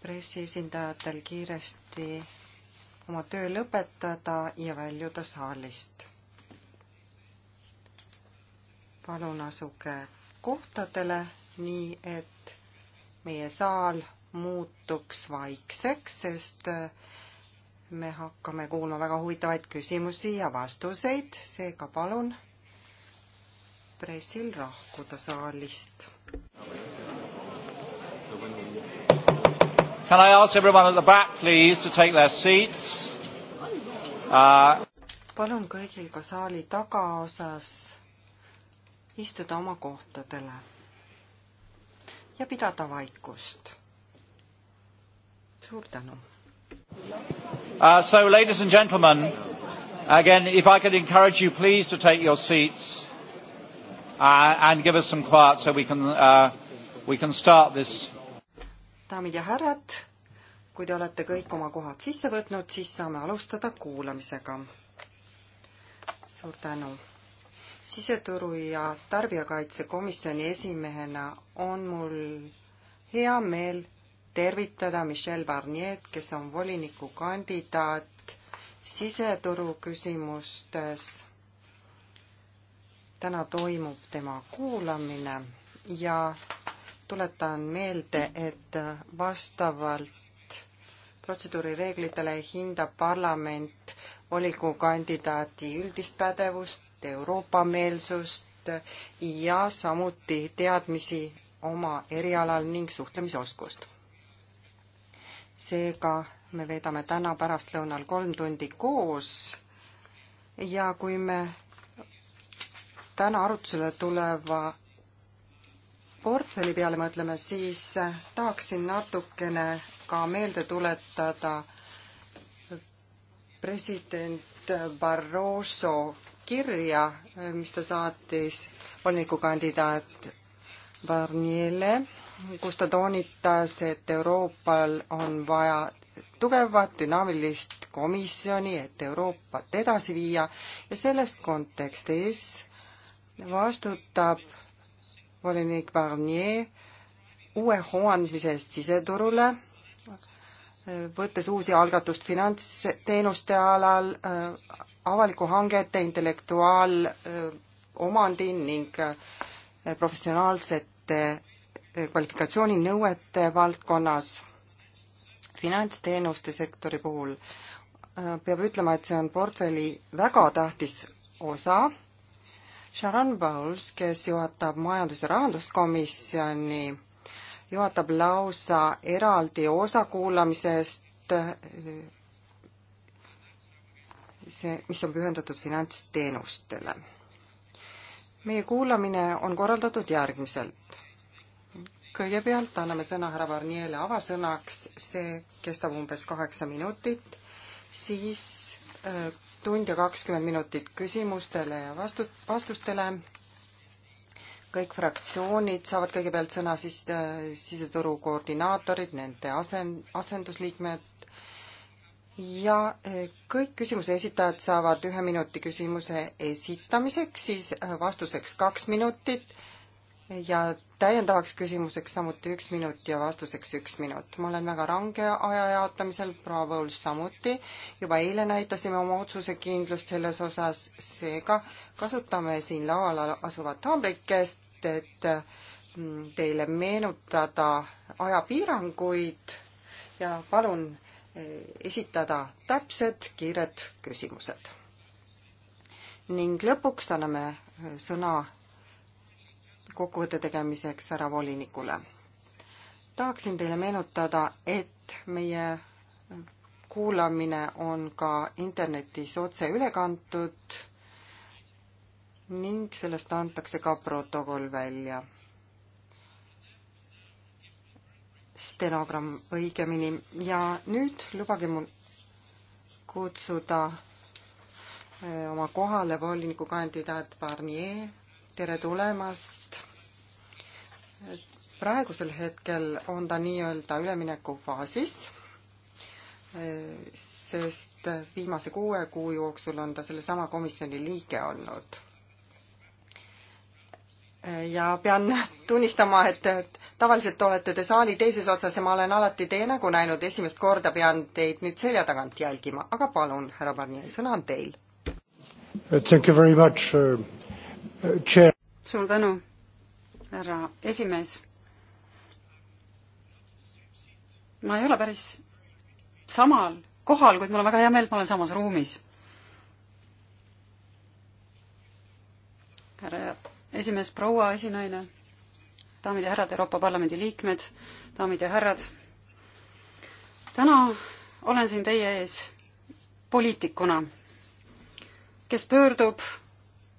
pressiesindajatel kiiresti oma töö lõpetada ja väljuda saalist. palun asuge kohtadele, nii et meie saal muutuks vaikseks, sest me hakkame kuulma väga huvitavaid küsimusi ja vastuseid, seega palun pressil rahkuda saalist Can I ask everyone at the back, please, to take their seats uh...? palun kõigil ka saali tagaosas istuda oma kohtadele ja pidada vaikust. suur tänu uh,. So ladies and gentlemen, again if I could encourage you please to take your seats uh, and give us some quiet so we can uh, we can start this daamid ja härrad, kui te olete kõik oma kohad sisse võtnud, siis saame alustada kuulamisega. suur tänu. siseturu ja tarbijakaitsekomisjoni esimehena on mul hea meel tervitada Michel Barnier, kes on volinikukandidaat siseturu küsimustes. täna toimub tema kuulamine ja tuletan meelde, et vastavalt protseduurireeglitele hindab parlament volikogu kandidaadi üldist pädevust, Euroopa-meelsust ja samuti teadmisi oma erialal ning suhtlemisoskust. seega me veedame täna pärastlõunal kolm tundi koos ja kui me täna arutusele tuleva portfelli peale mõtleme, siis äh, tahaksin natukene ka meelde tuletada äh, president Barroso kirja, äh, mis ta saatis volinikukandidaat Barnier'le, kus ta toonitas, et Euroopal on vaja tugevat dünaamilist komisjoni, et Euroopat edasi viia ja selles kontekstis vastutab volinik Barnier uue hoo andmise eest siseturule, võttes uusi algatust finantsteenuste alal, äh, avaliku hangete, intellektuaalomandi äh, ning äh, professionaalsete kvalifikatsiooninõuete valdkonnas. finantsteenuste sektori puhul peab ütlema, et see on portfelli väga tähtis osa Sharon Bowles, kes juhatab majandus- ja rahanduskomisjoni, juhatab lausa eraldi osakuulamisest, see, mis on pühendatud finantsteenustele. meie kuulamine on korraldatud järgmiselt. kõigepealt anname sõna härra Barnierile avasõnaks, see kestab umbes kaheksa minutit, siis äh, tund ja kakskümmend minutit küsimustele ja vastu, vastustele. kõik fraktsioonid saavad kõigepealt sõna, siis äh, siseturu koordinaatorid, nende asen-, asendusliikmed ja äh, kõik küsimuse esitajad saavad ühe minuti küsimuse esitamiseks, siis äh, vastuseks kaks minutit ja täiendavaks küsimuseks samuti üks minut ja vastuseks üks minut. ma olen väga range aja jaotamisel, proua Võuls samuti. juba eile näitasime oma otsusekindlust selles osas, seega kasutame siin laual asuvat haamrikest, et mm, teile meenutada ajapiiranguid ja palun e, esitada täpsed, kiired küsimused. ning lõpuks anname e, sõna kokkuvõtte tegemiseks härra volinikule. tahaksin teile meenutada, et meie kuulamine on ka internetis otse üle kantud ning sellest antakse ka protokoll välja. stenogramm õigemini ja nüüd lubage mul kutsuda eh, oma kohale volinikukandidaat Barnier, tere tulemast praegusel hetkel on ta nii-öelda üleminekufaasis, sest viimase kuue kuu jooksul on ta sellesama komisjoni liige olnud. ja pean tunnistama, et tavaliselt olete te saali teises otsas ja ma olen alati teie nägu näinud, esimest korda pean teid nüüd selja tagant jälgima, aga palun, härra Barnier, sõna on teil. Thank you very much uh,, uh chair. suur tänu härra esimees. ma ei ole päris samal kohal, kuid mul on väga hea meel, et ma olen samas ruumis. härra esimees, proua esinaine, daamid ja härrad, Euroopa Parlamendi liikmed, daamid ja härrad. täna olen siin teie ees poliitikuna, kes pöördub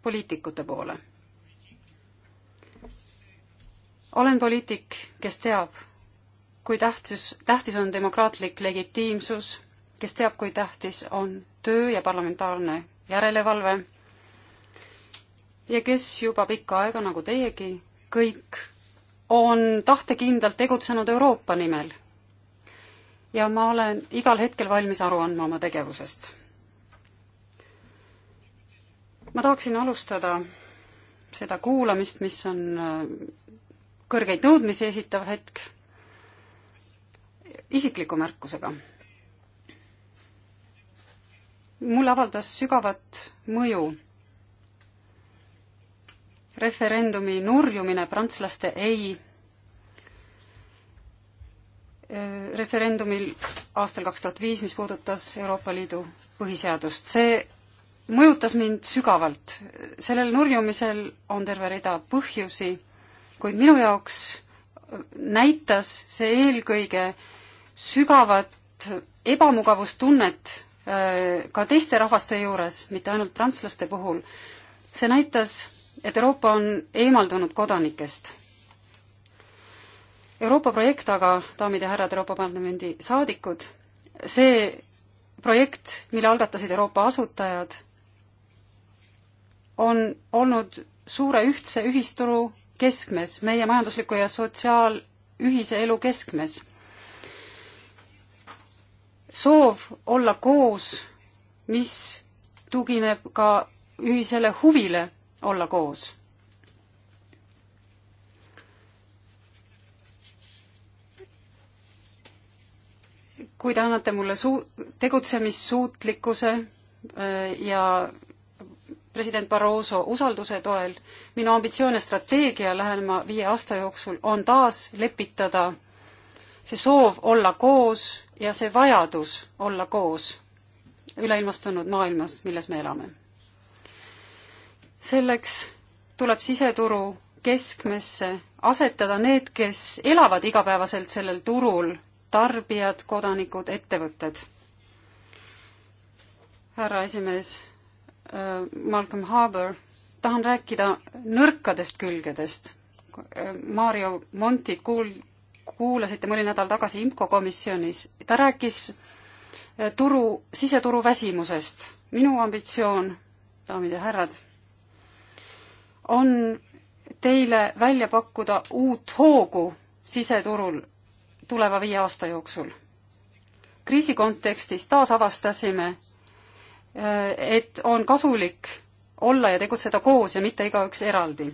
poliitikute poole olen poliitik, kes teab, kui tähtis, tähtis on demokraatlik legitiimsus, kes teab, kui tähtis on töö ja parlamentaarne järelevalve ja kes juba pikka aega, nagu teiegi, kõik on tahtekindlalt tegutsenud Euroopa nimel. ja ma olen igal hetkel valmis aru andma oma tegevusest. ma tahaksin alustada seda kuulamist, mis on kõrgeid nõudmisi esitav hetk. isikliku märkusega. mulle avaldas sügavat mõju referendumi nurjumine prantslaste ei referendumil aastal kaks tuhat viis, mis puudutas Euroopa Liidu põhiseadust. see mõjutas mind sügavalt. sellel nurjumisel on terve rida põhjusi kuid minu jaoks näitas see eelkõige sügavat ebamugavustunnet äh, ka teiste rahvaste juures, mitte ainult prantslaste puhul. see näitas, et Euroopa on eemaldunud kodanikest. Euroopa projekt aga, daamid ja härrad, Euroopa Parlamendi saadikud, see projekt, mille algatasid Euroopa asutajad, on olnud suure ühtse ühisturu keskmes, meie majandusliku ja sotsiaalühise elu keskmes. soov olla koos, mis tugineb ka ühisele huvile olla koos. kui te annate mulle suu-, tegutsemissuutlikkuse äh, ja president Barroso usalduse toel. minu ambitsioon ja strateegia lähenema viie aasta jooksul on taas lepitada see soov olla koos ja see vajadus olla koos üleilmastunud maailmas, milles me elame. selleks tuleb siseturu keskmesse asetada need, kes elavad igapäevaselt sellel turul, tarbijad, kodanikud, ettevõtted. härra esimees Äh, Malcolm Harbour, tahan rääkida nõrkadest külgedest. Äh, Mario Monti kuul-, kuulasite mõni nädal tagasi IMCO komisjonis, ta rääkis äh, turu, siseturu väsimusest. minu ambitsioon, daamid ja härrad, on teile välja pakkuda uut hoogu siseturul tuleva viie aasta jooksul. kriisi kontekstis taasavastasime Äh, et on kasulik olla ja tegutseda koos ja mitte igaüks eraldi.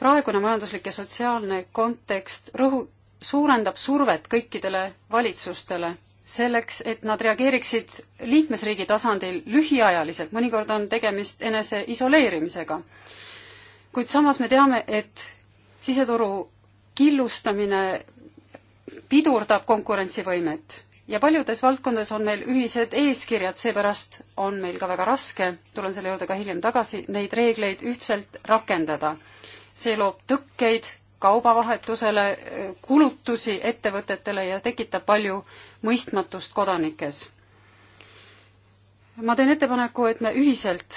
praegune majanduslik ja sotsiaalne kontekst rõhu-, suurendab survet kõikidele valitsustele selleks, et nad reageeriksid liikmesriigi tasandil lühiajaliselt, mõnikord on tegemist enese isoleerimisega. kuid samas me teame, et siseturu killustamine pidurdab konkurentsivõimet ja paljudes valdkondades on meil ühised eeskirjad, seepärast on meil ka väga raske, tulen selle juurde ka hiljem tagasi, neid reegleid ühtselt rakendada. see loob tõkkeid kaubavahetusele, kulutusi ettevõtetele ja tekitab palju mõistmatust kodanikes. ma teen ettepaneku, et me ühiselt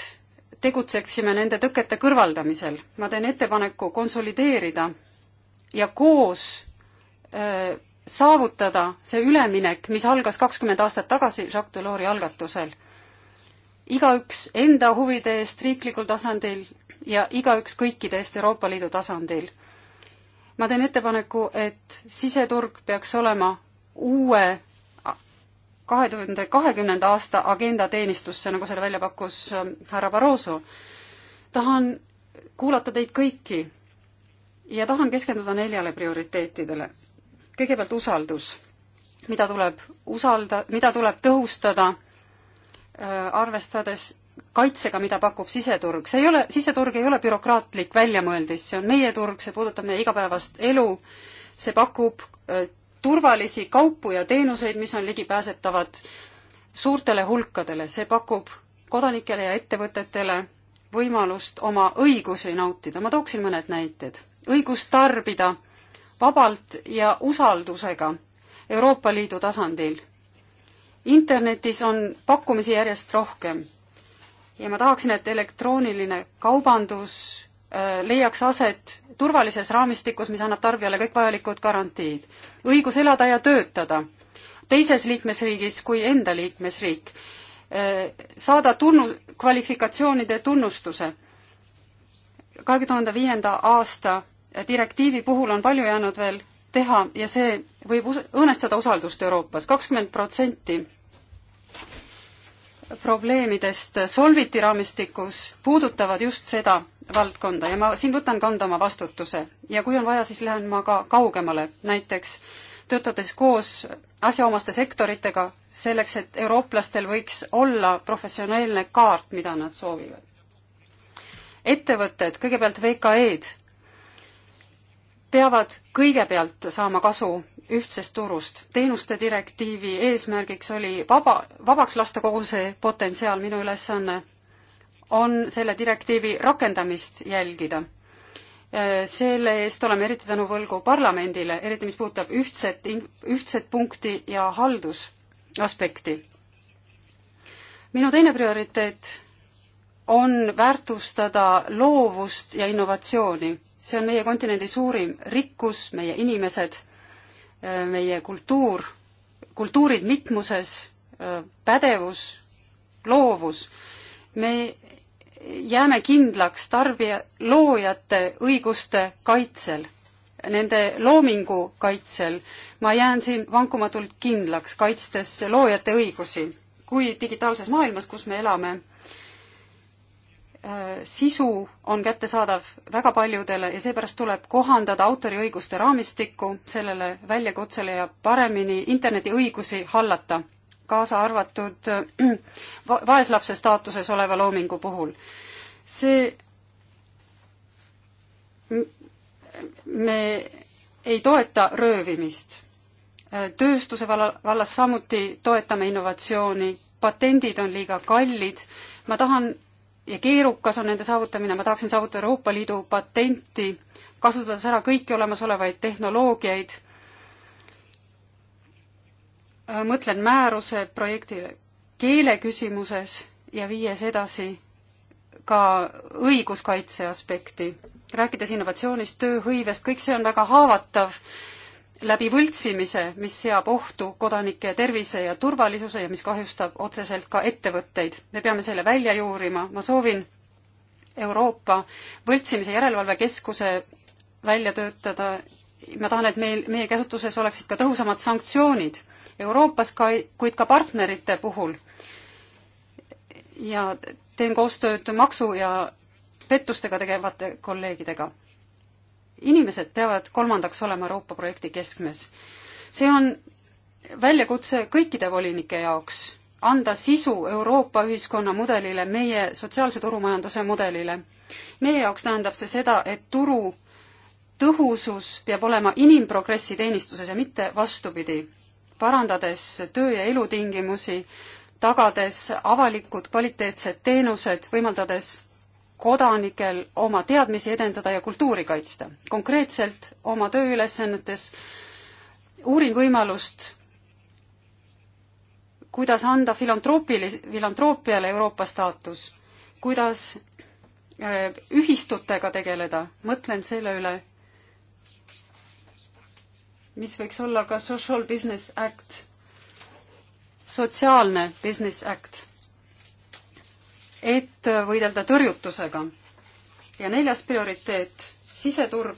tegutseksime nende tõkete kõrvaldamisel. ma teen ettepaneku konsolideerida ja koos öö, äh, saavutada see üleminek, mis algas kakskümmend aastat tagasi Jacques Delors'i algatusel. igaüks enda huvide eest riiklikul tasandil ja igaüks kõikide eest Euroopa Liidu tasandil. ma teen ettepaneku, et siseturg peaks olema uue kahe tuhande kahekümnenda aasta agenda teenistusse, nagu selle välja pakkus ähm, härra Barroso. tahan kuulata teid kõiki ja tahan keskenduda neljale prioriteetidele kõigepealt usaldus, mida tuleb usalda, mida tuleb tõhustada, äh, arvestades kaitsega, mida pakub siseturg. see ei ole, siseturg ei ole bürokraatlik väljamõeldis, see on meie turg, see puudutab meie igapäevast elu, see pakub äh, turvalisi kaupu ja teenuseid, mis on ligipääsetavad suurtele hulkadele, see pakub kodanikele ja ettevõtetele võimalust oma õigusi nautida. ma tooksin mõned näited. õigus tarbida vabalt ja usaldusega Euroopa Liidu tasandil. internetis on pakkumisi järjest rohkem ja ma tahaksin, et elektrooniline kaubandus äh, leiaks aset turvalises raamistikus, mis annab tarbijale kõik vajalikud garantiid. õigus elada ja töötada teises liikmesriigis kui enda liikmesriik, äh, saada tunnu-, kvalifikatsioonide tunnustuse. kahe tuhande viienda aasta direktiivi puhul on palju jäänud veel teha ja see võib õõnestada usaldust Euroopas. kakskümmend protsenti probleemidest Solviti raamistikus puudutavad just seda valdkonda ja ma siin võtan kanda oma vastutuse. ja kui on vaja, siis lähen ma ka kaugemale, näiteks töötades koos asjaomaste sektoritega, selleks et eurooplastel võiks olla professionaalne kaart, mida nad soovivad. ettevõtted, kõigepealt VKE-d peavad kõigepealt saama kasu ühtsest turust. teenuste direktiivi eesmärgiks oli vaba, vabaks lasta kogu see potentsiaal, minu ülesanne on selle direktiivi rakendamist jälgida. selle eest oleme eriti tänu võlgu parlamendile, eriti mis puudutab ühtset, ühtset punkti ja haldusaspekti. minu teine prioriteet on väärtustada loovust ja innovatsiooni see on meie kontinendi suurim rikkus, meie inimesed, meie kultuur, kultuurid mitmuses, pädevus, loovus. me jääme kindlaks tarbija, loojate õiguste kaitsel, nende loomingu kaitsel. ma jään siin vankumatult kindlaks, kaitstes loojate õigusi. kui digitaalses maailmas, kus me elame Äh, sisu on kättesaadav väga paljudele ja seepärast tuleb kohandada autoriõiguste raamistikku sellele väljakutsele ja paremini internetiõigusi hallata, kaasa arvatud äh, va vaeslapse staatuses oleva loomingu puhul. see, me ei toeta röövimist. Äh, tööstuse valla, vallas samuti toetame innovatsiooni, patendid on liiga kallid, ma tahan ja keerukas on nende saavutamine, ma tahaksin saavutada Euroopa Liidu patenti, kasutades ära kõiki olemasolevaid tehnoloogiaid. mõtlen määruse projektile keele küsimuses ja viies edasi ka õiguskaitse aspekti. rääkides innovatsioonist, tööhõivest, kõik see on väga haavatav läbi võltsimise, mis seab ohtu kodanike tervise ja turvalisuse ja mis kahjustab otseselt ka ettevõtteid. me peame selle välja juurima, ma soovin Euroopa Võltsimise Järelevalvekeskuse välja töötada, ma tahan, et meil, meie käsutuses oleksid ka tõhusamad sanktsioonid Euroopas ka, kuid ka partnerite puhul. ja teen koostööd maksu ja pettustega tegevate kolleegidega inimesed peavad kolmandaks olema Euroopa projekti keskmes. see on väljakutse kõikide volinike jaoks, anda sisu Euroopa ühiskonna mudelile, meie sotsiaalse turumajanduse mudelile. meie jaoks tähendab see seda, et turu tõhusus peab olema inimprogressi teenistuses ja mitte vastupidi, parandades töö- ja elutingimusi, tagades avalikud kvaliteetsed teenused, võimaldades kodanikel oma teadmisi edendada ja kultuuri kaitsta. konkreetselt oma tööülesannetes uurin võimalust, kuidas anda filantropili-, filantroopiale Euroopa staatus, kuidas äh, ühistutega tegeleda, mõtlen selle üle, mis võiks olla ka Social Business Act, sotsiaalne Business Act et võidelda tõrjutusega. ja neljas prioriteet, siseturg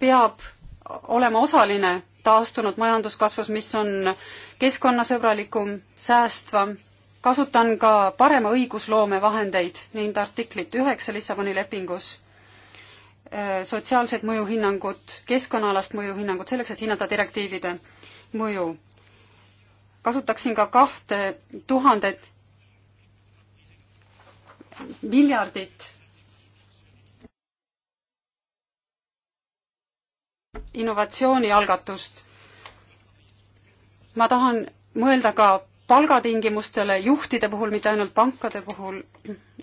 peab olema osaline taastunud majanduskasvus, mis on keskkonnasõbralikum, säästvam, kasutan ka parema õigusloome vahendeid ning artiklit üheksa Lissaboni lepingus, äh, sotsiaalsed mõjuhinnangud, keskkonnaalast mõjuhinnangut, selleks, et hinnata direktiivide mõju. kasutaksin ka kahte tuhandet miljardit innovatsioonialgatust. ma tahan mõelda ka palgatingimustele juhtide puhul, mitte ainult pankade puhul,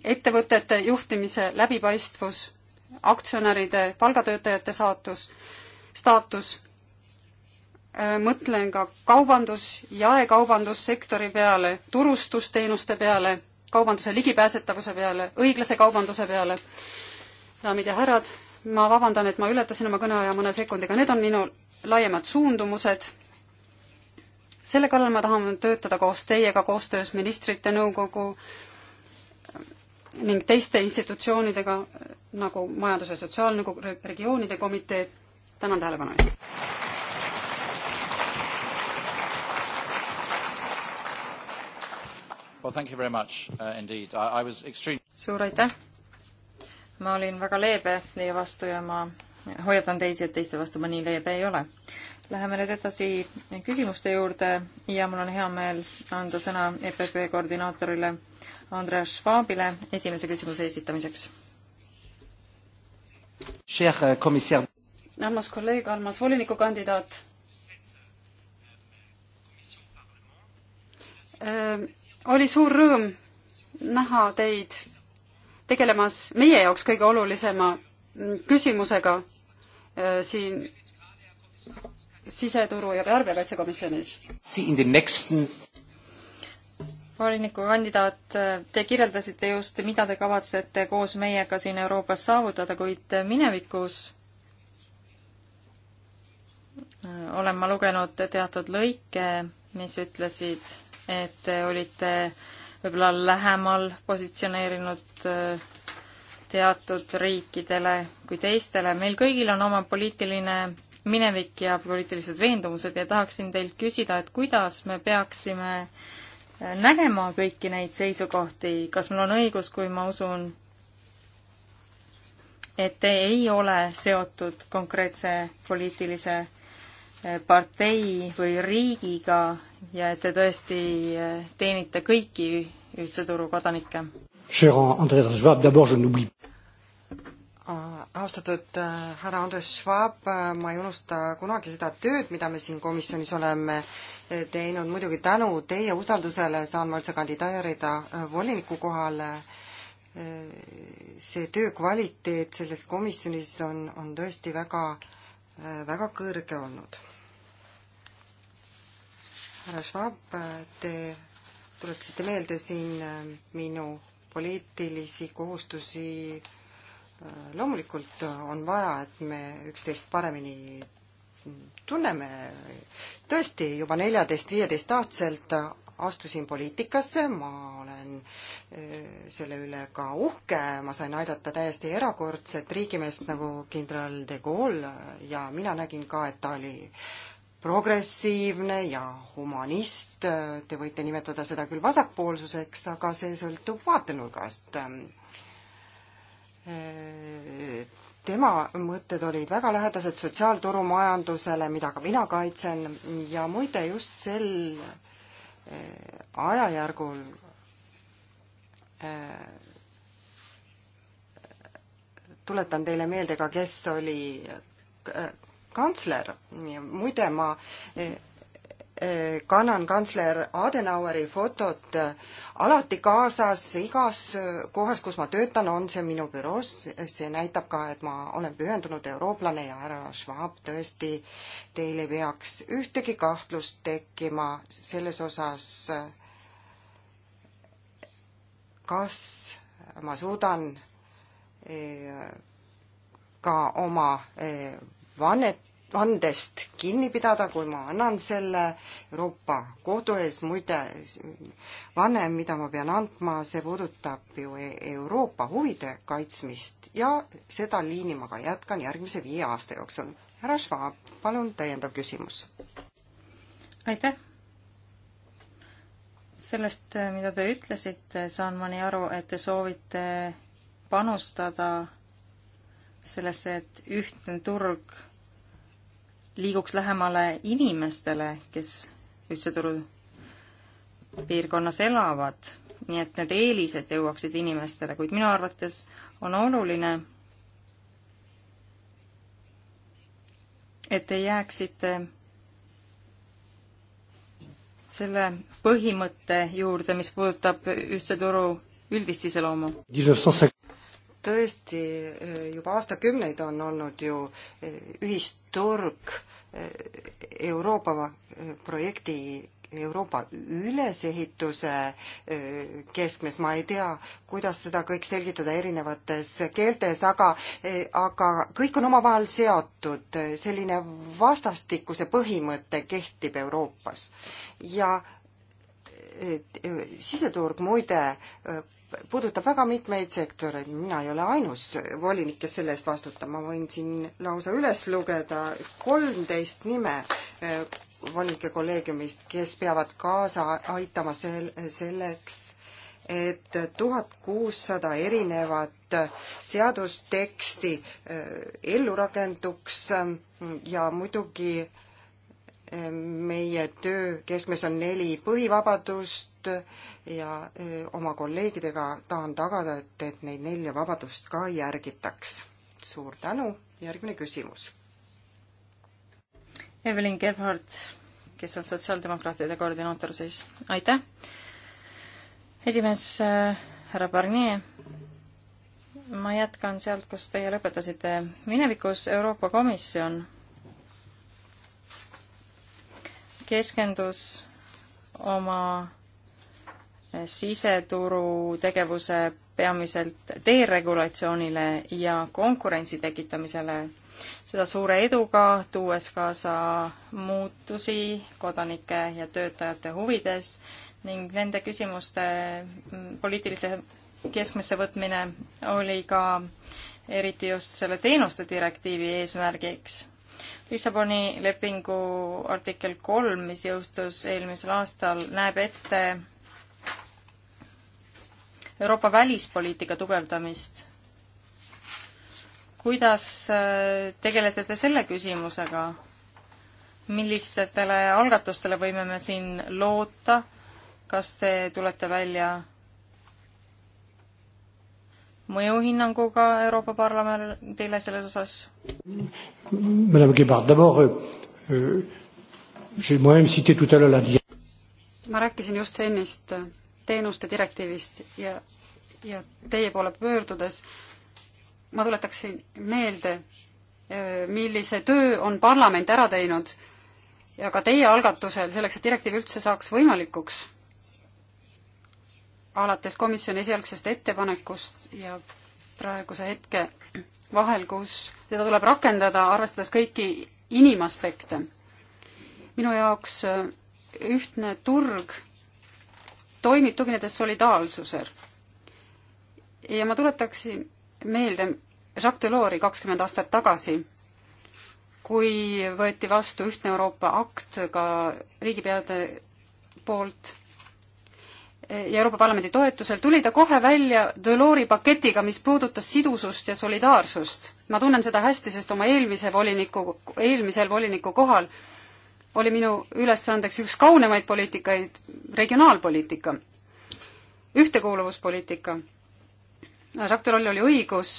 ettevõtete juhtimise läbipaistvus, aktsionäride, palgatöötajate saatus, staatus, äh, mõtlen ka kaubandus, jaekaubandussektori peale, turustusteenuste peale kaubanduse ligipääsetavuse peale, õiglase kaubanduse peale. daamid ja härrad, ma vabandan, et ma ületasin oma kõneaja mõne sekundiga, need on minu laiemad suundumused. selle kallal ma tahan töötada koos teiega, koostöös ministrite nõukogu ning teiste institutsioonidega nagu Majandus- ja Sotsiaalnõukogu regioonide komitee. tänan tähelepanu eest! Well, thank you very much uh, indeed. I, I was extreme... suur aitäh! ma olin väga leebe teie vastu ja ma hoiatan teisi, et teiste vastu ma nii leebe ei ole. Läheme nüüd edasi küsimuste juurde ja mul on hea meel anda sõna EPP koordinaatorile Andreas Schwabile esimese küsimuse esitamiseks. Euh, armas kolleeg, armas volinikukandidaat ähm oli suur rõõm näha teid tegelemas meie jaoks kõige olulisema küsimusega äh, siin siseturu ja tarbijakaitsekomisjonis. volinikukandidaat, äh, te kirjeldasite just, mida te kavatsete koos meiega siin Euroopas saavutada, kuid äh, minevikus olen ma lugenud teatud lõike, mis ütlesid et te olite võib-olla lähemal positsioneerinud äh, teatud riikidele kui teistele. meil kõigil on oma poliitiline minevik ja poliitilised veendumused ja tahaksin teilt küsida, et kuidas me peaksime äh, nägema kõiki neid seisukohti, kas mul on õigus, kui ma usun, et te ei ole seotud konkreetse poliitilise partei või riigiga ja et te tõesti teenite kõiki ühtse turu kodanikke. austatud äh, härra Andres Schwab, äh, ma ei unusta kunagi seda tööd, mida me siin komisjonis oleme äh, teinud, muidugi tänu teie usaldusele saan ma üldse kandideerida voliniku kohale see töö kvaliteet selles komisjonis on, on tõesti väga, väga kõrge olnud härra Schwab, te tuletasite meelde siin äh, minu poliitilisi kohustusi. Äh, loomulikult on vaja, et me üksteist paremini tunneme. tõesti, juba neljateist-viieteist-aastaselt astusin poliitikasse, ma olen äh, selle üle ka uhke, ma sain aidata täiesti erakordset riigimeest nagu kindral de Gaulle ja mina nägin ka, et ta oli progressiivne ja humanist, te võite nimetada seda küll vasakpoolsuseks, aga see sõltub vaatenurgast. tema mõtted olid väga lähedased sotsiaalturumajandusele, mida ka mina kaitsen ja muide just sel eh, ajajärgul eh, tuletan teile meelde ka, kes oli eh, kantsler. muide, ma e, e, kannan kantsler Adenaueri fotot e, alati kaasas, igas kohas, kus ma töötan, on see minu büroos, see näitab ka, et ma olen pühendunud eurooplane ja härra Schwab, tõesti, teil ei peaks ühtegi kahtlust tekkima selles osas, kas ma suudan ka oma vannet andest kinni pidada, kui ma annan selle Euroopa Kohtu ees, muide vanem, mida ma pean andma, see puudutab ju e-, Euroopa huvide kaitsmist ja seda liini ma ka jätkan järgmise viie aasta jooksul. härra Schwab, palun täiendav küsimus. aitäh. sellest, eh, mida te ütlesite, saan ma nii aru, et te soovite panustada sellesse, et ühtne turg liiguks lähemale inimestele, kes ühtse turu piirkonnas elavad, nii et need eelised jõuaksid inimestele, kuid minu arvates on oluline, et te jääksite selle põhimõtte juurde, mis puudutab ühtse turu üldist iseloomu tõesti eh, juba aastakümneid on olnud ju eh, ühisturg eh, Euroopa projekti Euroopa ülesehituse keskmes, ma ei tea, kuidas seda kõik selgitada erinevates keeltes, aga, aga kõik on omavahel seotud, selline vastastikuse põhimõte kehtib Euroopas. ja siseturg muide puudutab väga mitmeid sektoreid, mina ei ole ainus volinik, kes selle eest vastutab, ma võin siin lausa üles lugeda kolmteist nime eh, volinike kolleegiumist, kes peavad kaasa aitama sel-, selleks, et tuhat kuussada erinevat seadusteksti eh, ellu rakenduks ja muidugi äh, meie töö keskmes on neli põhivabadust ja oma kolleegidega tahan tagada, et, et neid nelja vabadust ka järgitaks. suur tänu, järgmine küsimus. Evelyn Gebhardt, kes on sotsiaaldemokraatide koordinaator siis, aitäh! esimees äh, härra Barnier, ma jätkan sealt, kus teie lõpetasite. minevikus Euroopa Komisjon keskendus oma siseturu tegevuse peamiselt deregulatsioonile ja konkurentsi tekitamisele, seda suure eduga, tuues kaasa muutusi kodanike ja töötajate huvides ning nende küsimuste poliitilise keskmesse võtmine oli ka eriti just selle teenuste direktiivi eesmärgiks Lissaboni lepingu artikkel kolm, mis jõustus eelmisel aastal, näeb ette Euroopa välispoliitika tugevdamist. kuidas äh, tegelete te selle küsimusega? millistele algatustele võime me siin loota? kas te tulete välja mõjuhinnanguga Euroopa Parlamendile selles osas? Euh, euh, ma rääkisin just ennist äh, teenuste direktiivist ja, ja teie poole pöördudes ma tuletaksin meelde, äh, millise töö on parlament ära teinud ja ka teie algatusel selleks, et direktiiv üldse saaks võimalikuks alates komisjoni esialgsest ettepanekust ja praeguse hetke vahel, kus seda tuleb rakendada, arvestades kõiki inimaspekte. minu jaoks äh, ühtne turg toimib tuginedes solidaarsusel. ja ma tuletaksin meelde Jacques Delors'i kakskümmend aastat tagasi, kui võeti vastu ühtne Euroopa akt ka riigipeade poolt ja Euroopa Parlamendi toetusel tuli ta kohe välja Delori paketiga, mis puudutas sidusust ja solidaarsust. ma tunnen seda hästi, sest oma eelmise voliniku, eelmisel voliniku kohal oli minu ülesandeks üks kaunemaid poliitikaid, regionaalpoliitika, ühtekuuluvuspoliitika. Jacques Deloril oli õigus,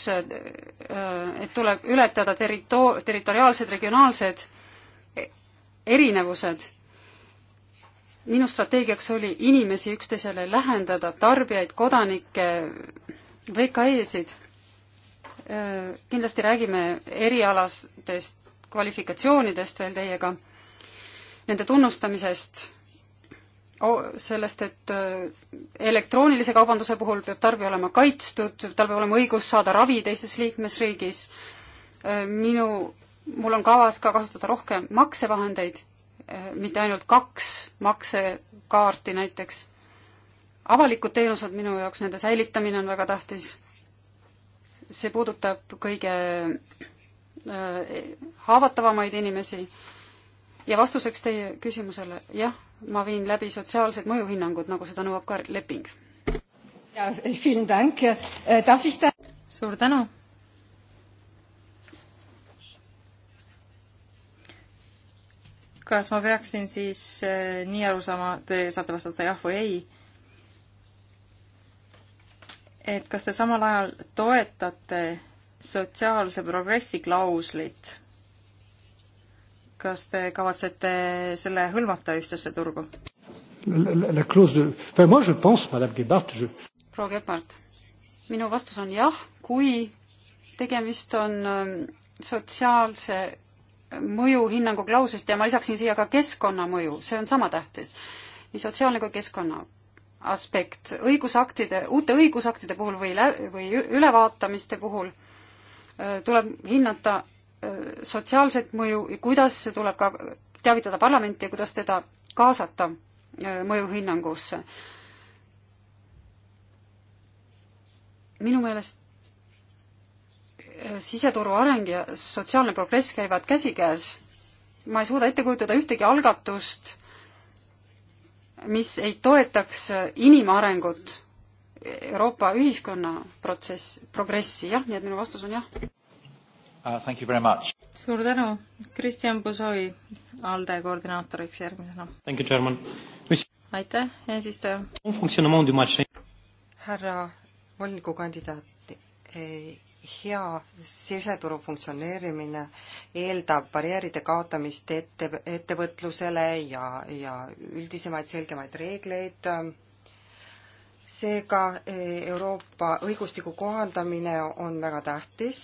et tuleb ületada territoor-, territoriaalsed, regionaalsed e-, erinevused minu strateegiaks oli inimesi üksteisele lähendada, tarbijaid, kodanikke, VKE-sid. kindlasti räägime erialastest kvalifikatsioonidest veel teiega, nende tunnustamisest, sellest, et äh, elektroonilise kaubanduse puhul peab tarbija olema kaitstud, tal peab olema õigus saada ravi teises liikmesriigis. Äh, minu, mul on kavas ka kasutada rohkem maksevahendeid Äh, mitte ainult kaks maksekaarti näiteks. avalikud teenused minu jaoks, nende säilitamine on väga tähtis. see puudutab kõige äh, haavatavamaid inimesi. ja vastuseks teie küsimusele, jah, ma viin läbi sotsiaalsed mõjuhinnangud, nagu seda nõuab ka leping. Äh, suur tänu kas ma peaksin siis eh, nii aru saama, te saate vastata jah või ei, et kas te samal ajal toetate sotsiaalse progressi klauslit? kas te kavatsete selle hõlmata ühtsesse turgu? proua Gebhardt, minu vastus on jah, kui tegemist on ähm, sotsiaalse mõjuhinnangu klauslist ja ma lisaksin siia ka keskkonnamõju, see on sama tähtis. nii sotsiaalne kui keskkonna aspekt õigusaktide, uute õigusaktide puhul või lä-, või ülevaatamiste puhul äh, tuleb hinnata äh, sotsiaalset mõju ja kuidas see tuleb ka teavitada parlamenti ja kuidas teda kaasata äh, mõjuhinnangusse. minu meelest siseturu areng ja sotsiaalne progress käivad käsikäes. ma ei suuda ette kujutada ühtegi algatust, mis ei toetaks inimarengut, Euroopa ühiskonna protsess, progressi, jah, nii et minu vastus on jah uh,. suur tänu, Kristjan Pusoi, ALDE koordinaatoriks järgmisena. aitäh, eesistuja. härra volinikukandidaat ei eh, hea siseturu funktsioneerimine eeldab barjääride kaotamist ette, ettevõtlusele ja, ja üldisemaid selgemaid reegleid. seega e, Euroopa õigustiku kohandamine on väga tähtis,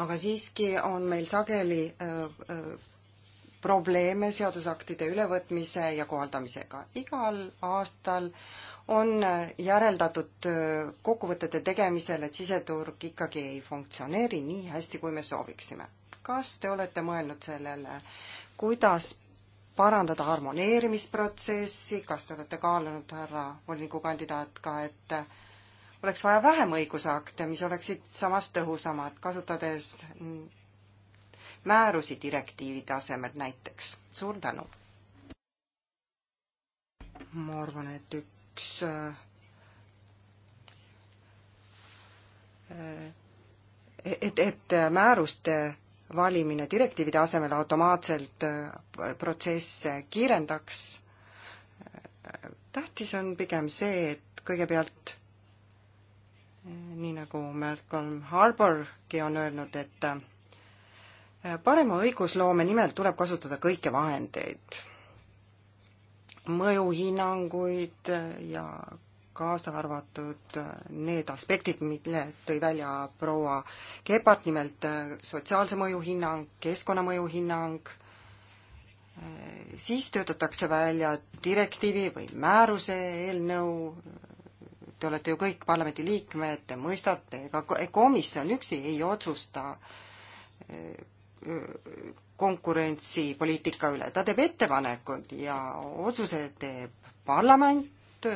aga siiski on meil sageli e, e, probleeme seadusaktide ülevõtmise ja kohaldamisega. igal aastal on järeldatud kokkuvõtete tegemisel, et siseturg ikkagi ei funktsioneeri nii hästi, kui me sooviksime. kas te olete mõelnud sellele, kuidas parandada harmoneerimisprotsessi, kas te olete kaalunud, härra volinikukandidaat, ka et oleks vaja vähem õigusakte, mis oleksid samas tõhusamad, kasutades määrusi direktiivi tasemel näiteks. suur tänu! ma arvan, et üks üks äh, et, et määruste valimine direktiivide asemel automaatselt äh, protsesse kiirendaks. tähtis on pigem see, et kõigepealt äh, nii nagu Malcolm Harborgi on öelnud, et parema õigusloome nimel tuleb kasutada kõiki vahendeid mõjuhinnanguid ja kaasa arvatud need aspektid, mille tõi välja proua Kepart, nimelt sotsiaalse mõju hinnang, keskkonnamõju hinnang, siis töötatakse välja direktiivi või määruse eelnõu, te olete ju kõik parlamendiliikmed, te mõistate, ega komisjon üksi ei otsusta konkurentsipoliitika üle, ta teeb ettepanekud ja otsused teeb parlament,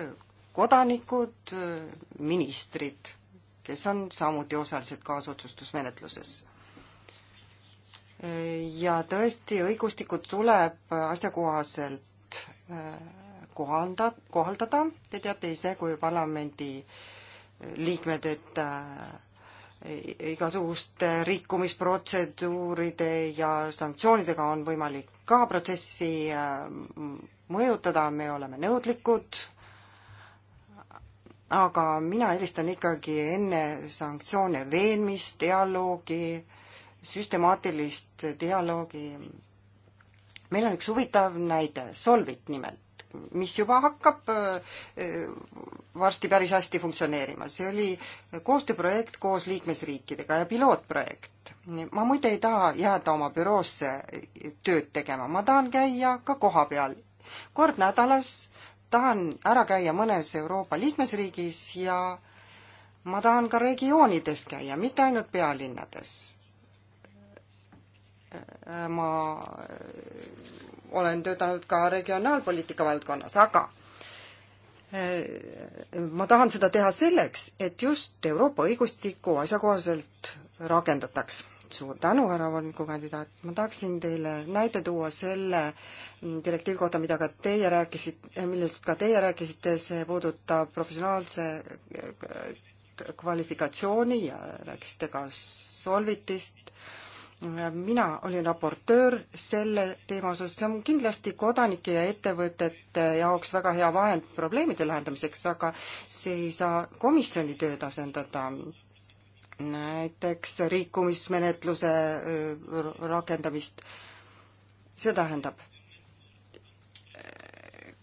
kodanikud, ministrid, kes on samuti osalised kaasotsustusmenetluses ja tõesti, õigustikud tuleb asjakohaselt äh, kohanda, kohaldada. Te teate ise kui parlamendi liikmed, et äh, igasuguste rikkumisprotseduuride ja sanktsioonidega on võimalik ka protsessi äh, mõjutada, me oleme nõudlikud, aga mina eelistan ikkagi enne sanktsioone veenmist, dialoogi, süstemaatilist dialoogi. meil on üks huvitav näide, Solvit nimelt mis juba hakkab äh, varsti päris hästi funktsioneerima. see oli koostööprojekt koos liikmesriikidega ja pilootprojekt. ma muide ei taha jääda oma büroosse tööd tegema, ma tahan käia ka kohapeal. kord nädalas tahan ära käia mõnes Euroopa liikmesriigis ja ma tahan ka regioonides käia, mitte ainult pealinnades. Äh, ma olen töötanud ka regionaalpoliitika valdkonnas, aga eh, ma tahan seda teha selleks, et just Euroopa õigustiku asjakohaselt rakendataks. suur tänu, härra volinikukandidaat, ma tahaksin teile näite tuua selle direktiivi kohta, mida ka teie rääkisite, eh, millest ka teie rääkisite, see puudutab professionaalse eh, kvalifikatsiooni ja rääkisite ka Solvitist mina olin raportöör selle teema osas, see on kindlasti kodanike ja ettevõtete jaoks väga hea vahend probleemide lahendamiseks, aga see ei saa komisjoni tööd asendada. näiteks rikkumismenetluse äh, rakendamist, see tähendab,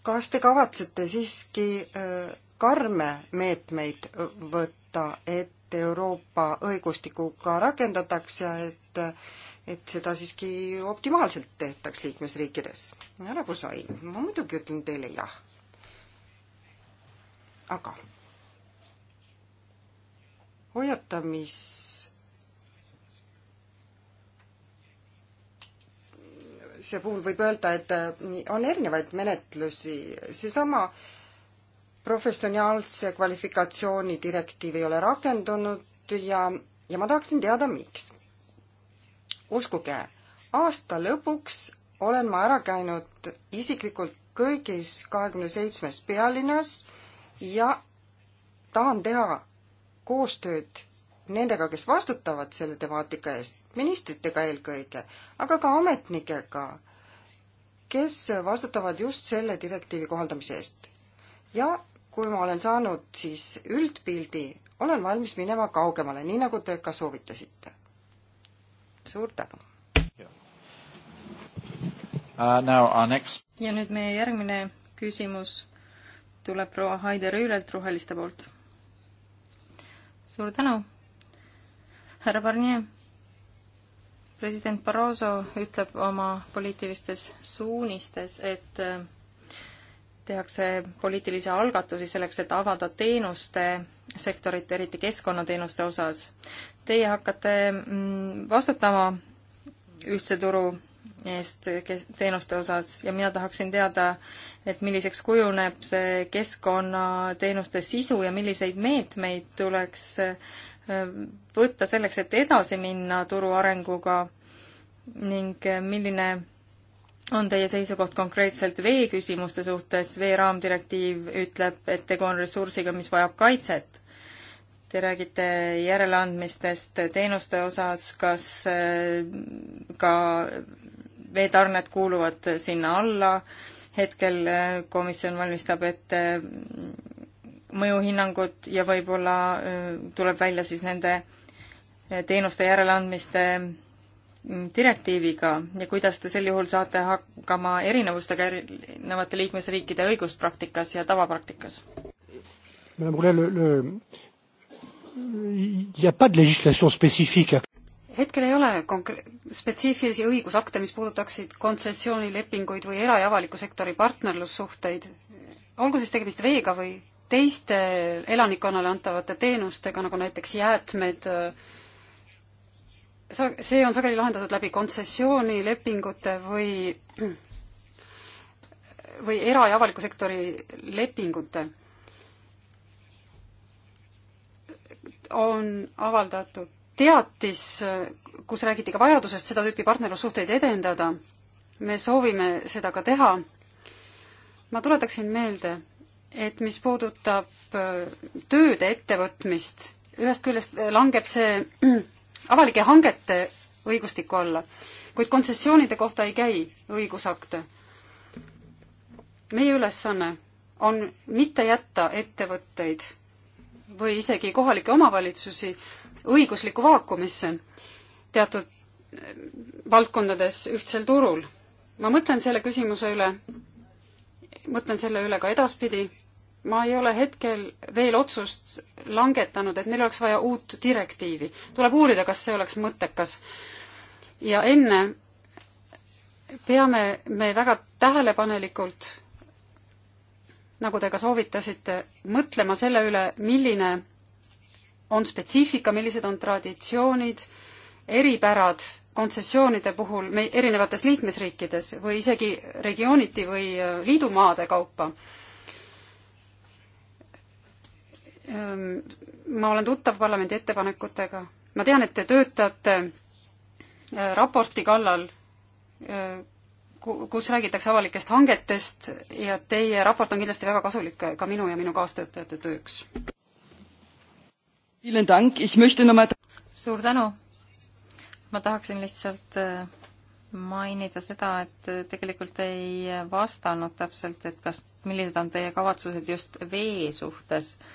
kas te kavatsete siiski äh, karme meetmeid võtta, et Euroopa õigustikku ka rakendatakse, et et, et seda siiski optimaalselt tehtaks liikmesriikides. härra Kusai, ma muidugi ütlen teile jah. aga hoiatamis see puhul võib öelda, et eh, on erinevaid menetlusi, seesama professionaalse kvalifikatsiooni direktiiv ei ole rakendunud ja, ja ma tahaksin teada, miks uskuge, aasta lõpuks olen ma ära käinud isiklikult kõigis kahekümne seitsmes pealinnas ja tahan teha koostööd nendega, kes vastutavad selle temaatika eest, ministritega eelkõige, aga ka ametnikega, kes vastutavad just selle direktiivi kohaldamise eest. ja kui ma olen saanud siis üldpildi, olen valmis minema kaugemale, nii nagu te ka soovitasite suur tänu! Uh, ja nüüd meie järgmine küsimus tuleb proua Haide Rüülelt Roheliste poolt. suur tänu, härra Barnier. president Barroso ütleb oma poliitilistes suunistes, et äh, tehakse poliitilisi algatusi selleks, et avada teenuste sektorit, eriti keskkonnateenuste osas teie hakkate mm, vastutama ühtse turu eest teenuste osas ja mina tahaksin teada, et milliseks kujuneb see keskkonnateenuste sisu ja milliseid meetmeid tuleks äh, võtta selleks, et edasi minna turu arenguga ning äh, milline on teie seisukoht konkreetselt veeküsimuste suhtes, veeraamdirektiiv ütleb, et tegu on ressursiga, mis vajab kaitset Te räägite järeleandmistest teenuste osas, kas äh, ka veetarned kuuluvad sinna alla, hetkel äh, komisjon valmistab ette mm, mõjuhinnangut ja võib-olla äh, tuleb välja siis nende teenuste järeleandmiste mm, direktiiviga ja kuidas te sel juhul saate hakkama erinevustega erinevate liikmesriikide õiguspraktikas ja tavapraktikas? hetkel ei ole konkre-, spetsiifilisi õigusakte, mis puudutaksid kontsessioonilepinguid või era- ja avaliku sektori partnerlussuhteid, olgu siis tegemist veega või teiste elanikkonnale antavate teenustega, nagu näiteks jäätmed, sa-, see on sageli lahendatud läbi kontsessioonilepingute või või era- ja avaliku sektori lepingute on avaldatud teatis, kus räägiti ka vajadusest seda tüüpi partnerlussuhteid edendada. me soovime seda ka teha. ma tuletaksin meelde, et mis puudutab äh, tööde ettevõtmist, ühest küljest äh, langeb see äh, avalike hangete õigustiku alla, kuid kontsessioonide kohta ei käi õigusakte. meie ülesanne on mitte jätta ettevõtteid või isegi kohalikke omavalitsusi õiguslikku vaakumisse teatud valdkondades ühtsel turul. ma mõtlen selle küsimuse üle, mõtlen selle üle ka edaspidi, ma ei ole hetkel veel otsust langetanud, et meil oleks vaja uut direktiivi. tuleb uurida, kas see oleks mõttekas. ja enne peame me väga tähelepanelikult nagu te ka soovitasite, mõtlema selle üle, milline on spetsiifika, millised on traditsioonid, eripärad kontsessioonide puhul me erinevates liikmesriikides või isegi regiooniti või äh, liidumaade kaupa. Ehm, ma olen tuttav parlamendi ettepanekutega, ma tean, et te töötate äh, raporti kallal äh, kus räägitakse avalikest hangetest ja teie raport on kindlasti väga kasulik ka minu ja minu kaastöötajate tööks. suur tänu! ma tahaksin lihtsalt äh, mainida seda, et äh, tegelikult ei vastanud täpselt, et kas, millised on teie kavatsused just vee suhtes äh,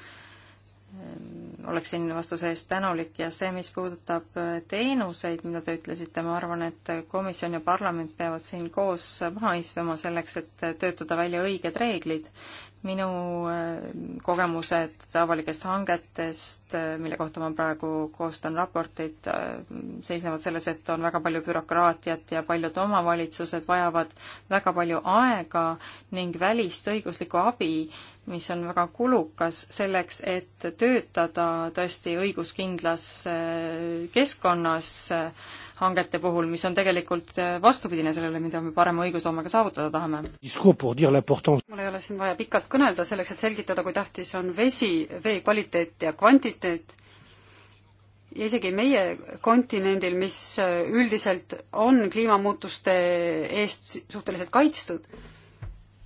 Ehm, oleksin vastuse eest tänulik ja see, mis puudutab äh, teenuseid, mida te ütlesite, ma arvan, et komisjon ja parlament peavad siin koos maha istuma selleks, et äh, töötada välja õiged reeglid minu äh, kogemused avalikest hangetest, äh, mille kohta ma praegu koostan raporteid, äh, seisnevad selles, et on väga palju bürokraatiat ja paljud omavalitsused vajavad väga palju aega ning välist õiguslikku abi, mis on väga kulukas selleks, et töötada tõesti õiguskindlas keskkonnas hangete puhul, mis on tegelikult äh, vastupidine sellele, mida me parema õigusloomega saavutada tahame. mul ei ole siin vaja pikalt kõnelda selleks, et selgitada, kui tähtis on vesi, vee kvaliteet ja kvantiteet ja isegi meie kontinendil, mis äh, üldiselt on kliimamuutuste eest suhteliselt kaitstud,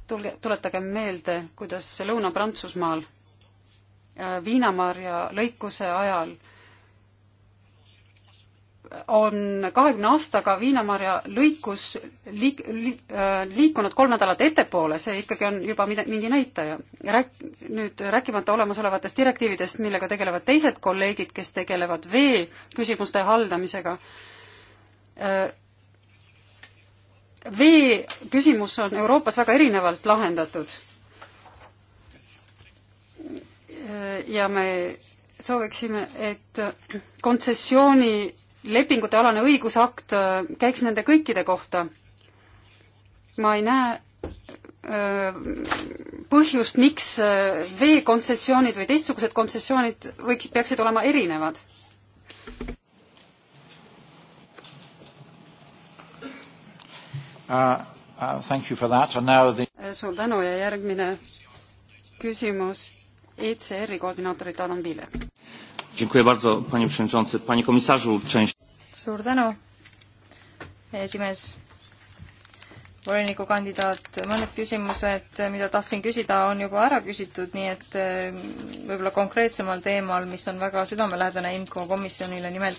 tulge, tuletagem meelde, kuidas Lõuna-Prantsusmaal äh, viinamarja lõikuse ajal on kahekümne aastaga viinamarja lõikus liik, li, äh, liikunud kolm nädalat ettepoole, see ikkagi on juba mida, mingi näitaja. Rääk-, nüüd rääkimata olemasolevatest direktiividest, millega tegelevad teised kolleegid, kes tegelevad vee küsimuste haldamisega, äh, vee küsimus on Euroopas väga erinevalt lahendatud. Äh, ja me sooviksime, et kontsessiooni lepingute alane õigusakt äh, käiks nende kõikide kohta. ma ei näe äh, põhjust, miks äh, veekontsessioonid või teistsugused kontsessioonid võiks, peaksid olema erinevad. Uh, uh, thank you for that and now the suur tänu ja järgmine küsimus ECR-i koordinaatorilt Adam Viile Dziękuję bardzo, panie przewodniczący. Panie komisarzu, część... Suur tänu, esimees. Voliniku kandidaat, mõned küsimused, mida tahtsin küsida, on juba ära küsitud, nii et eh, võib-olla konkreetsemal teemal, mis on väga südamelähedane IMCO komisjonile, nimelt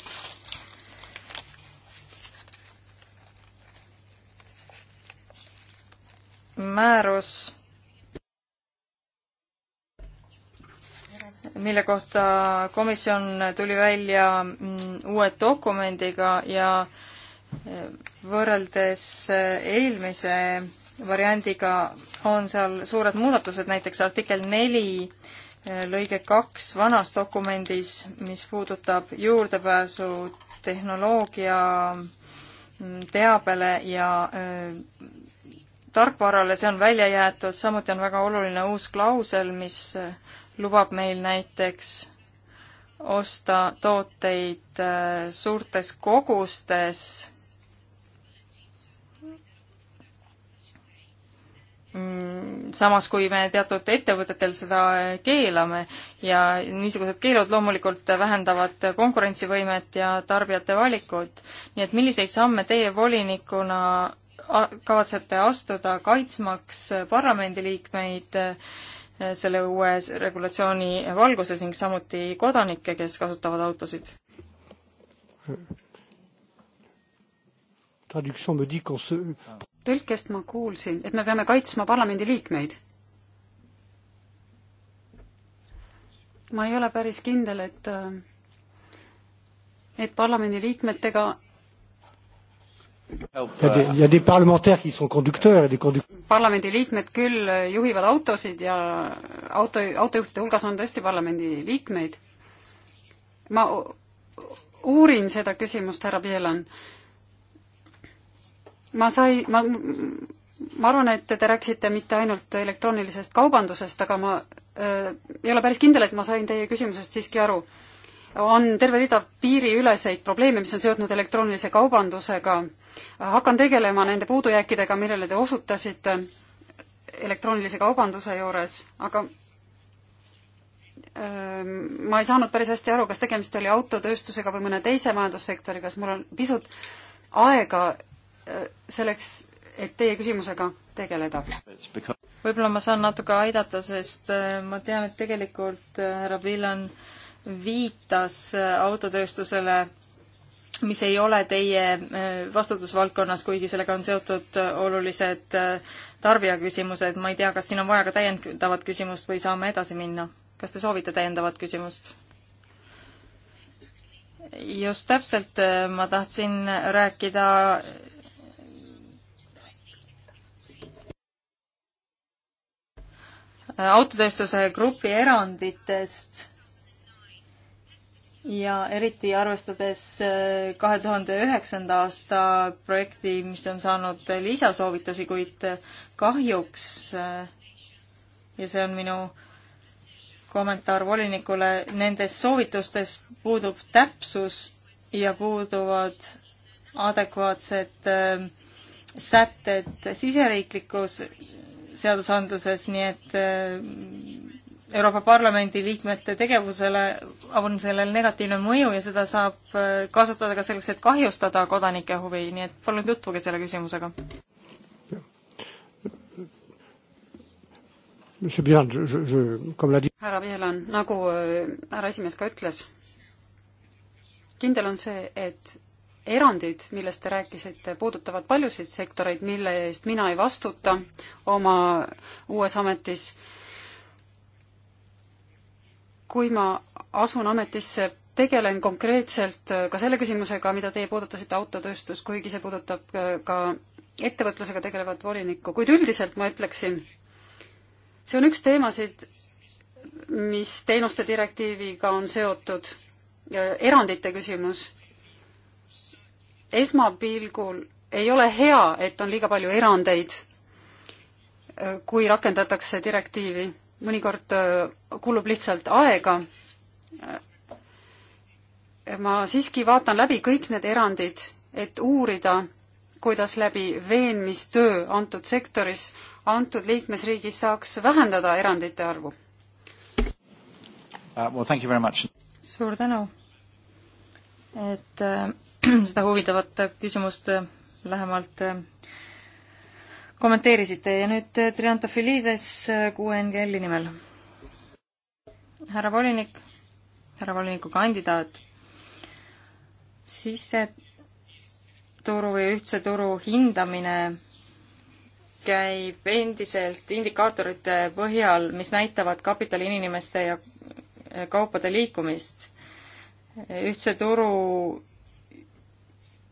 määrus mille kohta komisjon tuli välja mm, uue dokumendiga ja eh, võrreldes eh, eelmise variandiga on seal suured muudatused, näiteks artikkel neli eh, lõige kaks vanas dokumendis, mis puudutab juurdepääsu tehnoloogia mm, teabele ja öö, tarkvarale, see on välja jäetud, samuti on väga oluline uus klausel, mis öö, lubab meil näiteks osta tooteid äh, suurtes kogustes mm, samas kui me teatud ettevõtetel seda äh, keelame ja niisugused keelud loomulikult vähendavad konkurentsivõimet ja tarbijate valikut. nii et milliseid samme teie volinikuna äh, kavatsete astuda, kaitsmaks parlamendiliikmeid äh, selle uue regulatsiooni valguses ning samuti kodanikke, kes kasutavad autosid? tõlkest ma kuulsin, et me peame kaitsma parlamendiliikmeid. ma ei ole päris kindel, et, et parlamendiliikmetega parlamendiliikmed küll äh, juhivad autosid ja auto, autojuhtide hulgas on tõesti parlamendiliikmeid. ma uurin seda küsimust, härra Pielan. ma sai, ma, ma arvan, et te rääkisite mitte ainult elektroonilisest kaubandusest, aga ma äh, ei ole päris kindel, et ma sain teie küsimusest siiski aru äh, on terve rida piiriüleseid probleeme, mis on seotud elektroonilise kaubandusega. hakkan tegelema nende puudujääkidega, millele te osutasite elektroonilise kaubanduse juures, aga ähm, ma ei saanud päris hästi aru, kas tegemist oli autotööstusega või mõne teise majandussektoriga, kas mul on pisut aega äh, selleks, et teie küsimusega tegeleda? võib-olla ma saan natuke aidata, sest äh, ma tean, et tegelikult äh, härra Villan äh, viitas äh, autotööstusele, mis ei ole teie äh, vastutusvaldkonnas, kuigi sellega on seotud äh, olulised tarbijaküsimused, ma ei tea, kas siin on vaja ka täiendavat küsimust või saame edasi minna? kas te soovite täiendavat küsimust? just täpselt, ma tahtsin rääkida autotööstuse grupi eranditest ja eriti arvestades äh, kahe tuhande üheksanda aasta projekti, mis on saanud lisasoovitusi, kuid äh, kahjuks äh, ja see on minu kommentaar volinikule, nendes soovitustes puudub täpsus ja puuduvad adekvaatsed sätted siseriiklikus seadusandluses, nii et Euroopa Parlamendi liikmete tegevusele on sellel negatiivne mõju ja seda saab äh, kasutada ka selleks, et kahjustada kodanike huvi, nii et palun tutvuge selle küsimusega. härra Pihlan, nagu äh, härra esimees ka ütles, kindel on see, et erandid, millest te rääkisite, puudutavad paljusid sektoreid, mille eest mina ei vastuta oma uues ametis kui ma asun ametisse, tegelen konkreetselt äh, ka selle küsimusega, mida teie puudutasite, autotööstus, kuigi see puudutab äh, ka ettevõtlusega tegelevat volinikku, kuid üldiselt ma ütleksin, see on üks teemasid, mis teenuste direktiiviga on seotud, erandite küsimus. esmapilgul ei ole hea, et on liiga palju erandeid, äh, kui rakendatakse direktiivi mõnikord äh, kulub lihtsalt aega. ma siiski vaatan läbi kõik need erandid, et uurida, kuidas läbi veenmistöö antud sektoris, antud liikmesriigis saaks vähendada erandite arvu uh,. Well, suur tänu, et äh, seda huvitavat küsimust äh, lähemalt äh, kommenteerisite ja nüüd Triantafilides QNGL-i nimel. härra volinik, härra volinikukandidaat, siseturu ja ühtse turu hindamine käib endiselt indikaatorite põhjal, mis näitavad kapitali, inimeste ja kaupade liikumist. ühtse turu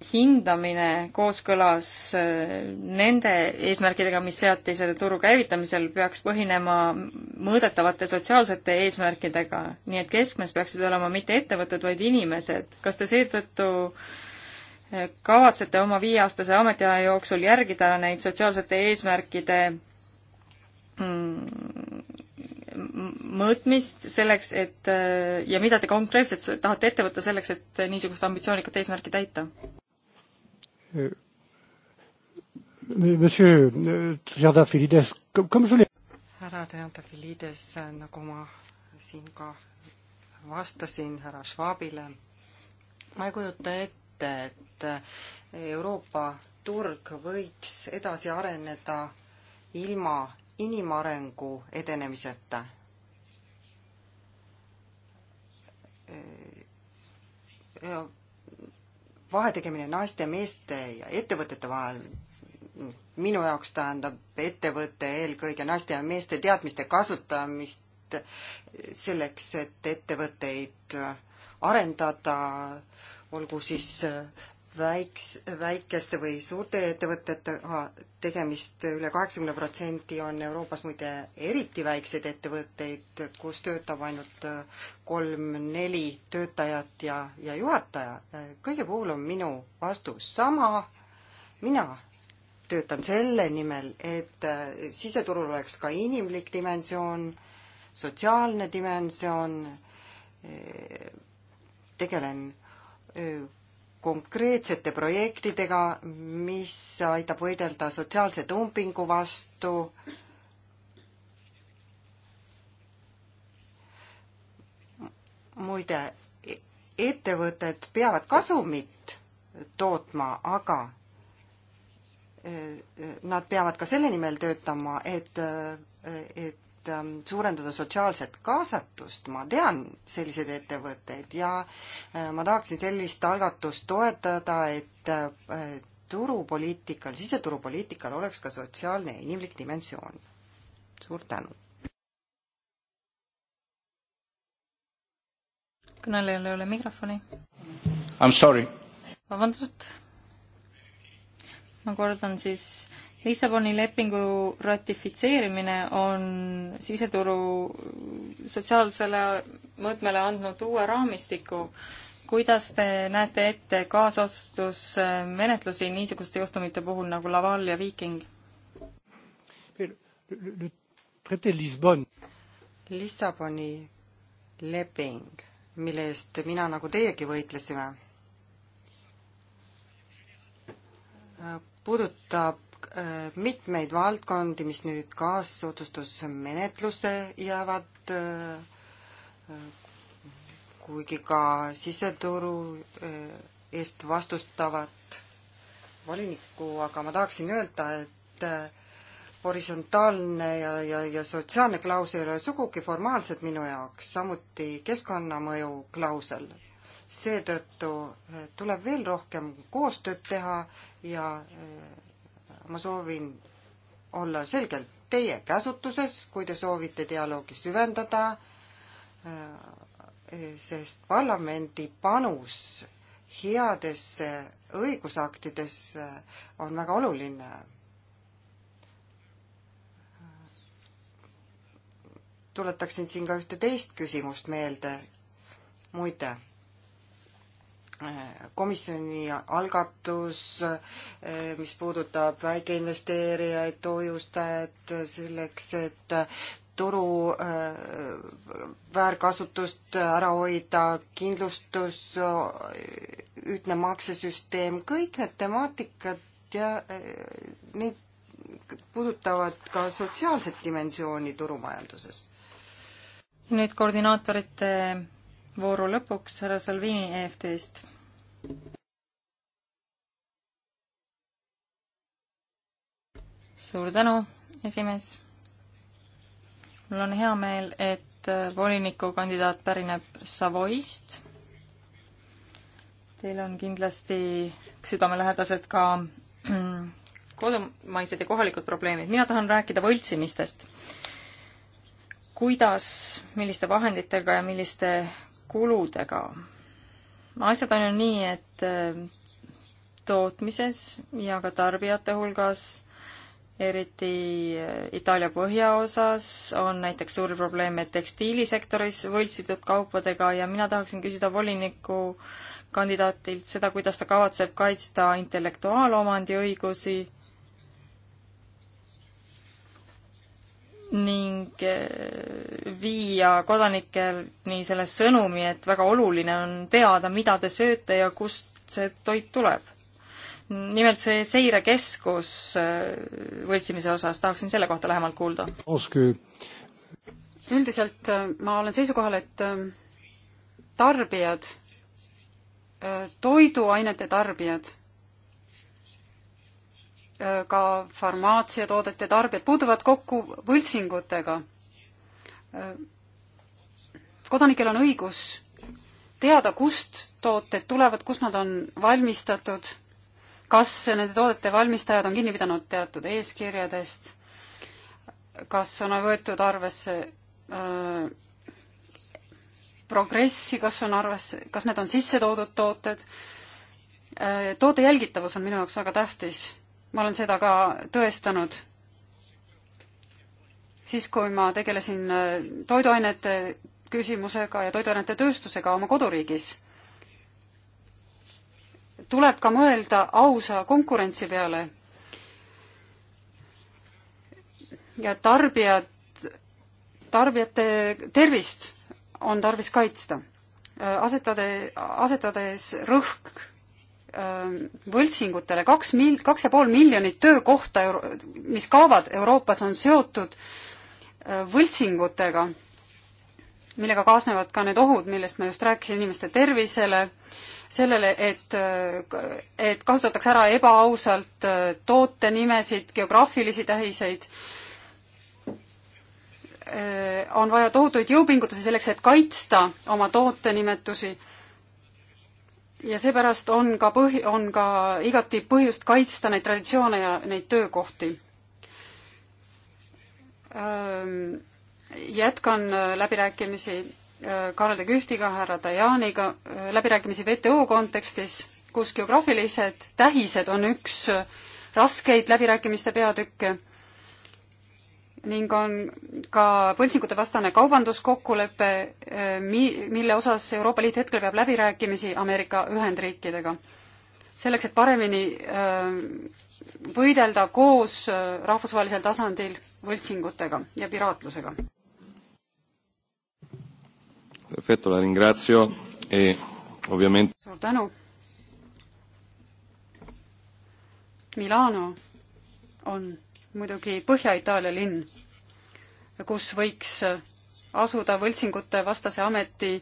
hindamine kooskõlas äh, nende eesmärkidega, mis seati selle turu käivitamisel, peaks põhinema mõõdetavate sotsiaalsete eesmärkidega. nii et keskmes peaksid olema mitte ettevõtted, vaid inimesed. kas te seetõttu äh, kavatsete oma viieaastase ametiaja jooksul järgida neid sotsiaalsete eesmärkide mm, mõõtmist selleks, et äh, ja mida te konkreetselt tahate ette võtta selleks, et niisugust ambitsioonikat eesmärki täita? Euh, monsieur euh, Gerda Filides, comme je l'ai härra Gerda Filides, äh, nagu ma siin ka vastasin härra Schwabile, ma ei kujuta ette, et äh, Euroopa turg võiks edasi areneda ilma inimarengu edenemiseta äh, vahetegemine naiste, meeste ja ettevõtete vahel minu jaoks tähendab ettevõte eelkõige naiste ja meeste teadmiste kasutamist selleks, et ettevõtteid arendada, olgu siis väiks, väikeste või suurte ettevõtetega tegemist üle, üle kaheksakümne protsendi on Euroopas muide eriti väikseid ettevõtteid, kus töötab ainult äh, kolm-neli töötajat ja, ja juhataja. kõige puhul on minu vastus sama, mina töötan selle nimel, et äh, siseturul oleks ka inimlik dimensioon, sotsiaalne dimensioon, äh, tegelen konkreetsete projektidega, mis aitab võidelda sotsiaalse dumpingu vastu. muide, e-, ettevõtted peavad kasumit tootma, aga e, e, nad peavad ka selle nimel töötama, et, et et ähm, suurendada sotsiaalset kaasatust, ma tean selliseid ettevõtteid ja äh, ma tahaksin sellist algatust toetada, et äh, turupoliitikal, siseturupoliitikal oleks ka sotsiaalne ja inimlik dimensioon. suur tänu! kõnelejal ei ole mikrofoni. I m sorry. vabandust. ma kordan siis Lissaboni lepingu ratifitseerimine on siseturu sotsiaalsele mõõtmele andnud uue raamistiku. kuidas te näete ette kaasotsustusmenetlusi niisuguste juhtumite puhul nagu Laval ja Viiking? Lissaboni leping, mille eest mina nagu teiegi võitlesime, puudutab Äh, mitmeid valdkondi, mis nüüd kaasotsustusmenetlusse jäävad, äh, kuigi ka siseturu äh, eest vastustavad volinikku, aga ma tahaksin öelda, et horisontaalne ja, ja, ja sotsiaalne klausel ei ole sugugi formaalsed minu jaoks, samuti keskkonnamõju klausel seetõttu tuleb veel rohkem koostööd teha ja ma soovin olla selgelt teie käsutuses, kui te soovite dialoogi süvendada, äh, sest parlamendi panus headesse õigusaktidesse on väga oluline. tuletaksin siin ka ühte teist küsimust meelde. muide komisjoni algatus, eh, mis puudutab väikeinvesteerijaid, hoiustajaid, selleks et turu eh, väärkasutust ära hoida, kindlustus, ühtne maksesüsteem, kõik need temaatikad ja eh, neid puudutavad ka sotsiaalset dimensiooni turumajanduses. nüüd koordinaatorite vooru lõpuks härra Salvini EFT-st. suur tänu, esimees. mul on hea meel, et äh, volinikukandidaat pärineb Savoist. Teil on kindlasti südamelähedased ka kodumaised ja kohalikud probleemid. mina tahan rääkida võltsimistest. kuidas, milliste vahenditega ja milliste kuludega. asjad on ju nii, et äh, tootmises ja ka tarbijate hulgas, eriti äh, Itaalia põhjaosas, on näiteks suuri probleeme tekstiilisektoris võltsitud kaupadega ja mina tahaksin küsida voliniku kandidaatilt seda, kuidas ta kavatseb kaitsta intellektuaalomandiõigusi ning eh, viia kodanikeni selle sõnumi, et väga oluline on teada, mida te sööte ja kust see toit tuleb. nimelt see seirekeskus eh, võltsimise osas, tahaksin selle kohta lähemalt kuulda. üldiselt eh, ma olen seisukohal, et tarbijad, toiduainete tarbijad ka farmaatsiatoodete tarbijad puutuvad kokku võltsingutega. kodanikel on õigus teada, kust tooted tulevad, kust nad on valmistatud, kas nende toodete valmistajad on kinni pidanud teatud eeskirjadest, kas on võetud arvesse öö, äh, progressi, kas on arvesse, kas need on sisse toodud tooted, äh, toote jälgitavus on minu jaoks väga tähtis ma olen seda ka tõestanud. siis, kui ma tegelesin äh, toiduainete küsimusega ja toiduainete tööstusega oma koduriigis, tuleb ka mõelda ausa konkurentsi peale. ja tarbijad, tarbijate tervist on tarvis kaitsta, äh, asetade, asetades rõhk Ähm, võltsingutele, kaks mil-, kaks ja pool miljonit töökohta, mis kaovad Euroopas, on seotud äh, võltsingutega, millega kaasnevad ka need ohud, millest ma just rääkisin, inimeste tervisele, sellele, et, äh, et kasutatakse ära ebaausalt äh, toote nimesid, geograafilisi tähiseid, on vaja tohutuid jõupingutusi selleks, et kaitsta oma tootenimetusi ja seepärast on ka põhi, on ka igati põhjust kaitsta neid traditsioone ja neid töökohti. jätkan äh, läbirääkimisi äh, Karl de Gühtiga, härra Tajaniga, äh, läbirääkimisi WTO kontekstis, kus geograafilised tähised on üks raskeid läbirääkimiste peatükke ning on ka võltsingute vastane kaubanduskokkulepe, eh, mi-, mille osas Euroopa Liit hetkel peab läbirääkimisi Ameerika Ühendriikidega. selleks, et paremini eh, võidelda koos eh, rahvusvahelisel tasandil võltsingutega ja piraatlusega. Perfetto, la ringrazio e ovviamente suur tänu! Milano on muidugi Põhja-Itaalia linn, kus võiks asuda võltsingute vastase ameti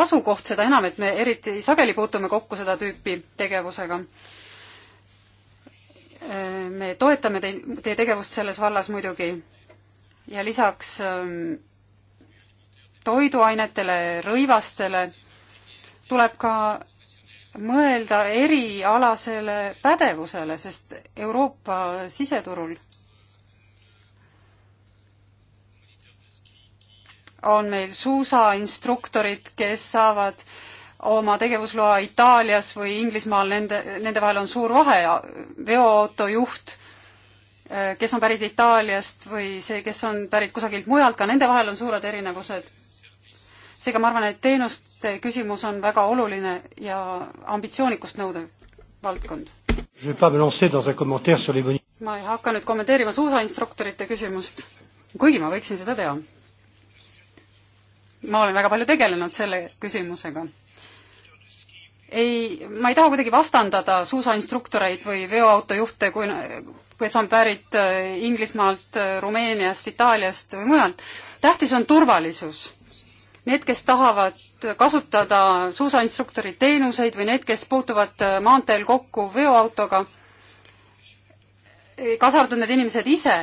asukoht, seda enam, et me eriti sageli puutume kokku seda tüüpi tegevusega. me toetame teid, teie tegevust selles vallas muidugi ja lisaks ähm, toiduainetele, rõivastele tuleb ka mõelda erialasele pädevusele, sest Euroopa siseturul on meil suusainstruktorid, kes saavad oma tegevusloa Itaalias või Inglismaal, nende, nende vahel on suur vahe ja veoautojuht, äh, kes on pärit Itaaliast või see, kes on pärit kusagilt mujalt, ka nende vahel on suured erinevused. seega ma arvan, et teenuste küsimus on väga oluline ja ambitsioonikust nõudev valdkond. ma ei hakka nüüd kommenteerima suusainstruktorite küsimust, kuigi ma võiksin seda teha ma olen väga palju tegelenud selle küsimusega. ei, ma ei taha kuidagi vastandada suusainstruktoreid või veoautojuhte, kui, kes on pärit äh, Inglismaalt, äh, Rumeeniast, Itaaliast või mujalt. tähtis on turvalisus. Need, kes tahavad kasutada suusainstruktori teenuseid või need, kes puutuvad äh, maanteel kokku veoautoga, kaasa arvatud need inimesed ise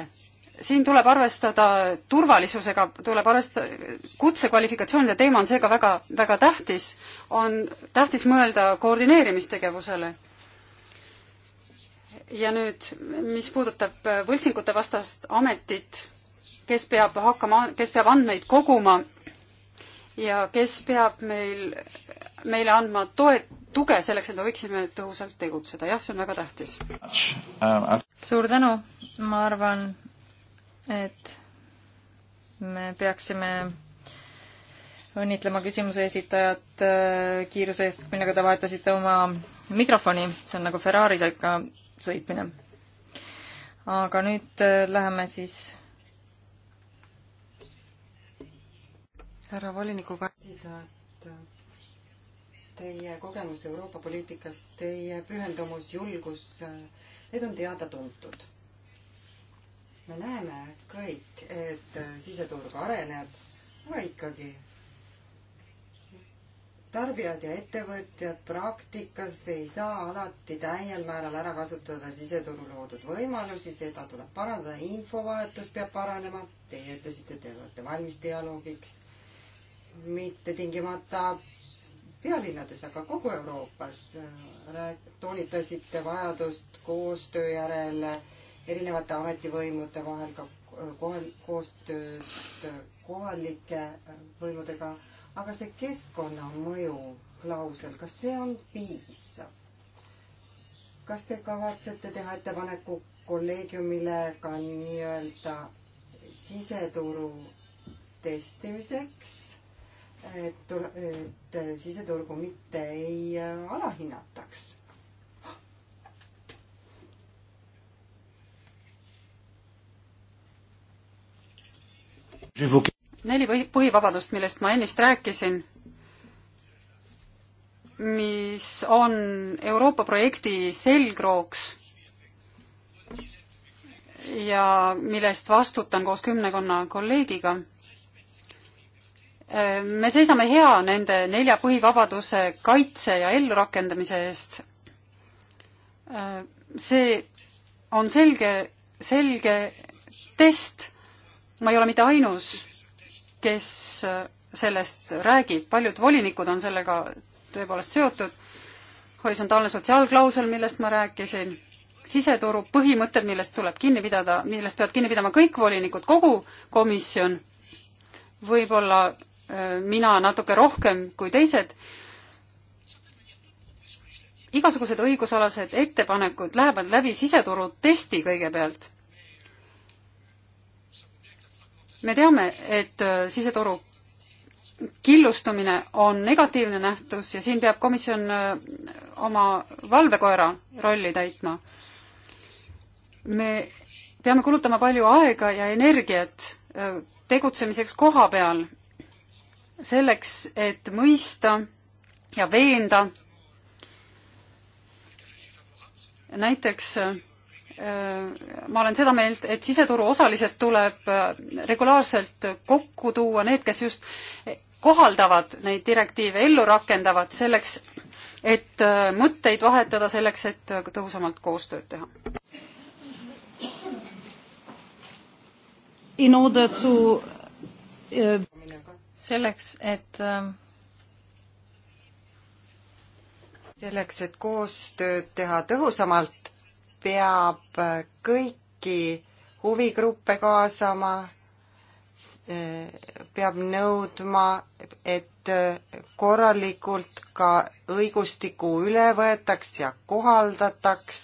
siin tuleb arvestada turvalisusega, tuleb arvestada, kutsekvalifikatsioonide teema on seega väga, väga tähtis, on tähtis mõelda koordineerimistegevusele. ja nüüd, mis puudutab võltsingute vastast ametit, kes peab hakkama, kes peab andmeid koguma ja kes peab meil, meile andma toet-, tuge selleks, et me võiksime tõhusalt tegutseda, jah, see on väga tähtis. Uh, suur tänu, ma arvan, et me peaksime õnnitlema küsimuse esitajat äh, kiiruse eest, millega te vahetasite oma mikrofoni, see on nagu Ferrari sekka sõitmine. aga nüüd äh, läheme siis härra volinikukandidaat, teie kogemus Euroopa poliitikast, teie pühendumus, julgus, äh, need on teada-tuntud me näeme kõik, et äh, siseturg areneb, aga ikkagi tarbijad ja ettevõtjad praktikas ei saa alati täiel määral ära kasutada siseturul loodud võimalusi, seda tuleb parandada, infovahetus peab paranema. Teie ütlesite, te olete valmis dialoogiks. mitte tingimata pealinnades, aga kogu Euroopas. Äh, toonitasite vajadust koostöö järele erinevate ametivõimude vahel, ka kohal, koostöös kohalike võimudega, aga see keskkonnamõju klausel, kas see on piisav? kas te kavatsete teha ettepaneku kolleegiumile ka nii-öelda siseturu testimiseks, et, et siseturgu mitte ei alahinnataks? neli põhi, põhivabadust, millest ma ennist rääkisin, mis on Euroopa projekti selgrooks ja millest vastutan koos kümnekonna kolleegiga. me seisame hea nende nelja põhivabaduse kaitse ja ellurakendamise eest. see on selge, selge test ma ei ole mitte ainus, kes äh, sellest räägib, paljud volinikud on sellega tõepoolest seotud, horisontaalne sotsiaalklausel, millest ma rääkisin, siseturu põhimõtted, millest tuleb kinni pidada, millest peavad kinni pidama kõik volinikud, kogu komisjon, võib-olla äh, mina natuke rohkem kui teised, igasugused õigusalased ettepanekud lähevad läbi siseturu testi kõigepealt me teame, et äh, sisetoru killustumine on negatiivne nähtus ja siin peab komisjon äh, oma valvekoera rolli täitma. me peame kulutama palju aega ja energiat äh, tegutsemiseks koha peal, selleks, et mõista ja veenda näiteks ma olen seda meelt, et siseturu osalised tuleb äh, regulaarselt kokku tuua, need, kes just kohaldavad neid direktiive, ellu rakendavad, selleks et äh, mõtteid vahetada, selleks et äh, tõhusamalt koostööd teha. In order to selleks, et ähm, selleks, et koostööd teha tõhusamalt, peab kõiki huvigruppe kaasama, peab nõudma, et korralikult ka õigustikku üle võetaks ja kohaldataks.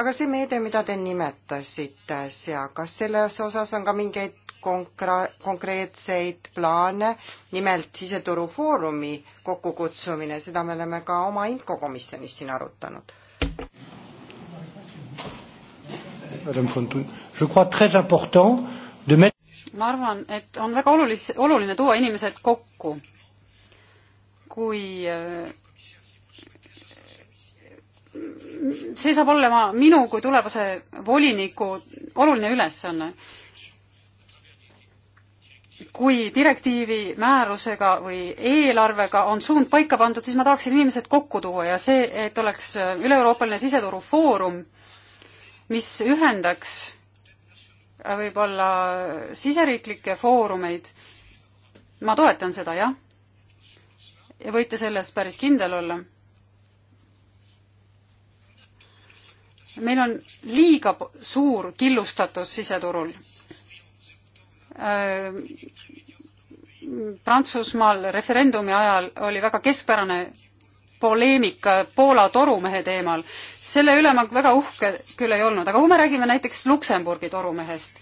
aga see meede, mida te nimetasite, Sea, kas selles osas on ka mingeid konkre-, konkreetseid plaane, nimelt siseturufoorumi kokkukutsumine, seda me oleme ka oma infokomisjonis siin arutanud ma arvan, et on väga olulis-, oluline tuua inimesed kokku. kui äh, see saab olema minu kui tulevase voliniku oluline ülesanne. kui direktiivi määrusega või eelarvega on suund paika pandud, siis ma tahaksin inimesed kokku tuua ja see, et oleks äh, üle-Euroopaline siseturu foorum mis ühendaks äh, võib-olla siseriiklikke foorumeid. ma toetan seda, jah. ja võite selles päris kindel olla. meil on liiga suur killustatus siseturul. Äh, Prantsusmaal referendumi ajal oli väga keskpärane poleemika Poola torumehe teemal. selle üle ma väga uhke küll ei olnud, aga kui me räägime näiteks Luksemburgi torumehest,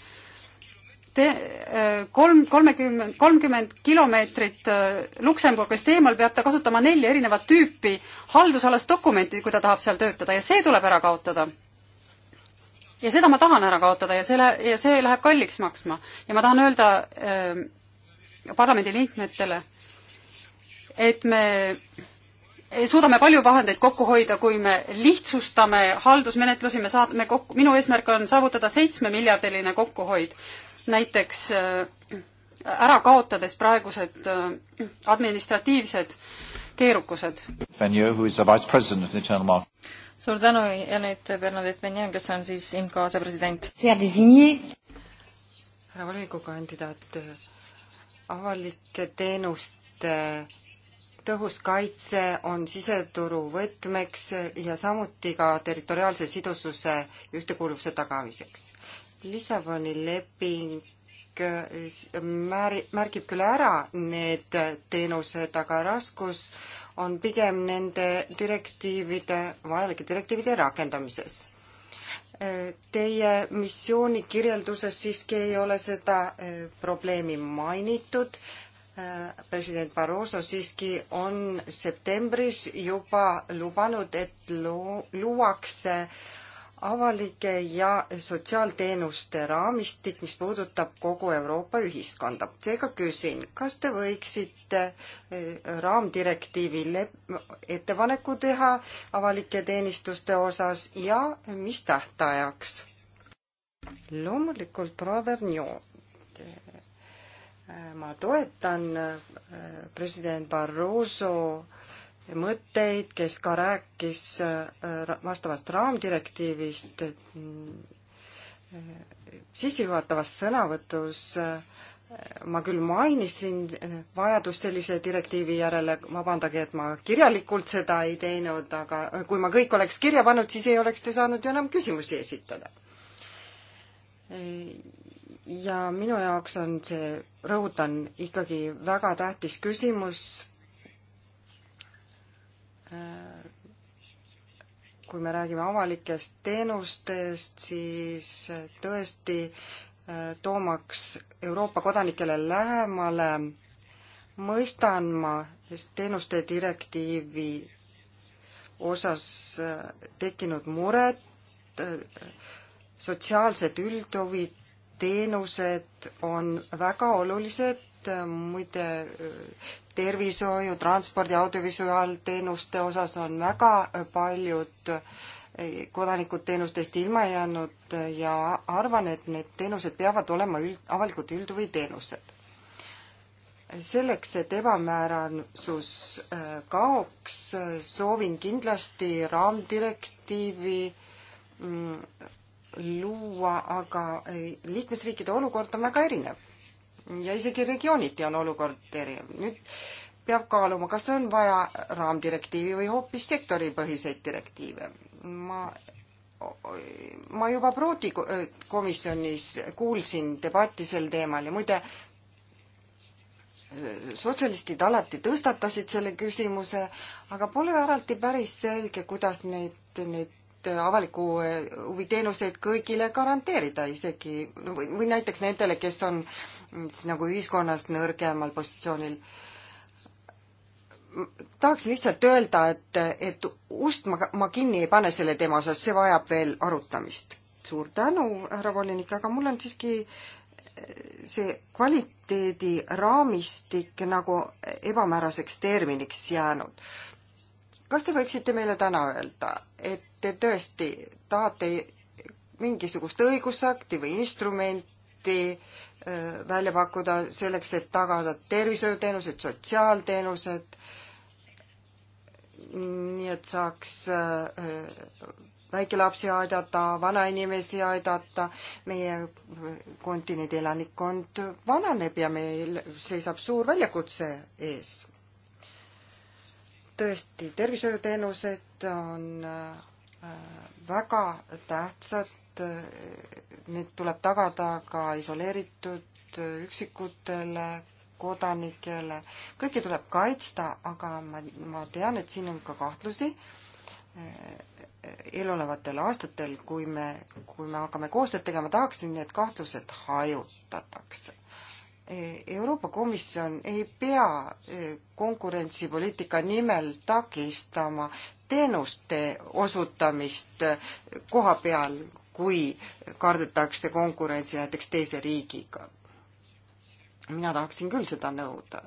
te-, äh, kolm, kolmekümmend, kolmkümmend kilomeetrit äh, Luksemburgist eemal peab ta kasutama nelja erinevat tüüpi haldusalast dokumenti, kui ta tahab seal töötada ja see tuleb ära kaotada. ja seda ma tahan ära kaotada ja selle, ja see läheb kalliks maksma. ja ma tahan öelda äh, parlamendiliikmetele, et me Eh, suudame palju vahendeid kokku hoida, kui me lihtsustame haldusmenetlusi, me saame kokku, minu eesmärk on saavutada seitsmemiljardiline kokkuhoid. näiteks eh, ära kaotades praegused eh, administratiivsed keerukused. suur tänu ja nüüd Bernadette Benjan, kes on siis IMCO asepresident. härra volikogu kandidaat, avalike teenuste tõhus kaitse on siseturu võtmeks ja samuti ka territoriaalse sidususe ühtekuuluvuse tagamiseks. Lissaboni leping eh, määri-, märgib küll ära need teenused, aga raskus on pigem nende direktiivide, vajalike direktiivide rakendamises. Eh, teie missioonikirjelduses siiski ei ole seda eh, probleemi mainitud president Barroso siiski on septembris juba lubanud, et luuakse avalike ja sotsiaalteenuste raamistik, mis puudutab kogu Euroopa ühiskonda. seega küsin, kas te võiksite eh, raamdirektiivile ettepaneku teha avalike teenistuste osas ja mis tähtajaks? loomulikult provernioo ma toetan äh, president Barroso mõtteid, kes ka rääkis äh, vastavast raamdirektiivist. Äh, sissejuhatavas sõnavõtus ma küll mainisin vajadust sellise direktiivi järele, vabandage, et ma kirjalikult seda ei teinud, aga kui ma kõik oleks kirja pannud, siis ei oleks te saanud ju enam küsimusi esitada. ja minu jaoks on see rõhutan, ikkagi väga tähtis küsimus. kui me räägime avalikest teenustest, siis tõesti eh, toomaks Euroopa kodanikele lähemale, mõistan ma teenuste direktiivi osas eh, tekkinud muret, eh, sotsiaalsed üldhuvid teenused on väga olulised, muide tervishoiu, transpordi, audiovisuaalteenuste osas on väga paljud kodanikud teenustest ilma jäänud ja arvan, et need teenused peavad olema üld, avalikult üldhuvi teenused. selleks, et ebamäärasus äh, kaoks, soovin kindlasti raamdirektiivi mm, luua, aga liikmesriikide olukord on väga erinev. ja isegi regiooniti on olukord erinev. nüüd peab kaaluma, kas on vaja raamdirektiivi või hoopis sektoripõhiseid direktiive. ma, ma juba Prooti komisjonis kuulsin debatti sel teemal ja muide, sotsialistid alati tõstatasid selle küsimuse, aga pole alati päris selge, kuidas neid, neid et äh, avaliku äh, huvi teenuseid kõigile garanteerida isegi no, või, või näiteks nendele, kes on siis nagu ühiskonnas nõrgemal positsioonil. tahaks lihtsalt öelda, et, et ust ma, ma kinni ei pane selle teema osas, see vajab veel arutamist. suur tänu, härra volinik, aga mul on siiski äh, see kvaliteediraamistik nagu ebamääraseks terminiks jäänud kas te võiksite meile täna öelda, et te tõesti tahate mingisugust õigusakti või instrumenti äh, välja pakkuda selleks, et tagada tervishoiuteenused, sotsiaalteenused, nii et saaks äh, väikelapsi aidata, vanainimesi aidata, meie kontinendi elanikkond vananeb ja meil seisab suur väljakutse ees tõesti, tervishoiuteenused on äh, väga tähtsad, need tuleb tagada ka isoleeritud üksikutele kodanikele, kõiki tuleb kaitsta, aga ma, ma tean, et siin on ka kahtlusi äh, eelolevatel aastatel, kui me, kui me hakkame koostööd tegema, tahaksin, et kahtlused hajutatakse. Eh, Euroopa Komisjon ei pea eh, konkurentsipoliitika nimel takistama teenuste osutamist eh, koha peal, kui kardetakse konkurentsi näiteks teise riigiga. mina tahaksin küll seda nõuda.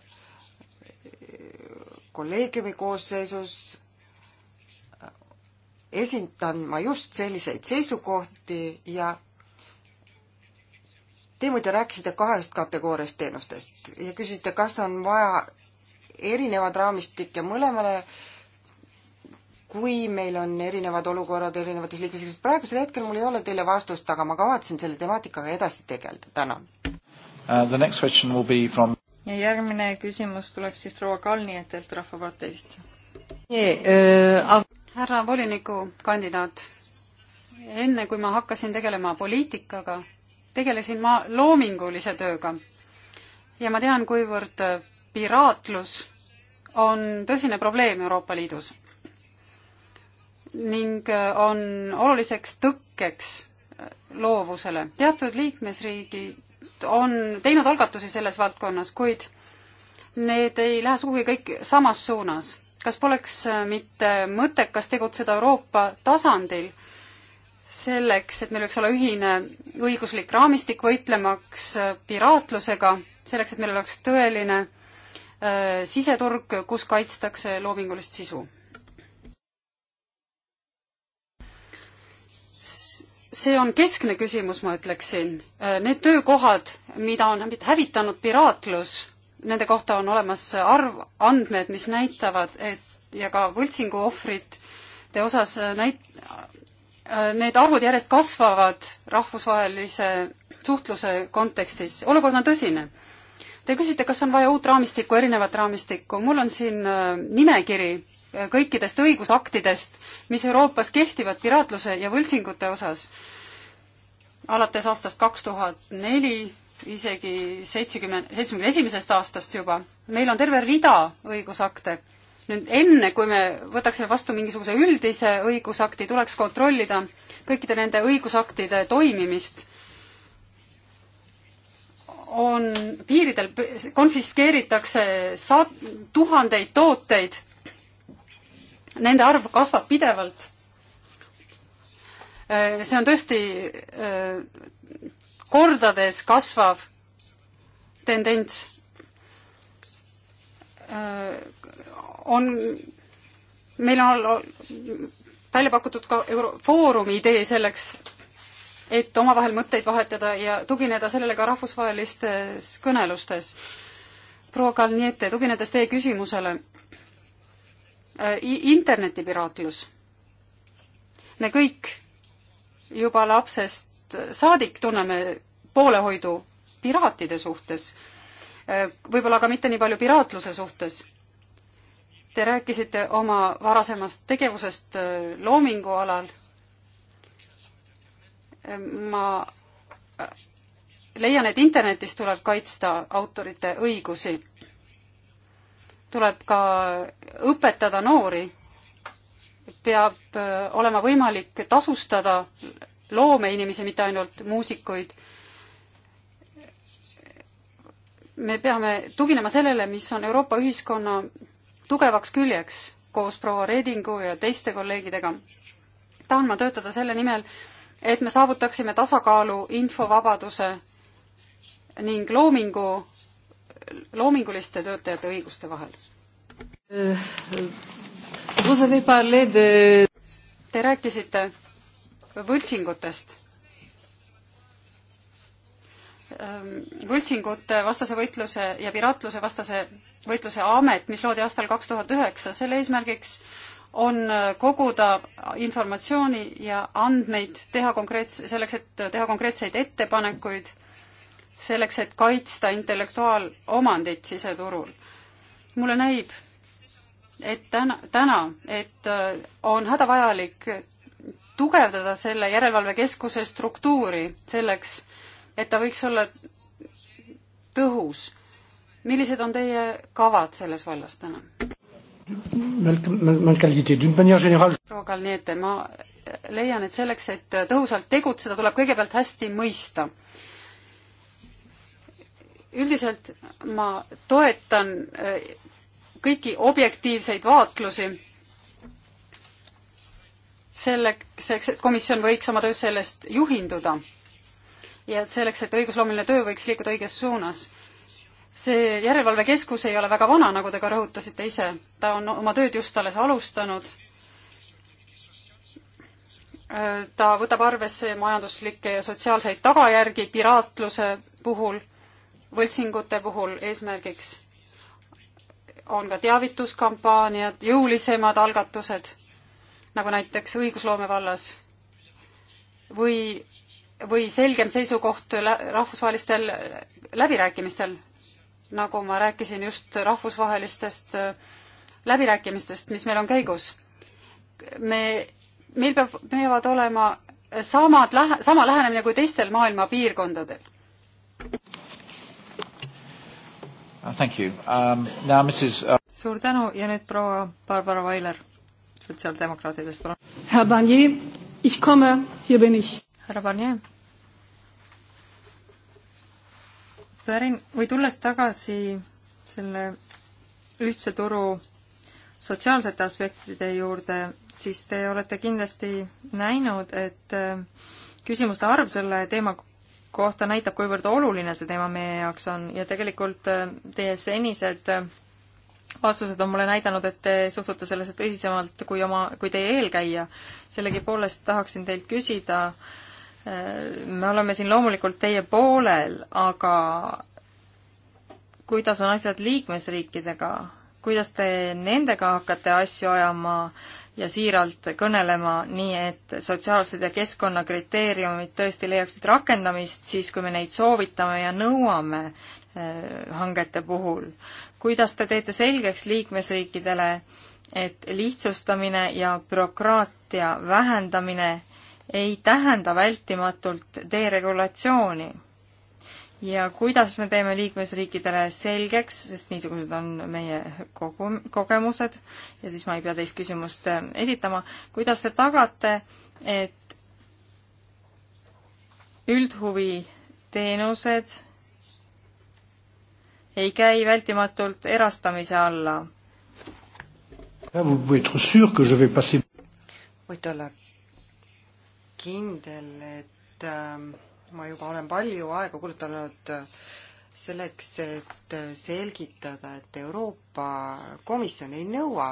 kolleegiumi koosseisus esindan ma just selliseid seisukohti ja Te muide rääkisite kahest kategooriast teenustest ja küsisite, kas on vaja erinevad raamistikke mõlemale, kui meil on erinevad olukorrad erinevates liikmesriikides. praegusel hetkel mul ei ole teile vastust, aga ma kavatsen selle temaatikaga edasi tegeleda. tänan uh,. From... ja järgmine küsimus tuleb siis proua Kalnietelt Rahvaparteist yeah, äh, uh,. härra volinikukandidaat, enne kui ma hakkasin tegelema poliitikaga, tegelesin ma loomingulise tööga ja ma tean, kuivõrd piraatlus on tõsine probleem Euroopa Liidus ning on oluliseks tõkkeks loovusele. teatud liikmesriigid on teinud algatusi selles valdkonnas, kuid need ei lähe sugugi kõik samas suunas. kas poleks mitte mõttekas tegutseda Euroopa tasandil selleks, et meil võiks olla ühine õiguslik raamistik võitlemaks äh, piraatlusega, selleks, et meil oleks tõeline äh, siseturg, kus kaitstakse loomingulist sisu. see on keskne küsimus, ma ütleksin. Äh, need töökohad, mida on hävitanud piraatlus, nende kohta on olemas arv, andmed, mis näitavad, et ja ka võltsingu ohvrite osas äh, näit-, Äh, need arvud järjest kasvavad rahvusvahelise suhtluse kontekstis, olukord on tõsine. Te küsite, kas on vaja uut raamistikku, erinevat raamistikku, mul on siin äh, nimekiri äh, kõikidest õigusaktidest, mis Euroopas kehtivad piraatluse ja võltsingute osas alates aastast kaks tuhat neli, isegi seitsekümmend, seitsmekümne esimesest aastast juba. meil on terve rida õigusakte nüüd enne, kui me võtaksime vastu mingisuguse üldise õigusakti, tuleks kontrollida kõikide nende õigusaktide toimimist. on piiridel, konfiskeeritakse sa-, tuhandeid tooteid, nende arv kasvab pidevalt. Äh, see on tõesti äh, kordades kasvav tendents äh, on, meil on välja pakutud ka euro-, foorumi idee selleks, et omavahel mõtteid vahetada ja tugineda sellele ka rahvusvahelistes kõnelustes. proua Kalniete, tuginedes teie küsimusele, äh, internetipiraatlus. me kõik juba lapsest saadik tunneme poolehoidu piraatide suhtes, äh, võib-olla ka mitte nii palju piraatluse suhtes Te rääkisite oma varasemast tegevusest äh, loomingu alal. ma äh, leian, et internetis tuleb kaitsta autorite õigusi. tuleb ka õpetada noori. peab äh, olema võimalik tasustada loomeinimesi, mitte ainult muusikuid. me peame tuginema sellele, mis on Euroopa ühiskonna tugevaks küljeks koos proua Redingu ja teiste kolleegidega. tahan ma töötada selle nimel, et me saavutaksime tasakaalu infovabaduse ning loomingu, loominguliste töötajate õiguste vahel. Te rääkisite võltsingutest Ähm, võltsingute vastase võitluse ja piraatluse vastase võitluse amet, mis loodi aastal kaks tuhat üheksa, selle eesmärgiks on äh, koguda informatsiooni ja andmeid, teha konkreets-, selleks, et teha konkreetseid ettepanekuid, selleks, et kaitsta intellektuaalomandit siseturul. mulle näib, et täna, täna, et äh, on hädavajalik tugevdada selle järelevalvekeskuse struktuuri selleks, et ta võiks olla tõhus. millised on teie kavad selles vallas täna? proua Kalniete, ma leian, et selleks, et tõhusalt tegutseda, tuleb kõigepealt hästi mõista. üldiselt ma toetan eh, kõiki objektiivseid vaatlusi selleks, et komisjon võiks oma töös sellest juhinduda ja selleks, et õigusloomeline töö võiks liikuda õiges suunas. see järelevalvekeskus ei ole väga vana, nagu te ka rõhutasite ise, ta on oma tööd just alles alustanud, ta võtab arvesse majanduslikke ja sotsiaalseid tagajärgi piraatluse puhul, võltsingute puhul eesmärgiks on ka teavituskampaaniad, jõulisemad algatused, nagu näiteks õigusloome vallas või või selgem seisukoht rahvusvahelistel läbirääkimistel, nagu ma rääkisin just rahvusvahelistest äh, läbirääkimistest, mis meil on käigus. me, meil peab, peavad olema samad lähe-, sama lähenemine kui teistel maailma piirkondadel. Uh, thank you um,. Now Mrs uh.... suur tänu ja nüüd proua Barbara Vailer sotsiaaldemokraatidest, palun. härra Barnier, ich komme, hier bin ich. härra Barnier pärin- või tulles tagasi selle ühtse turu sotsiaalsete aspektide juurde, siis te olete kindlasti näinud, et äh, küsimuste arv selle teema kohta näitab, kuivõrd oluline see teema meie jaoks on ja tegelikult äh, teie senised äh, vastused on mulle näidanud, et te suhtute sellesse tõsisemalt kui oma, kui teie eelkäija. sellegipoolest tahaksin teilt küsida äh, me oleme siin loomulikult teie poolel, aga kuidas on asjad liikmesriikidega, kuidas te nendega hakkate asju ajama ja siiralt kõnelema, nii et sotsiaalsed ja keskkonnakriteeriumid tõesti leiaksid rakendamist siis, kui me neid soovitame ja nõuame eh, hangete puhul. kuidas te teete selgeks liikmesriikidele, et lihtsustamine ja bürokraatia vähendamine ei tähenda vältimatult deregulatsiooni. ja kuidas me teeme liikmesriikidele selgeks, sest niisugused on meie kogu, kogemused, ja siis ma ei pea teist küsimust äh, esitama, kuidas te tagate, et üldhuviteenused ei käi vältimatult erastamise alla? võite olla kindel, et ähm, ma juba olen palju aega kulutanud äh, selleks, et äh, selgitada, et Euroopa Komisjon ei nõua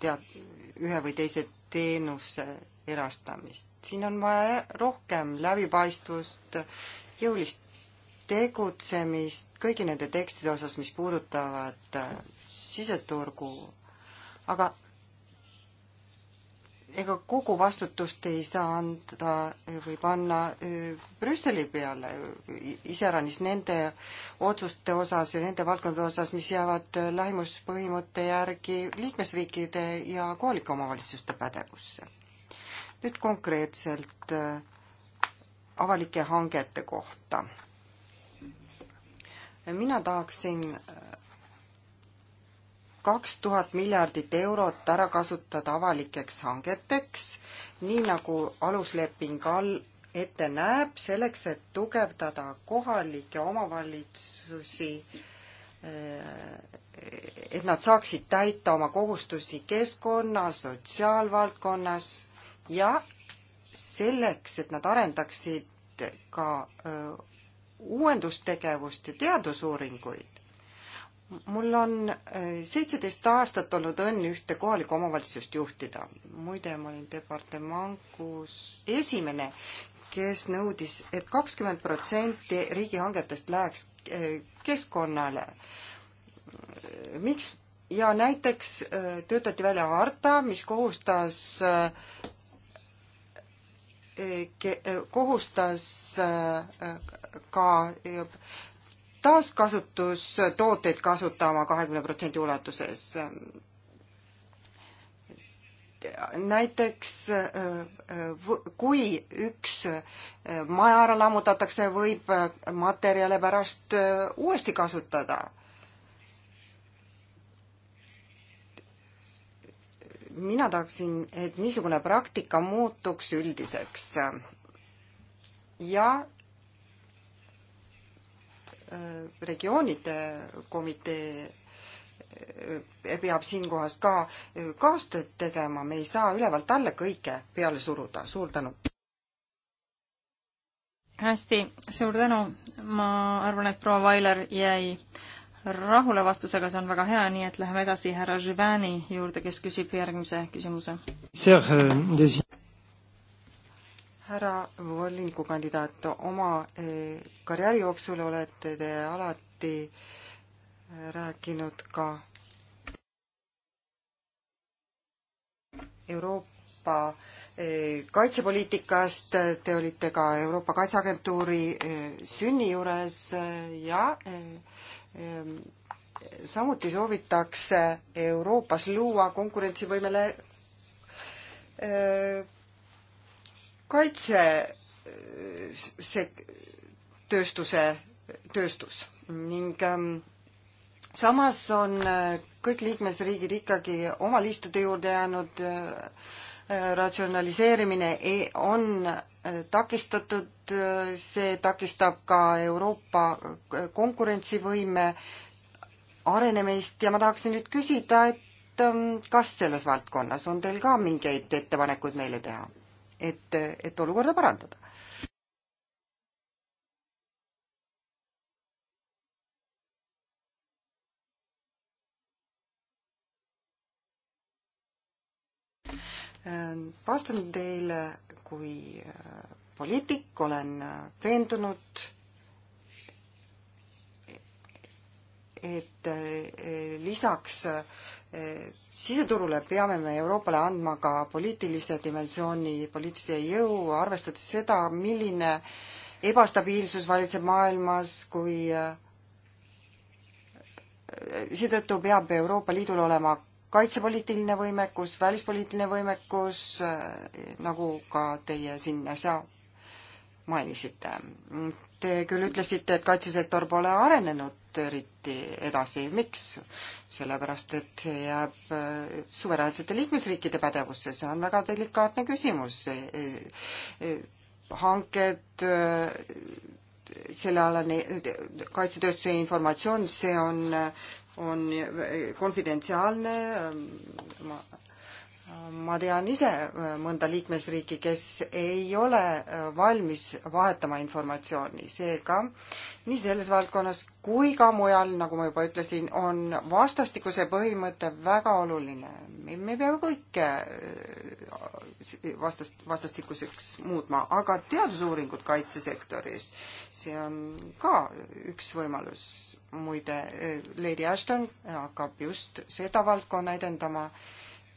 tead-, ühe või teise teenuse erastamist. siin on vaja rohkem läbipaistvust, jõulist tegutsemist kõigi nende tekstide osas, mis puudutavad äh, siseturgu. aga ega kogu vastutust ei saa anda või panna e, Brüsseli peale, e, iseäranis nende otsuste osas ja nende valdkondade osas, mis jäävad e, lähimuspõhimõtte järgi liikmesriikide ja kohalike omavalitsuste pädevusse. nüüd konkreetselt avalike hangete kohta. mina tahaksin kaks tuhat miljardit eurot ära kasutada avalikeks hangeteks, nii nagu alusleping all ette näeb, selleks et tugevdada kohalikke omavalitsusi, eh, et nad saaksid täita oma kohustusi keskkonna, sotsiaalvaldkonnas ja selleks, et nad arendaksid ka eh, uuendustegevust ja teadusuuringuid mul on äh, seitseteist aastat olnud õnn ühte kohalikku omavalitsust juhtida. muide, ma olin departamangus esimene, kes nõudis et, et kakskümmend protsenti riigihangetest läheks äh, keskkonnale. miks? ja näiteks äh, töötati välja harta, mis kohustas kohustas ka taaskasutustooteid kasutama kahekümne protsendi ulatuses. näiteks äh, äh, kui üks äh, maja ära lammutatakse, võib materjale pärast uuesti kasutada mina tahaksin, et niisugune praktika muutuks üldiseks. ja Äh, regioonide komitee äh, peab siinkohas ka äh, kaastööd tegema, me ei saa ülevalt alla kõike peale suruda, suur tänu! hästi, suur tänu, ma arvan, et proua Vailer jäi rahule vastusega, see on väga hea, nii et läheme edasi härra Živani juurde, kes küsib järgmise küsimuse. Euh, härra volinikukandidaat, oma eh, karjääri jooksul olete te alati eh, rääkinud ka Euroopa eh, kaitsepoliitikast, te olite ka Euroopa Kaitseagentuuri sünni juures ja samuti soovitakse Euroopas luua konkurentsivõimele kaitsetööstuse tööstus ning ähm, samas on äh, kõik liikmesriigid ikkagi oma liistude juurde jäänud, äh, äh, ratsionaliseerimine ei, on takistatud, see takistab ka Euroopa konkurentsivõime arenemist ja ma tahaksin nüüd küsida, et ähm, kas selles valdkonnas on teil ka mingeid ettepanekuid meile teha? et, et olukorda parandada. vastan teile kui äh, poliitik, olen äh, veendunud, et äh, lisaks siseturule peame me Euroopale andma ka poliitilise dimensiooni, poliitilise jõu, arvestades seda, milline ebastabiilsus valitseb maailmas, kui äh, seetõttu peab Euroopa Liidul olema kaitsepoliitiline võimekus, välispoliitiline võimekus, äh, nagu ka teie siin äsja mainisite. Te küll ütlesite, et kaitsesektor pole arenenud eriti edasi, miks? sellepärast, et see jääb äh, suveräänsete liikmesriikide pädevusse, see on väga delikaatne küsimus. E, e, hanked, äh, sellealane kaitsetööstuse informatsioon, see on, äh, on konfidentsiaalne, ma ma tean ise äh, mõnda liikmesriiki, kes ei ole äh, valmis vahetama informatsiooni, seega nii selles valdkonnas kui ka mujal, nagu ma juba ütlesin, on vastastikuse põhimõte väga oluline. me peame kõike äh, vastast, vastastikuseks muutma, aga teadusuuringud kaitsesektoris, see on ka üks võimalus. muide, Lady Ashton hakkab just seda valdkonna edendama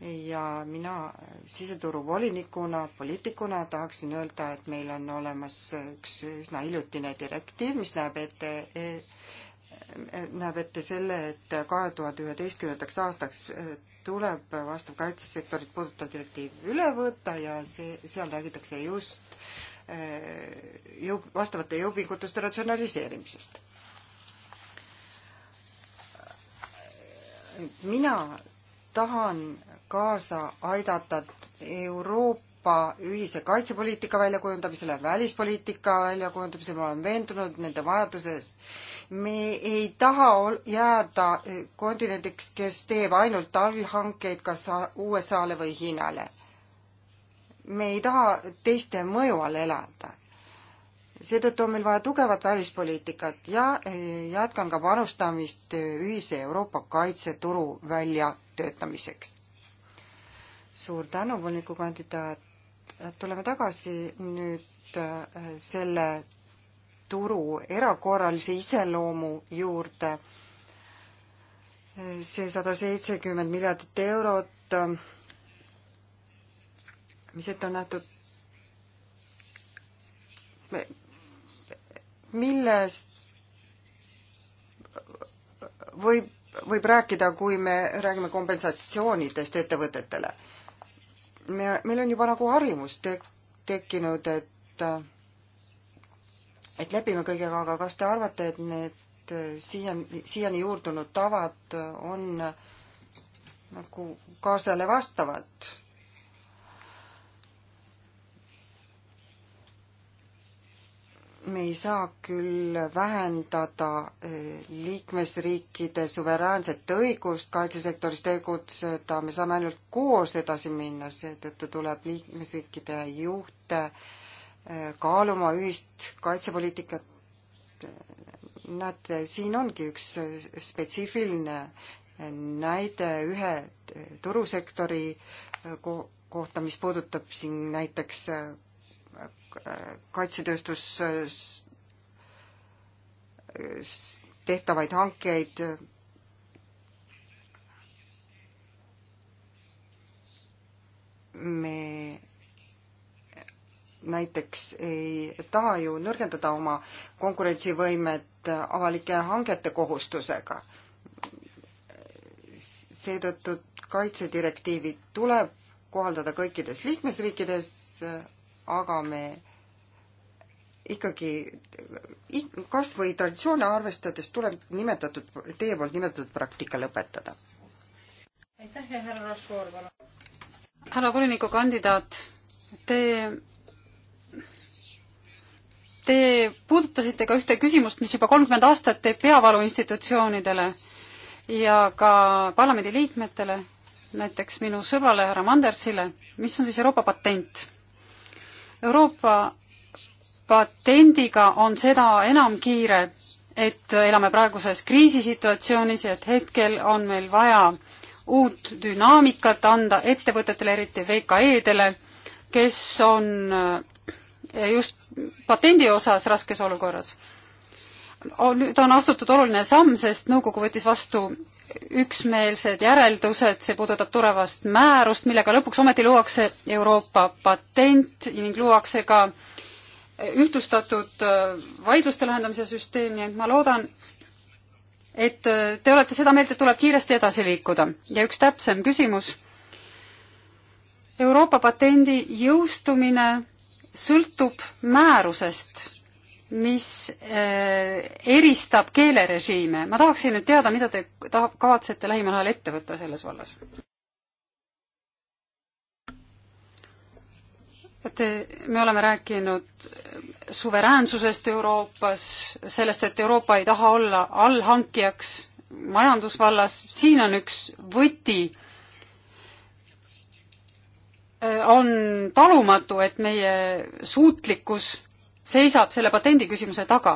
ja mina siseturuvolinikuna, poliitikuna tahaksin öelda, et meil on olemas üks üsna hiljutine direktiiv, mis näeb ette näeb ette selle, et kahe tuhande üheteistkümnendaks aastaks tuleb vastav kaitsesektorit puudutav direktiiv üle võtta ja see, seal räägitakse just jõu, vastavate jõupingutuste ratsionaliseerimisest. mina tahan kaasa aidata Euroopa ühise kaitsepoliitika väljakujundamisele, välispoliitika väljakujundamisele, ma olen veendunud nende vajaduses. me ei taha jääda kontinendiks, kes teeb ainult allhankeid kas USA-le või Hiinale. me ei taha teiste mõju all elada seetõttu on meil vaja tugevat välispoliitikat ja eh, jätkan ka panustamist ühise Euroopa kaitseturu väljatöötamiseks suur tänu, volinikukandidaat. tuleme tagasi nüüd äh, selle turu erakorralise iseloomu juurde. see sada seitsekümmend miljardit eurot, äh, mis ette on nähtud, millest võib, võib rääkida, kui me räägime kompensatsioonidest ettevõtetele me, meil on juba nagu harjumus tek-, tekkinud, et et lepime kõigega, aga kas te arvate, et need siiani, siiani juurdunud tavad on nagu kaasale vastavad? me ei saa küll vähendada eh, liikmesriikide suveräänset õigust kaitsesektoris tegutseda, me saame ainult koos edasi minna, seetõttu tuleb liikmesriikide juhte eh, kaaluma ühist kaitsepoliitikat. näete, siin ongi üks eh, spetsiifiline näide ühe turusektori ko kohta, mis puudutab siin näiteks kaitsetööstus äh, tehtavaid hankeid. me näiteks ei taha ju nõrgendada oma konkurentsivõimet avalike hangete kohustusega. seetõttu kaitsedirektiivid tuleb kohaldada kõikides liikmesriikides, aga me ikkagi kas või traditsioone arvestades tuleb nimetatud, teie poolt nimetatud praktika lõpetada. aitäh ja härra Rošvoor, palun. härra volinikukandidaat, te Te puudutasite ka ühte küsimust, mis juba kolmkümmend aastat teeb peavalu institutsioonidele ja ka parlamendiliikmetele, näiteks minu sõbrale härra Mandersile, mis on siis Euroopa patent Euroopa patendiga on seda enam kiire, et elame praeguses kriisisituatsioonis ja et hetkel on meil vaja uut dünaamikat anda ettevõtetele, eriti VKE-dele, kes on just patendi osas raskes olukorras. nüüd on astutud oluline samm, sest nõukogu võttis vastu üksmeelsed järeldused, see puudutab tulevast määrust, millega lõpuks ometi luuakse Euroopa patent ning luuakse ka ühtlustatud äh, vaidluste lahendamise süsteemi, et ma loodan, et äh, te olete seda meelt, et tuleb kiiresti edasi liikuda. ja üks täpsem küsimus. Euroopa patendi jõustumine sõltub määrusest mis äh, eristab keelerežiime. ma tahaksin nüüd teada, mida te tahab, kavatsete lähimal ajal ette võtta selles vallas? et äh, me oleme rääkinud suveräänsusest Euroopas, sellest, et Euroopa ei taha olla allhankijaks majandusvallas, siin on üks võti, äh, on talumatu, et meie suutlikkus seisab selle patendiküsimuse taga.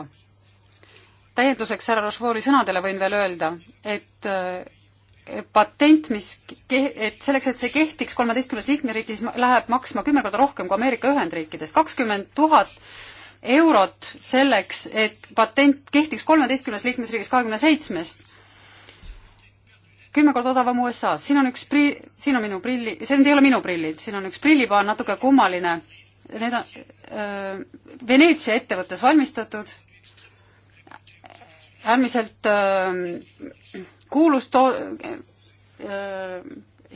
täienduseks härra Rochefort'i sõnadele võin veel öelda, et eh, patent, mis, et selleks, et see kehtiks kolmeteistkümnes liikmeriigis, läheb maksma kümme korda rohkem kui Ameerika Ühendriikides, kakskümmend tuhat eurot selleks, et patent kehtiks kolmeteistkümnes liikmesriigis kahekümne seitsmest kümme korda odavam USA-s, siin on üks pri-, siin on minu prilli, see nüüd ei ole minu prillid, siin on üks prillipaan, natuke kummaline need on Veneetsia ettevõttes valmistatud, äärmiselt kuulus to-,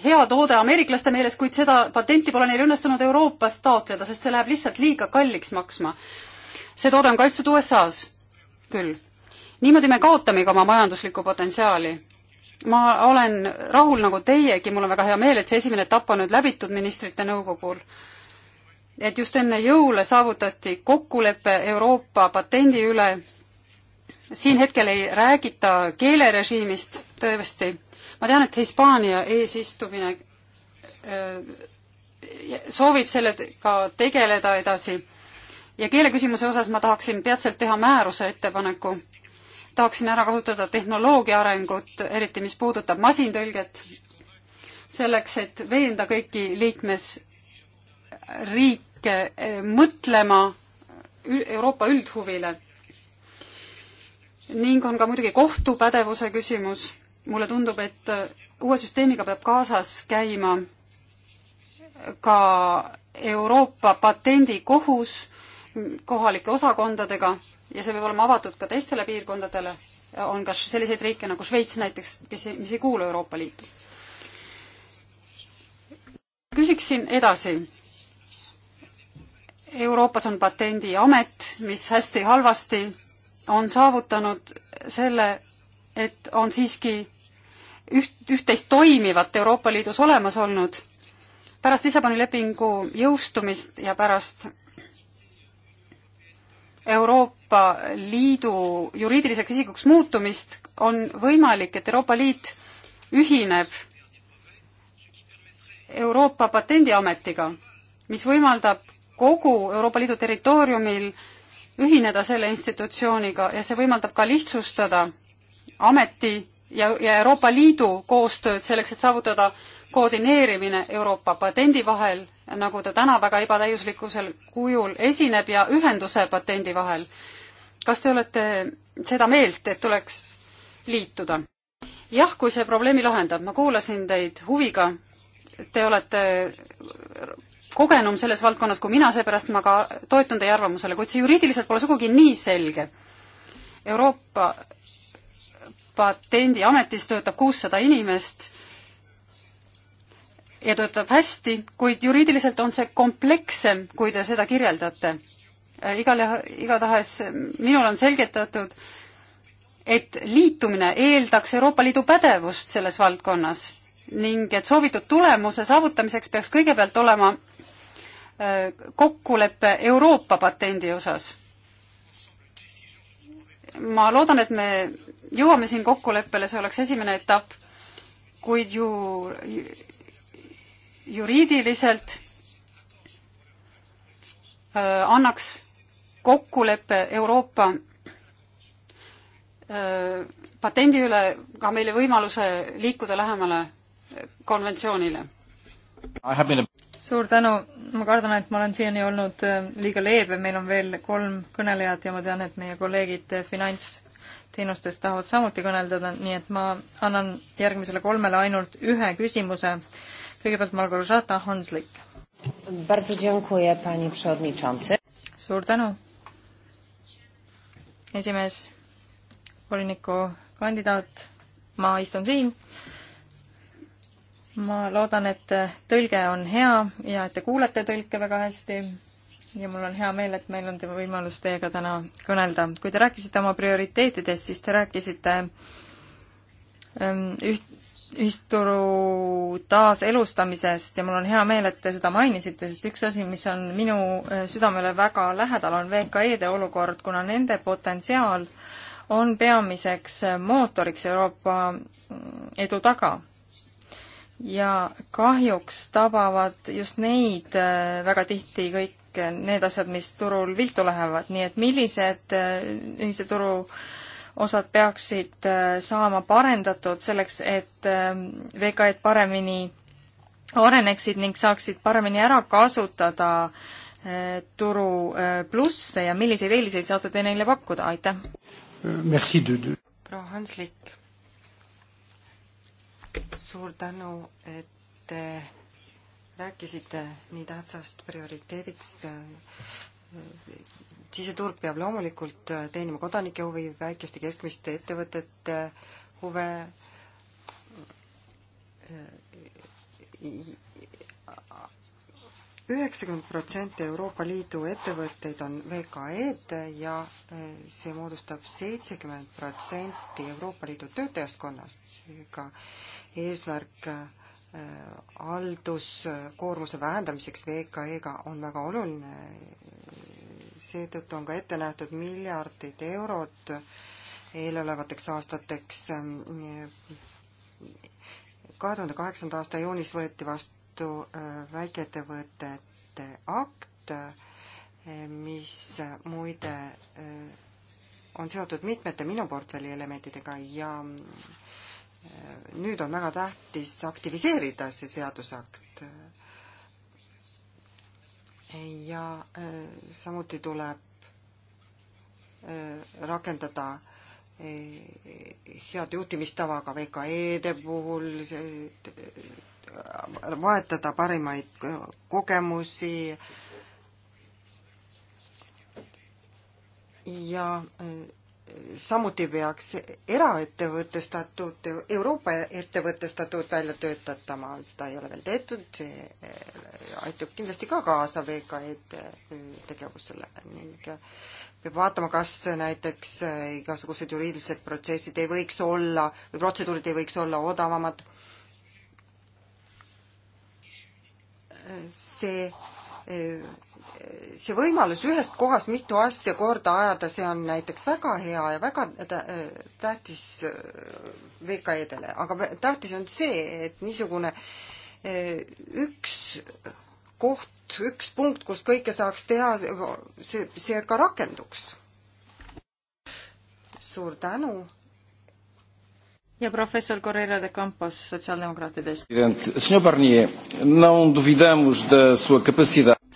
hea toode ameeriklaste meeles, kuid seda patenti pole neil õnnestunud Euroopas taotleda, sest see läheb lihtsalt liiga kalliks maksma. see toode on kaitstud USA-s küll. niimoodi me kaotamegi oma majanduslikku potentsiaali. ma olen rahul nagu teiegi, mul on väga hea meel, et see esimene etapp on nüüd läbitud ministrite nõukogul et just enne jõule saavutati kokkulepe Euroopa patendi üle. siin hetkel ei räägita keelerežiimist, tõesti. ma tean, et Hispaania eesistumine äh, soovib sellega tegeleda edasi. ja keeleküsimuse osas ma tahaksin peatselt teha määruse ettepaneku. tahaksin ära kasutada tehnoloogia arengut, eriti mis puudutab masintõlget, selleks, et veenda kõiki liikmes riike Eh, mõtlema Euroopa üldhuvile. ning on ka muidugi kohtupädevuse küsimus. mulle tundub, et eh, uue süsteemiga peab kaasas käima ka Euroopa patendikohus kohalike osakondadega ja see võib olema avatud ka teistele piirkondadele, on ka selliseid riike nagu Šveits näiteks, kes, mis ei kuulu Euroopa Liitu. küsiksin edasi Euroopas on patendiamet, mis hästi-halvasti on saavutanud selle, et on siiski üht, üht-teist toimivat Euroopa Liidus olemas olnud. pärast Lissaboni lepingu jõustumist ja pärast Euroopa Liidu juriidiliseks isikuks muutumist on võimalik, et Euroopa Liit ühineb Euroopa Patendiametiga, mis võimaldab kogu Euroopa Liidu territooriumil ühineda selle institutsiooniga ja see võimaldab ka lihtsustada ameti ja, ja Euroopa Liidu koostööd selleks, et saavutada koordineerimine Euroopa patendi vahel, nagu ta täna väga ebatäiuslikkusel kujul esineb, ja ühenduse patendi vahel. kas te olete seda meelt, et tuleks liituda? jah, kui see probleemi lahendab, ma kuulasin teid huviga, te olete kogenum selles valdkonnas kui mina, seepärast ma ka toetun teie arvamusele, kuid see juriidiliselt pole sugugi nii selge. Euroopa Patendiametis töötab kuussada inimest ja töötab hästi, kuid juriidiliselt on see komplekssem, kui te seda kirjeldate. Äh, igal, igatahes minul on selgitatud, et liitumine eeldaks Euroopa Liidu pädevust selles valdkonnas ning et soovitud tulemuse saavutamiseks peaks kõigepealt olema kokkulepe Euroopa patendi osas. ma loodan, et me jõuame siin kokkuleppele, see oleks esimene etapp, kuid ju juriidiliselt äh, annaks kokkulepe Euroopa äh, patendi üle ka meile võimaluse liikuda lähemale konventsioonile suur tänu, ma kardan, et ma olen siiani olnud äh, liiga leebe, meil on veel kolm kõnelejat ja ma tean, et meie kolleegid äh, finantsteenustest tahavad samuti kõneldada, nii et ma annan järgmisele kolmele ainult ühe küsimuse. kõigepealt Margaretha Hanslik. suur tänu, esimees, voliniku kandidaat, ma istun siin ma loodan, et tõlge on hea ja et te kuulete tõlke väga hästi ja mul on hea meel, et meil on te võimalus teiega täna kõnelda. kui te rääkisite oma prioriteetidest, siis te rääkisite ähm, üht, ühisturu taaselustamisest ja mul on hea meel, et te seda mainisite, sest üks asi, mis on minu äh, südamele väga lähedal, on VKE-de olukord, kuna nende potentsiaal on peamiseks äh, mootoriks Euroopa mm, edu taga ja kahjuks tabavad just neid äh, väga tihti kõik need asjad, mis turul viltu lähevad, nii et millised äh, ühise turu osad peaksid äh, saama parendatud selleks, et ähm, VKE-d paremini areneksid ning saaksid paremini ära kasutada turu plusse ja milliseid eeliseid saate te neile pakkuda, aitäh! proua Hanslik suur tänu, et te rääkisite nii tähtsast prioriteediks. siseturg peab loomulikult teenima kodanike huvi, väikeste keskmiste ettevõtete huve üheksakümmend protsenti Euroopa Liidu ettevõtteid on VKE-d ja eh, see moodustab seitsekümmend protsenti Euroopa Liidu töötajaskonnast, seega eesmärk eh, halduskoormuse vähendamiseks VKE-ga on väga oluline. seetõttu on ka ette nähtud miljardid eurot eelolevateks aastateks. kahe tuhande kaheksanda aasta juunis võeti vastu vastu äh, väikeettevõtete akt, äh, mis äh, muide on seotud mitmete minu portfelli elementidega ja nüüd on väga tähtis aktiviseerida see seadusakt. ja samuti tuleb rakendada head juhtimistava ka VKE-de puhul, vahetada parimaid kogemusi ja eh, samuti peaks eraettevõtte statuut, Euroopa ettevõtte statuut välja töötatama, seda ei ole veel tehtud, see eh, aitab kindlasti ka kaasa VKE-d eh, tegevusele ning peab vaatama, kas näiteks igasugused juriidilised protsessid ei võiks olla või protseduurid ei võiks olla odavamad see see võimalus ühest kohast mitu asja korda ajada, see on näiteks väga hea ja väga tähtis äh, VKE-dele, aga tähtis on see, et niisugune äh, üks koht, üks punkt, kus kõike saaks teha, see, see ka rakenduks. suur tänu ja professor Correira de Campos, sotsiaaldemokraatidest.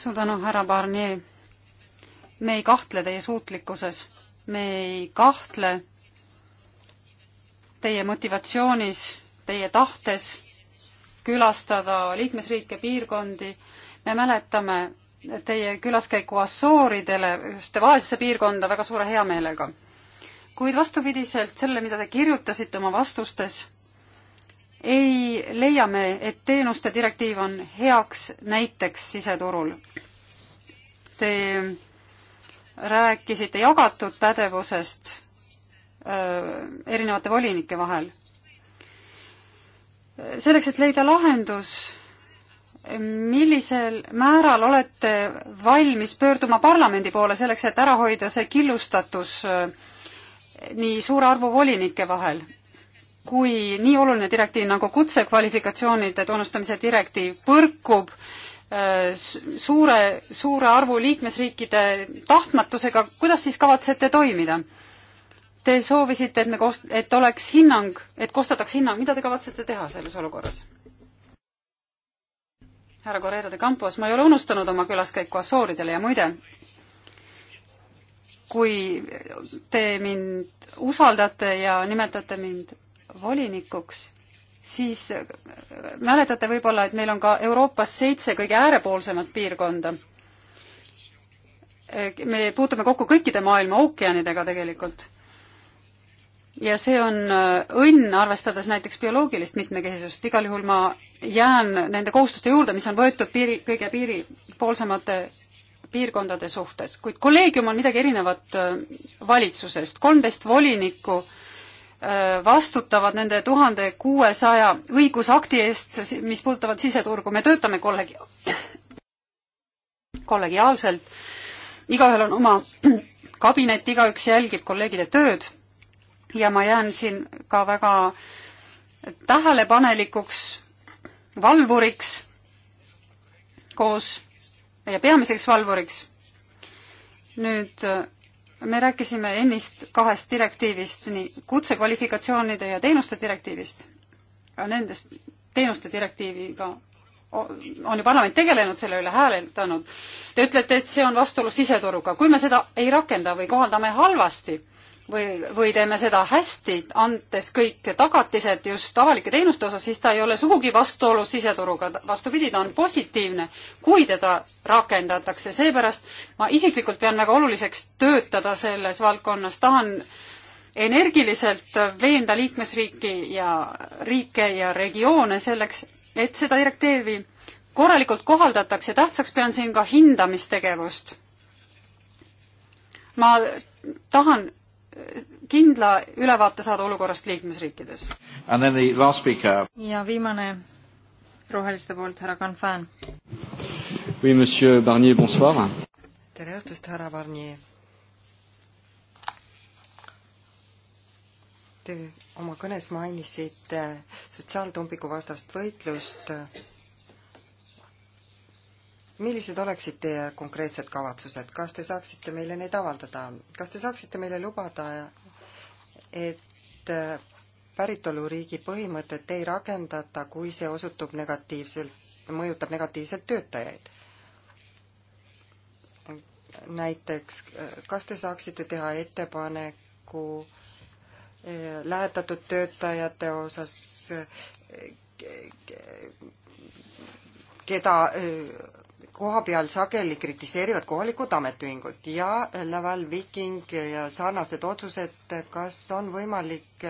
suur tänu, härra Barnier. me ei kahtle teie suutlikkuses, me ei kahtle teie motivatsioonis, teie tahtes külastada liikmesriike, piirkondi. me mäletame teie külaskäiku Assooridele, just Vaasiasse piirkonda väga suure heameelega kuid vastupidiselt selle, mida te kirjutasite oma vastustes, ei leia me, et teenuste direktiiv on heaks näiteks siseturul. Te rääkisite jagatud pädevusest öö, äh, erinevate volinike vahel. selleks, et leida lahendus, millisel määral olete valmis pöörduma parlamendi poole selleks, et ära hoida see killustatus öö, äh, nii suure arvu volinike vahel. kui nii oluline direktiiv nagu kutsekvalifikatsioonide tunnustamise direktiiv põrkub äh, suure, suure arvu liikmesriikide tahtmatusega, kuidas siis kavatsete toimida? Te soovisite, et me koos, et oleks hinnang, et koostataks hinnang, mida te kavatsete teha selles olukorras? härra Correra de Campos, ma ei ole unustanud oma külaskäiku Assuuridele ja muide, kui te mind usaldate ja nimetate mind volinikuks, siis mäletate võib-olla, et meil on ka Euroopas seitse kõige äärepoolsemat piirkonda. me puutume kokku kõikide maailma ookeanidega tegelikult. ja see on õnn, arvestades näiteks bioloogilist mitmekesisust, igal juhul ma jään nende kohustuste juurde, mis on võetud piiri, kõige piiripoolsemate piirkondade suhtes, kuid kolleegium on midagi erinevat äh, valitsusest. kolmteist volinikku äh, vastutavad nende tuhande kuuesaja õigusakti eest, mis puudutavad siseturgu. me töötame kollegi-, kollegiaalselt, igaühel on oma kabinet, igaüks jälgib kolleegide tööd ja ma jään siin ka väga tähelepanelikuks valvuriks koos meie peamiseks valvuriks. nüüd me rääkisime ennist kahest direktiivist, nii kutsekvalifikatsioonide ja teenuste direktiivist. Nendest teenuste direktiiviga on ju parlament tegelenud, selle üle hääletanud. Te ütlete, et see on vastuolus siseturuga. kui me seda ei rakenda või kohaldame halvasti, või, või teeme seda hästi, andes kõik tagatised just avalike teenuste osas, siis ta ei ole sugugi vastuolus siseturuga, vastupidi, ta on positiivne, kui teda rakendatakse, seepärast ma isiklikult pean väga oluliseks töötada selles valdkonnas, tahan energiliselt veenda liikmesriiki ja riike ja regioone selleks, et seda direktiivi korralikult kohaldatakse, tähtsaks pean siin ka hindamistegevust. ma tahan kindla ülevaate saada olukorrast liikmesriikides. ja viimane roheliste poolt, härra Canfin oui,. tere õhtust, härra Barnier. Te oma kõnes mainisite sotsiaaltumbiku vastast võitlust millised oleksid teie konkreetsed kavatsused, kas te saaksite meile neid avaldada, kas te saaksite meile lubada, et äh, päritoluriigi põhimõtet ei rakendata, kui see osutub negatiivselt, mõjutab negatiivselt töötajaid? näiteks, äh, kas te saaksite teha ettepaneku äh, lähetatud töötajate osas keda koha peal sageli kritiseerivad kohalikud ametiühingud ja Laval Viking ja sarnased otsused, kas on võimalik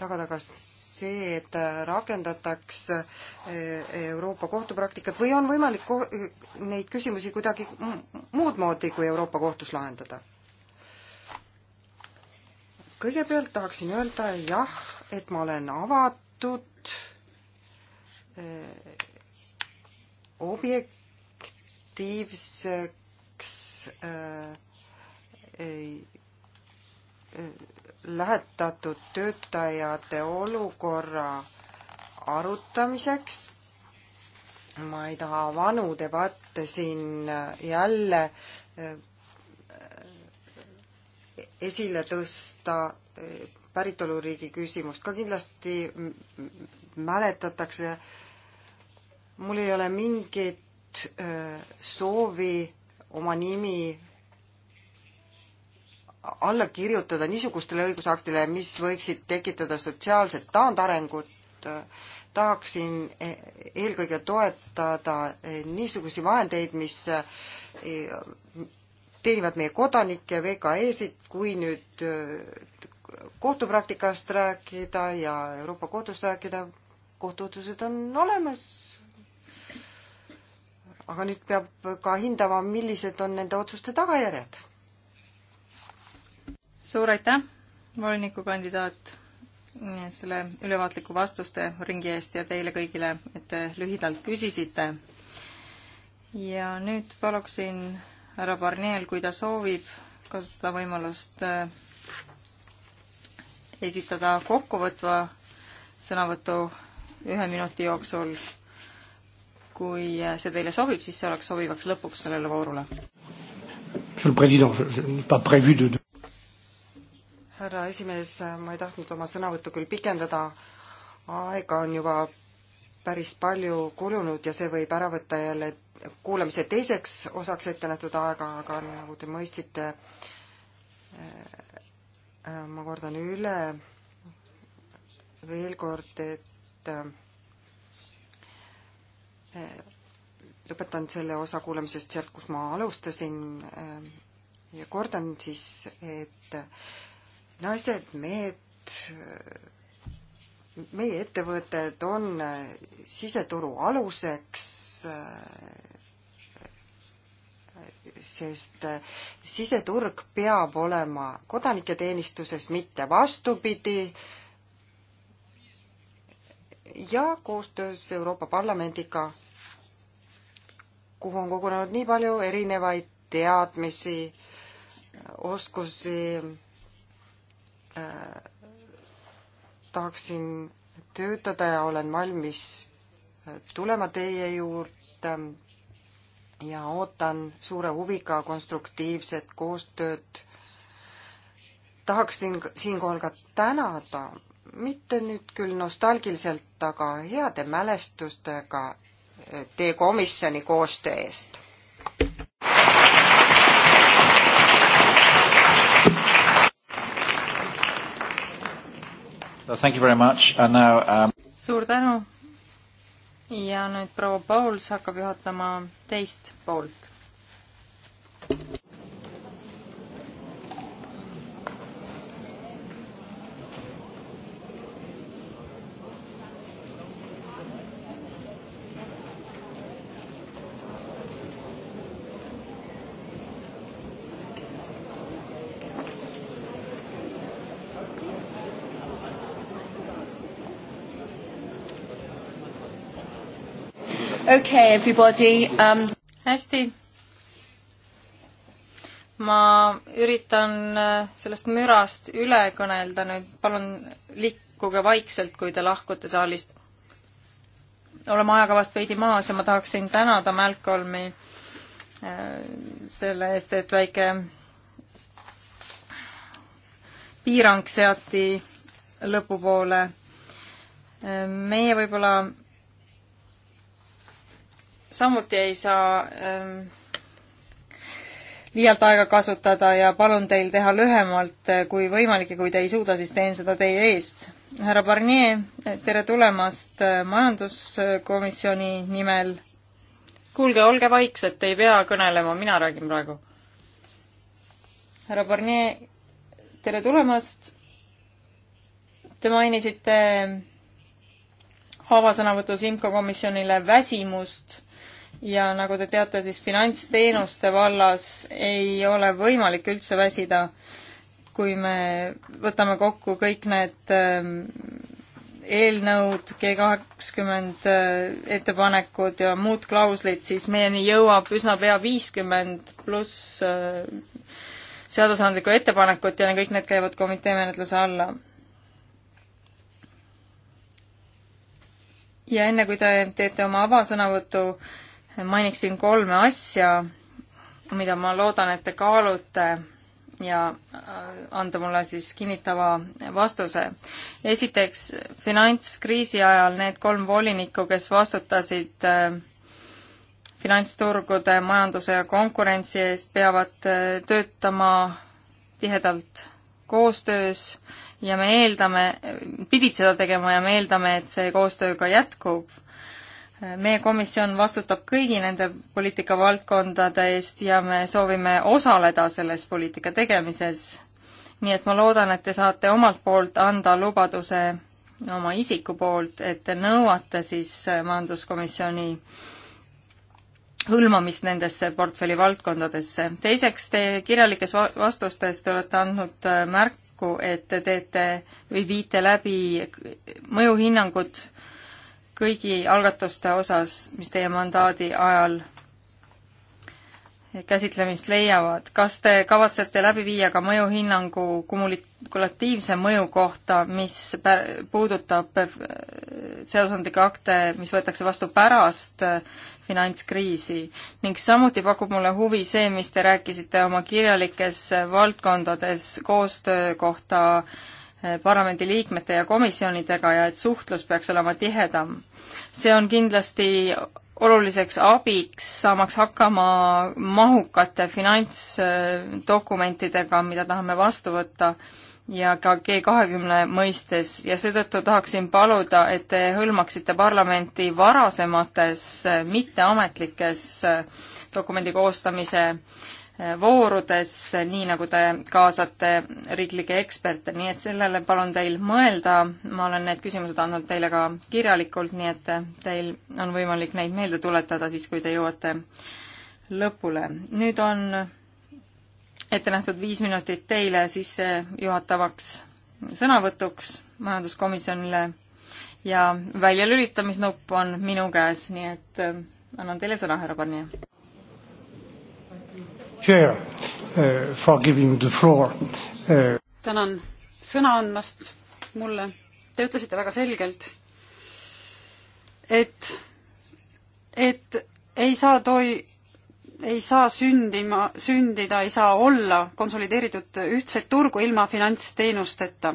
tagada ka see, et rakendatakse eh, Euroopa kohtupraktikat või on võimalik neid küsimusi kuidagi muud moodi kui Euroopa kohtus lahendada? kõigepealt tahaksin öelda jah, et ma olen avatud eh, objek-, aktiivseks äh, äh, lähetatud töötajate olukorra arutamiseks. ma ei taha vanu debatte siin äh, jälle esile tõsta, päritoluriigi küsimust ka kindlasti mäletatakse. mul ei ole mingit mingit äh, soovi oma nimi alla kirjutada niisugustele õigusaktile, mis võiksid tekitada sotsiaalset taandarengut, tahaksin e-, eelkõige toetada e, niisugusi vahendeid, mis e, teenivad meie kodanikke, VKE-sid, kui nüüd kohtupraktikast rääkida ja Euroopa Kohtust rääkida, kohtuotsused on olemas, aga nüüd peab ka hindama, millised on nende otsuste tagajärjed. suur aitäh, volinikukandidaat, selle ülevaatliku vastuste ringi eest ja teile kõigile, et te lühidalt küsisite. ja nüüd paluksin härra Barniel, kui ta soovib, kasutada võimalust äh, esitada kokkuvõtva sõnavõtu ühe minuti jooksul kui äh, see teile sobib, siis see oleks sobivaks lõpuks sellele voorule. härra esimees, ma ei tahtnud oma sõnavõttu küll pikendada, aega on juba päris palju kulunud ja see võib ära võtta jälle kuulamise teiseks osaks ette nähtud aega, aga nagu te mõistsite, äh, ma kordan üle veel kord, et äh, Äh, lõpetan selle osa kuulamisest sealt, kus ma alustasin äh, ja kordan siis, et äh, naised, mehed, meie ettevõtted on siseturu aluseks, sest siseturg peab olema kodanike teenistuses, mitte vastupidi, ja koostöös Euroopa Parlamendiga kuhu on kogunenud nii palju erinevaid teadmisi, oskusi äh,. tahaksin töötada ja olen valmis äh, tulema teie juurde ja ootan suure huviga konstruktiivset koostööd. tahaksin siinkohal ka tänada, mitte nüüd küll nostalgiliselt, aga heade mälestustega teie komisjoni koostöö eest. Now, um... suur tänu ja nüüd proua Pauls hakkab juhatama teist poolt. okay, everybody um.... hästi. ma üritan äh, sellest mürast üle kõnelda nüüd, palun liikuge vaikselt, kui te lahkute saalist. oleme ajakavast veidi maas ja ma tahaksin tänada Malcolmi äh, selle eest, et väike piirang seati lõpupoole. Äh, meie võib-olla samuti ei saa ähm, liialt aega kasutada ja palun teil teha lühemalt äh, kui võimalik ja kui te ei suuda, siis teen seda teie eest. härra Barnier, tere tulemast äh, majanduskomisjoni nimel. kuulge, olge vaiksed, te ei pea kõnelema, mina räägin praegu. härra Barnier, tere tulemast. Te mainisite avasõnavõtus IMCO komisjonile väsimust ja nagu te teate, siis finantsteenuste vallas ei ole võimalik üldse väsida, kui me võtame kokku kõik need ähm, eelnõud, G kakskümmend äh, ettepanekud ja muud klauslid, siis meieni jõuab üsna pea viiskümmend pluss äh, seadusandlikku ettepanekut ja kõik need käivad komitee menetluse alla ja enne kui te teete oma avasõnavõtu, mainiksin kolme asja, mida ma loodan, et te kaalute ja äh, anda mulle siis kinnitava vastuse. esiteks, finantskriisi ajal need kolm volinikku, kes vastutasid äh, finantsturgude, majanduse ja konkurentsi eest, peavad äh, töötama tihedalt koostöös ja me eeldame, pidid seda tegema ja me eeldame, et see koostöö ka jätkub meie komisjon vastutab kõigi nende poliitikavaldkondade eest ja me soovime osaleda selles poliitika tegemises. nii et ma loodan, et te saate omalt poolt anda lubaduse oma isiku poolt, et te nõuate siis majanduskomisjoni hõlmamist nendesse portfelli valdkondadesse. teiseks, te kirjalikes vastustes te olete andnud äh, märku, et te teete või viite läbi mõjuhinnangud kõigi algatuste osas, mis teie mandaadi ajal käsitlemist leiavad. kas te kavatsete läbi viia ka mõjuhinnangu kumulatiivse mõju kohta, mis puudutab äh, seadusandlikke akte, mis võetakse vastu pärast äh, finantskriisi ning samuti pakub mulle huvi see, mis te rääkisite oma kirjalikes valdkondades koostöö kohta äh, Eh, parlamendiliikmete ja komisjonidega ja et suhtlus peaks olema tihedam. see on kindlasti oluliseks abiks saamaks hakkama mahukate finantsdokumentidega, mida tahame vastu võtta ja ka G kahekümne mõistes ja seetõttu tahaksin paluda, et te hõlmaksite parlamenti varasemates mitteametlikes eh, dokumendi koostamise voorudes, nii nagu te kaasate riiklikke eksperte, nii et sellele palun teil mõelda, ma olen need küsimused andnud teile ka kirjalikult, nii et teil on võimalik neid meelde tuletada siis, kui te jõuate lõpule. nüüd on ette nähtud viis minutit teile sissejuhatavaks sõnavõtuks majanduskomisjonile ja väljalülitamisnupp on minu käes, nii et annan teile sõna, härra Parnia. Chair uh, for giving the floor uh.... tänan sõna andmast mulle. Te ütlesite väga selgelt, et, et ei saa toi-, ei saa sündima, sündida, ei saa olla konsolideeritud ühtset turgu ilma finantsteenusteta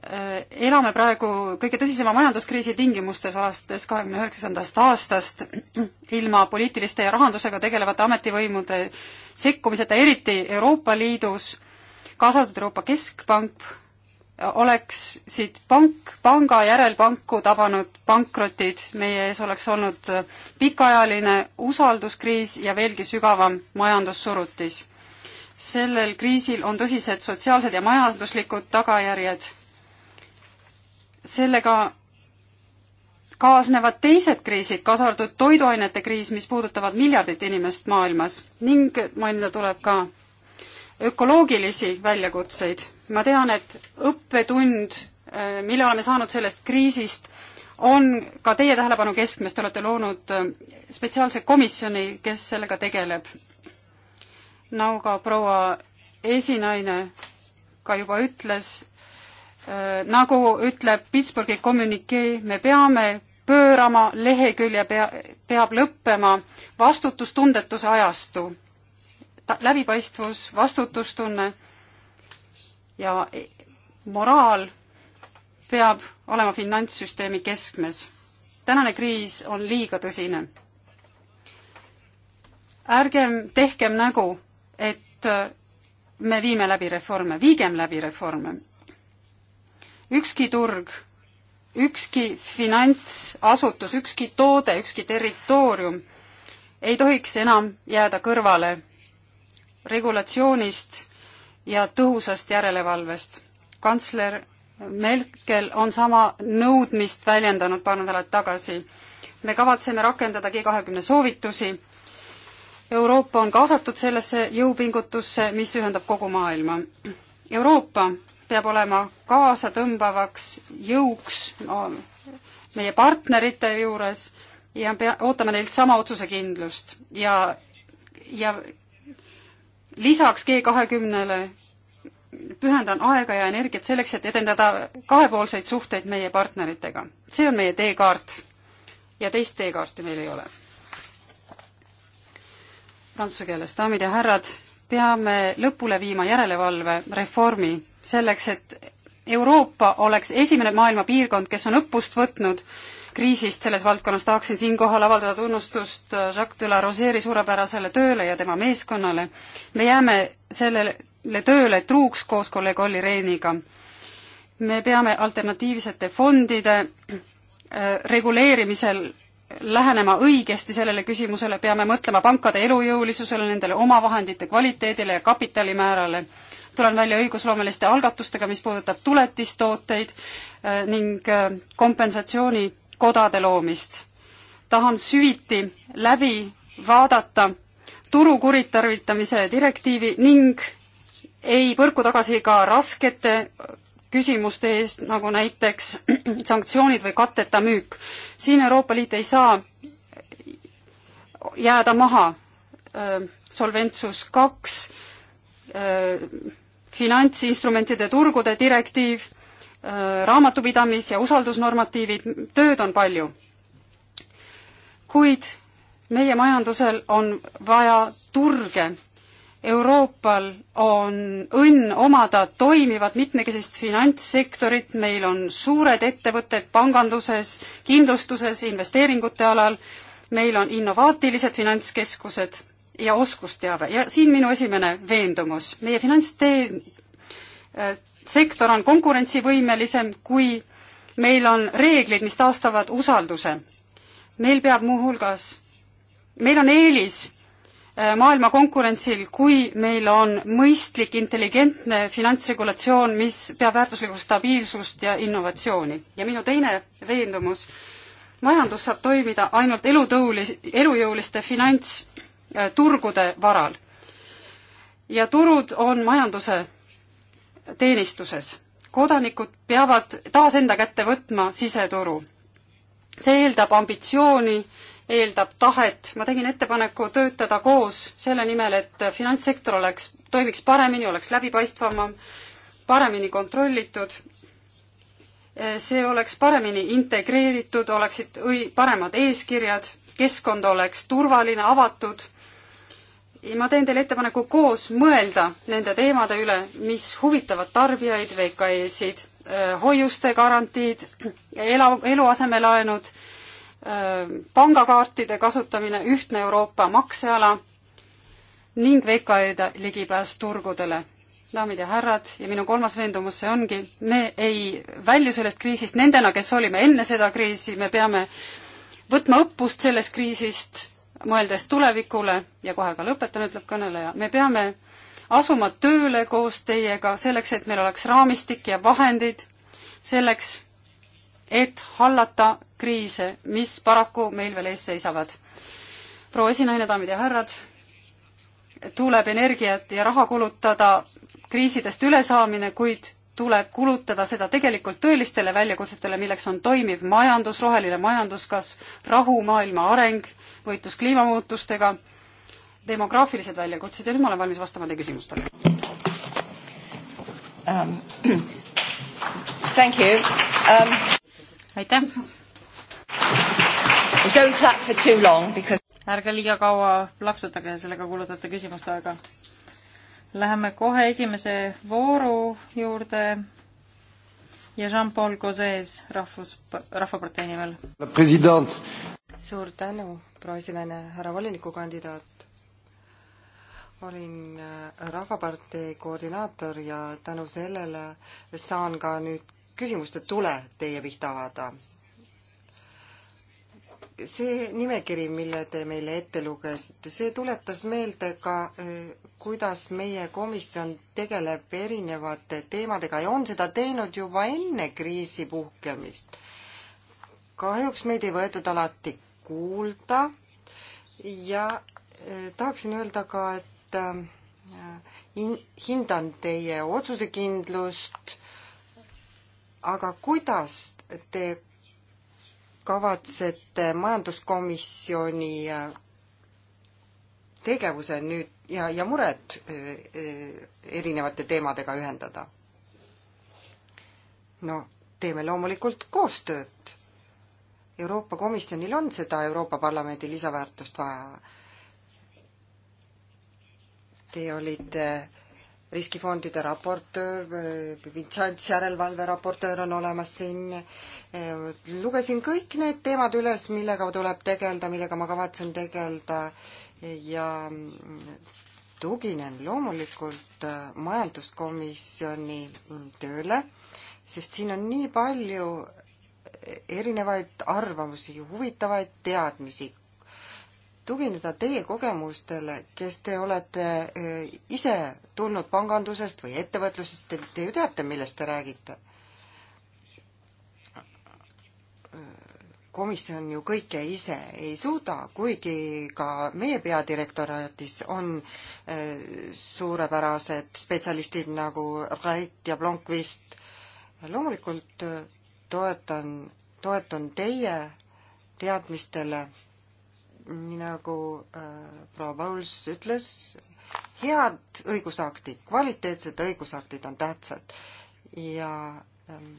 Äh, elame praegu kõige tõsisema majanduskriisi tingimustes alates kahekümne üheksandast aastast ilma poliitiliste ja rahandusega tegelevate ametivõimude sekkumiseta, eriti Euroopa Liidus, kaasa arvatud Euroopa Keskpank, oleksid pank, panga järelpanku tabanud pankrotid, meie ees oleks olnud pikaajaline usalduskriis ja veelgi sügavam majandussurutis. sellel kriisil on tõsised sotsiaalsed ja majanduslikud tagajärjed sellega kaasnevad teised kriisid, kaasa arvatud toiduainete kriis, mis puudutavad miljardit inimest maailmas ning mainida tuleb ka ökoloogilisi väljakutseid. ma tean, et õppetund, äh, mille oleme saanud sellest kriisist, on ka teie tähelepanu keskmes, te olete loonud äh, spetsiaalse komisjoni, kes sellega tegeleb. nagu ka proua esinaine ka juba ütles, Äh, nagu ütleb Pittsburghi kommünikee, me peame pöörama lehekülje pea, peab lõppema vastutustundetuse ajastu. läbipaistvus, vastutustunne ja e-, moraal peab olema finantssüsteemi keskmes. tänane kriis on liiga tõsine. ärgem tehkem nägu, et äh, me viime läbi reforme, viigem läbi reforme ükski turg, ükski finantsasutus, ükski toode, ükski territoorium ei tohiks enam jääda kõrvale regulatsioonist ja tõhusast järelevalvest. kantsler Merkel on sama nõudmist väljendanud paar nädalat tagasi. me kavatseme rakendada G kahekümne soovitusi. Euroopa on kaasatud sellesse jõupingutusse, mis ühendab kogu maailma. Euroopa peab olema kaasatõmbavaks jõuks no, meie partnerite juures ja pea, ootame neilt sama otsusekindlust ja, ja lisaks G kahekümnele pühendan aega ja energiat selleks, et edendada kahepoolseid suhteid meie partneritega. see on meie teekaart ja teist teekaarti meil ei ole. Prantsuse keeles, daamid ja härrad peame lõpule viima järelevalvereformi selleks, et Euroopa oleks esimene maailma piirkond, kes on õppust võtnud kriisist selles valdkonnas, tahaksin siinkohal avaldada tunnustust Jacques de la Rosieri suurepärasele tööle ja tema meeskonnale. me jääme sellele tööle truuks koos kolleeg Olli Rehniga. me peame alternatiivsete fondide äh, reguleerimisel lähenema õigesti sellele küsimusele, peame mõtlema pankade elujõulisusele, nendele omavahendite kvaliteedile ja kapitalimäärale. tulen välja õigusloomeliste algatustega, mis puudutab tuletistooteid äh, ning äh, kompensatsioonikodade loomist. tahan süviti läbi vaadata turu kuritarvitamise direktiivi ning ei põrku tagasi ka raskete küsimuste eest, nagu näiteks sanktsioonid või katteta müük. siin Euroopa Liit ei saa jääda maha. Solventsus kaks, finantsinstrumentide turgude direktiiv, raamatupidamis- ja usaldusnormatiivid, tööd on palju. kuid meie majandusel on vaja turge Euroopal on õnn omada toimivat mitmekesist finantssektorit, meil on suured ettevõtted panganduses, kindlustuses, investeeringute alal, meil on innovaatilised finantskeskused ja oskusteave ja siin minu esimene veendumus, meie finantstee-, äh, sektor on konkurentsivõimelisem, kui meil on reeglid, mis taastavad usalduse. meil peab muuhulgas, meil on eelis Äh, maailma konkurentsil, kui meil on mõistlik, intelligentne finantsregulatsioon, mis peab väärtuslikuks stabiilsust ja innovatsiooni. ja minu teine veendumus, majandus saab toimida ainult elutõulis, elujõuliste finantsturgude varal. ja turud on majanduse teenistuses. kodanikud peavad taas enda kätte võtma siseturu. see eeldab ambitsiooni äh, eeldab tahet, ma tegin ettepaneku töötada koos selle nimel, et finantssektor oleks, toimiks paremini, oleks läbipaistvam, paremini kontrollitud, see oleks paremini integreeritud, oleksid õi-, paremad eeskirjad, keskkond oleks turvaline, avatud ja ma teen teile ettepaneku koos mõelda nende teemade üle, mis huvitavad tarbijaid, VKE-sid, hoiuste garantiid, elu, eluasemelaenud, Äh, pangakaartide kasutamine, ühtne Euroopa makseala ning VKE-de ligipääs turgudele. daamid ja härrad, ja minu kolmas veendumus see ongi, me ei välju sellest kriisist nendena, kes olime enne seda kriisi, me peame võtma õppust sellest kriisist, mõeldes tulevikule ja kohe ka lõpetan, ütleb kõneleja, me peame asuma tööle koos teiega selleks, et meil oleks raamistik ja vahendid selleks, et hallata kriise, mis paraku meil veel ees seisavad. proua esinaine, daamid ja härrad, tuleb energiat ja raha kulutada kriisidest ülesaamine, kuid tuleb kulutada seda tegelikult tõelistele väljakutsetele, milleks on toimiv majandus, roheline majanduskasv, rahu, maailma areng, võitlus kliimamuutustega, demograafilised väljakutsed ja nüüd ma olen valmis vastama teie küsimustele um,. Thank you um aitäh! Because... ärge liiga kaua plaksutage, sellega kulutate küsimuste aega. Läheme kohe esimese vooru juurde ja Jean-Paul Gauzes rahvus, Rahvapartei nimel. president. suur tänu, proua esinaine, härra volinikukandidaat. olin äh, Rahvapartei koordinaator ja tänu sellele saan ka nüüd küsimuste tule teie pihta avada. see nimekiri, mille te meile ette lugesite, see tuletas meelde ka, eh, kuidas meie komisjon tegeleb erinevate teemadega ja on seda teinud juba enne kriisi puhkemist. kahjuks meid ei võetud alati kuulda ja eh, tahaksin öelda ka, et eh, hindan teie otsusekindlust aga kuidas te kavatsete majanduskomisjoni äh, tegevuse nüüd ja, ja mured äh, äh, erinevate teemadega ühendada? no teeme loomulikult koostööd. Euroopa Komisjonil on seda Euroopa Parlamendi lisaväärtust vaja. Te olite riskifondide raportöör, finantsjärelevalve raportöör on olemas siin. lugesin kõik need teemad üles, millega tuleb tegeleda, millega ma kavatsen tegeleda ja tuginen loomulikult majanduskomisjoni tööle, sest siin on nii palju erinevaid arvamusi, huvitavaid teadmisi, tugineda teie kogemustele, kes te olete eh, ise tulnud pangandusest või ettevõtlusest, te, te ju teate, millest te räägite. komisjon ju kõike ise ei suuda, kuigi ka meie peadirektoraadis on eh, suurepärased spetsialistid nagu Rait ja Blomqvist. loomulikult eh, toetan, toetun teie teadmistele nii nagu äh, proua Pauls ütles, head õigusaktid, kvaliteetsed õigusaktid on tähtsad ja ähm,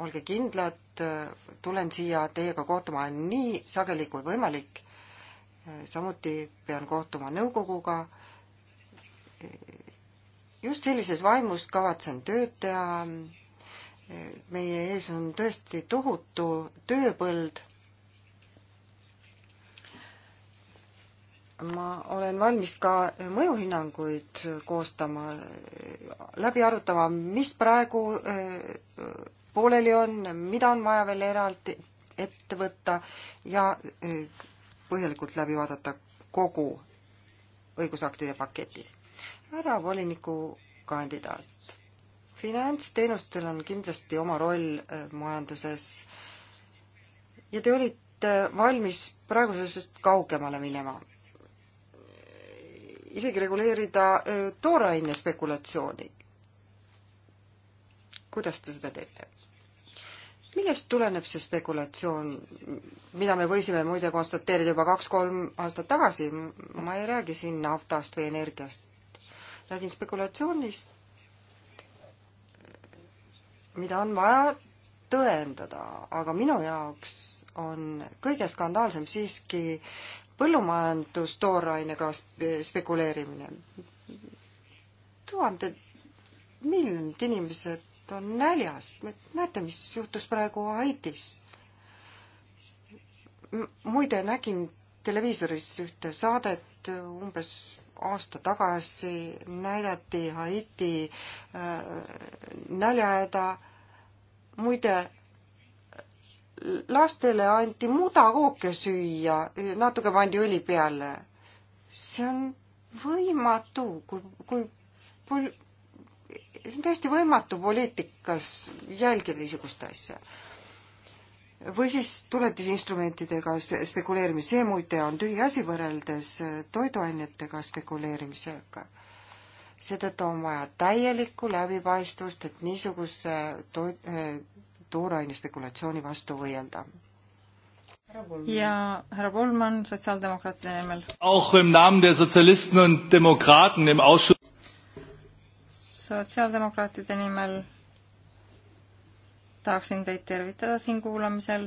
olge kindlad äh,, tulen siia teiega kohtuma nii sageli kui võimalik äh,. samuti pean kohtuma nõukoguga. Äh, just sellises vaimus kavatsen tööd teha. Äh, meie ees on tõesti tohutu tööpõld ma olen valmis ka mõjuhinnanguid koostama, läbi arutama, mis praegu äh, pooleli on, mida on vaja veel eraldi ette võtta ja äh, põhjalikult läbi vaadata kogu õigusaktide paketi. härra volinikukandidaat, finantsteenustel on kindlasti oma roll äh, majanduses ja te olite valmis praegusest kaugemale minema isegi reguleerida tooraine spekulatsiooni. kuidas te seda teete? millest tuleneb see spekulatsioon, mida me võisime muide konstateerida juba kaks-kolm aastat tagasi, ma ei räägi siin naftast või energiast, räägin spekulatsioonist, mida on vaja tõendada, aga minu jaoks on kõige skandaalsem siiski põllumajandustoorainega spekuleerimine. tuhanded, miljonid inimesed on näljas. näete, mis juhtus praegu Haitis? muide, nägin televiisoris ühte saadet umbes aasta tagasi, näidati Haiti äh, näljahäda. muide lastele anti mudakooke süüa, natuke pandi õli peale. see on võimatu, kui, kui pol-, see on täiesti võimatu poliitikas jälgida niisugust asja. või siis tuletisinstrumentidega spekuleerimine, see muide on tühi asi võrreldes toiduainetega spekuleerimisega. seetõttu on vaja täielikku läbipaistvust, et niisuguse toit-, tooraine spekulatsiooni vastu võidelda. ja härra Polman sotsiaaldemokraatide nimel. auch im Namen der Sozialisten und Demokraten im Ausschuss sotsiaaldemokraatide nimel tahaksin teid tervitada siin kuulamisel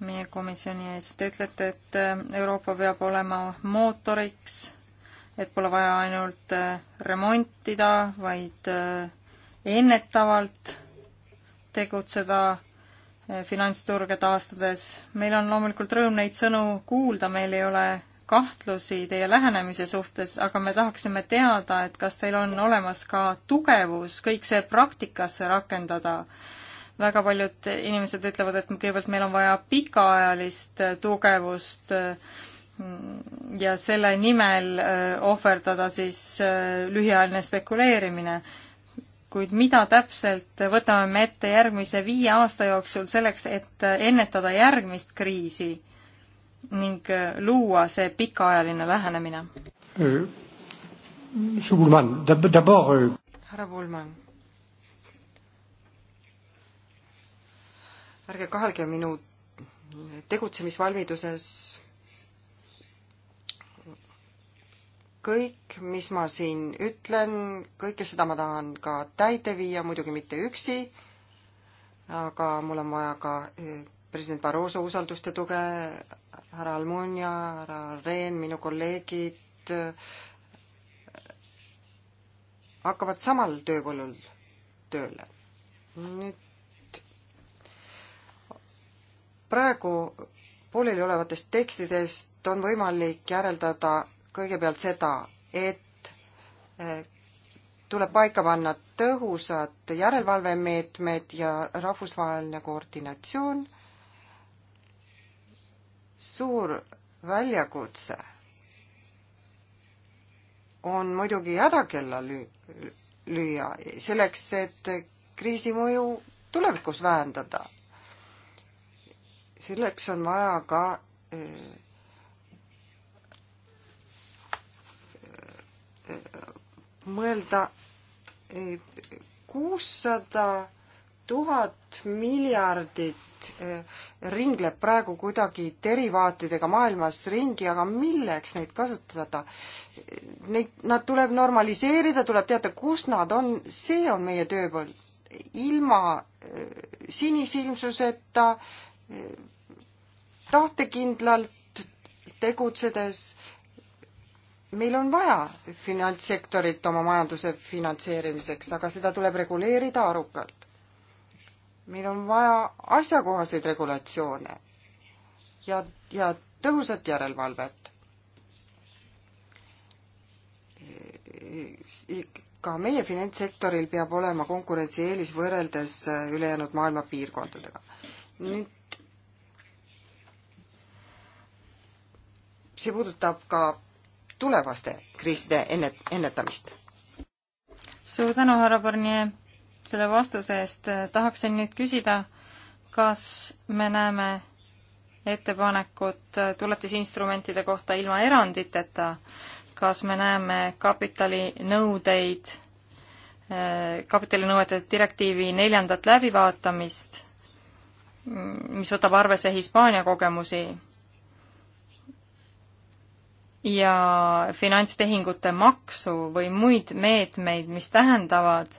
meie komisjoni ees. Te ütlete, et äh, Euroopa peab olema mootoriks, et pole vaja ainult äh, remontida, vaid äh, ennetavalt tegutseda eh, finantsturge taastades. meil on loomulikult rõõm neid sõnu kuulda, meil ei ole kahtlusi teie lähenemise suhtes, aga me tahaksime teada, et kas teil on olemas ka tugevus kõik see praktikasse rakendada. väga paljud inimesed ütlevad, et kõigepealt meil on vaja pikaajalist eh, tugevust eh, ja selle nimel ohverdada siis lühiajaline spekuleerimine kuid mida täpselt võtame me ette järgmise viie aasta jooksul selleks, et ennetada järgmist kriisi ning luua see pikaajaline lähenemine? Äh, äh, härra Pullmann. ärge kahelge minu tegutsemisvalmiduses kõik, mis ma siin ütlen, kõike seda ma tahan ka täide viia, muidugi mitte üksi, aga mul on vaja ka eh, president Barroso usaldust ja tuge, härra Almunia, härra Rehn, minu kolleegid eh, hakkavad samal tööpõllul tööle. nüüd praegu pooleliolevatest tekstidest on võimalik järeldada kõigepealt seda, et eh, tuleb paika panna tõhusad järelevalvemeetmed ja rahvusvaheline koordinatsioon. suur väljakutse on muidugi hädakella lüü-, lüüa, selleks, et kriisi mõju tulevikus vähendada. selleks on vaja ka öö, eh, mõelda, et kuussada tuhat miljardit eh, ringleb praegu kuidagi derivaatidega maailmas ringi, aga milleks neid kasutada? Neid, nad tuleb normaliseerida, tuleb teada, kus nad on, see on meie tööpõld. ilma eh, sinisilmsuseta, eh, tahtekindlalt tegutsedes meil on vaja finantssektorit oma majanduse finantseerimiseks, aga seda tuleb reguleerida arukalt. meil on vaja asjakohaseid regulatsioone ja, ja tõhusat järelevalvet. ka meie finantssektoril peab olema konkurentsieelis võrreldes ülejäänud maailma piirkondadega. nüüd see puudutab ka tulevaste kriiside ennet-, ennetamist. suur tänu, härra Barnier, selle vastuse eest. tahaksin nüüd küsida, kas me näeme ettepanekut tuletisinstrumentide kohta ilma eranditeta, kas me näeme kapitalinõudeid, eh, kapitalinõuete direktiivi neljandat läbivaatamist, mm, mis võtab arvesse Hispaania kogemusi ja finantstehingute maksu või muid meetmeid, mis tähendavad,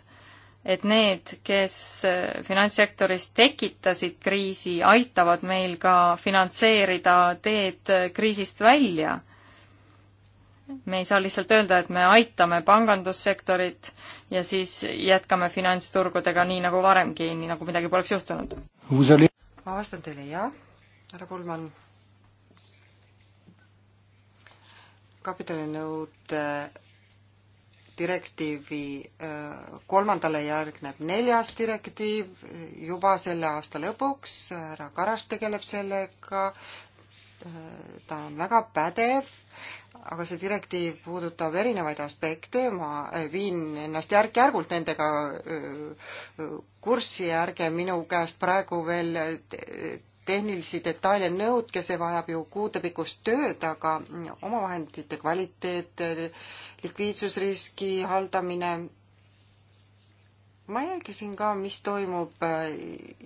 et need, kes äh, finantssektoris tekitasid kriisi, aitavad meil ka finantseerida teed äh, kriisist välja. me ei saa lihtsalt öelda, et me aitame pangandussektorit ja siis jätkame finantsturgudega nii nagu varemgi, nii nagu midagi poleks juhtunud. vastan teile jah, härra Pullmann kapitalinõude direktiivi äh, kolmandale järgneb neljas direktiiv juba selle aasta lõpuks, härra Karas tegeleb sellega, äh, ta on väga pädev, aga see direktiiv puudutab erinevaid aspekte, ma äh, viin ennast järk-järgult nendega kurssi, ärge minu käest praegu veel tehnilisi detaile nõudke, see vajab ju kuudepikkust tööd, aga omavahendite kvaliteet, likviidsusriski haldamine, ma jälgisin ka, mis toimub äh,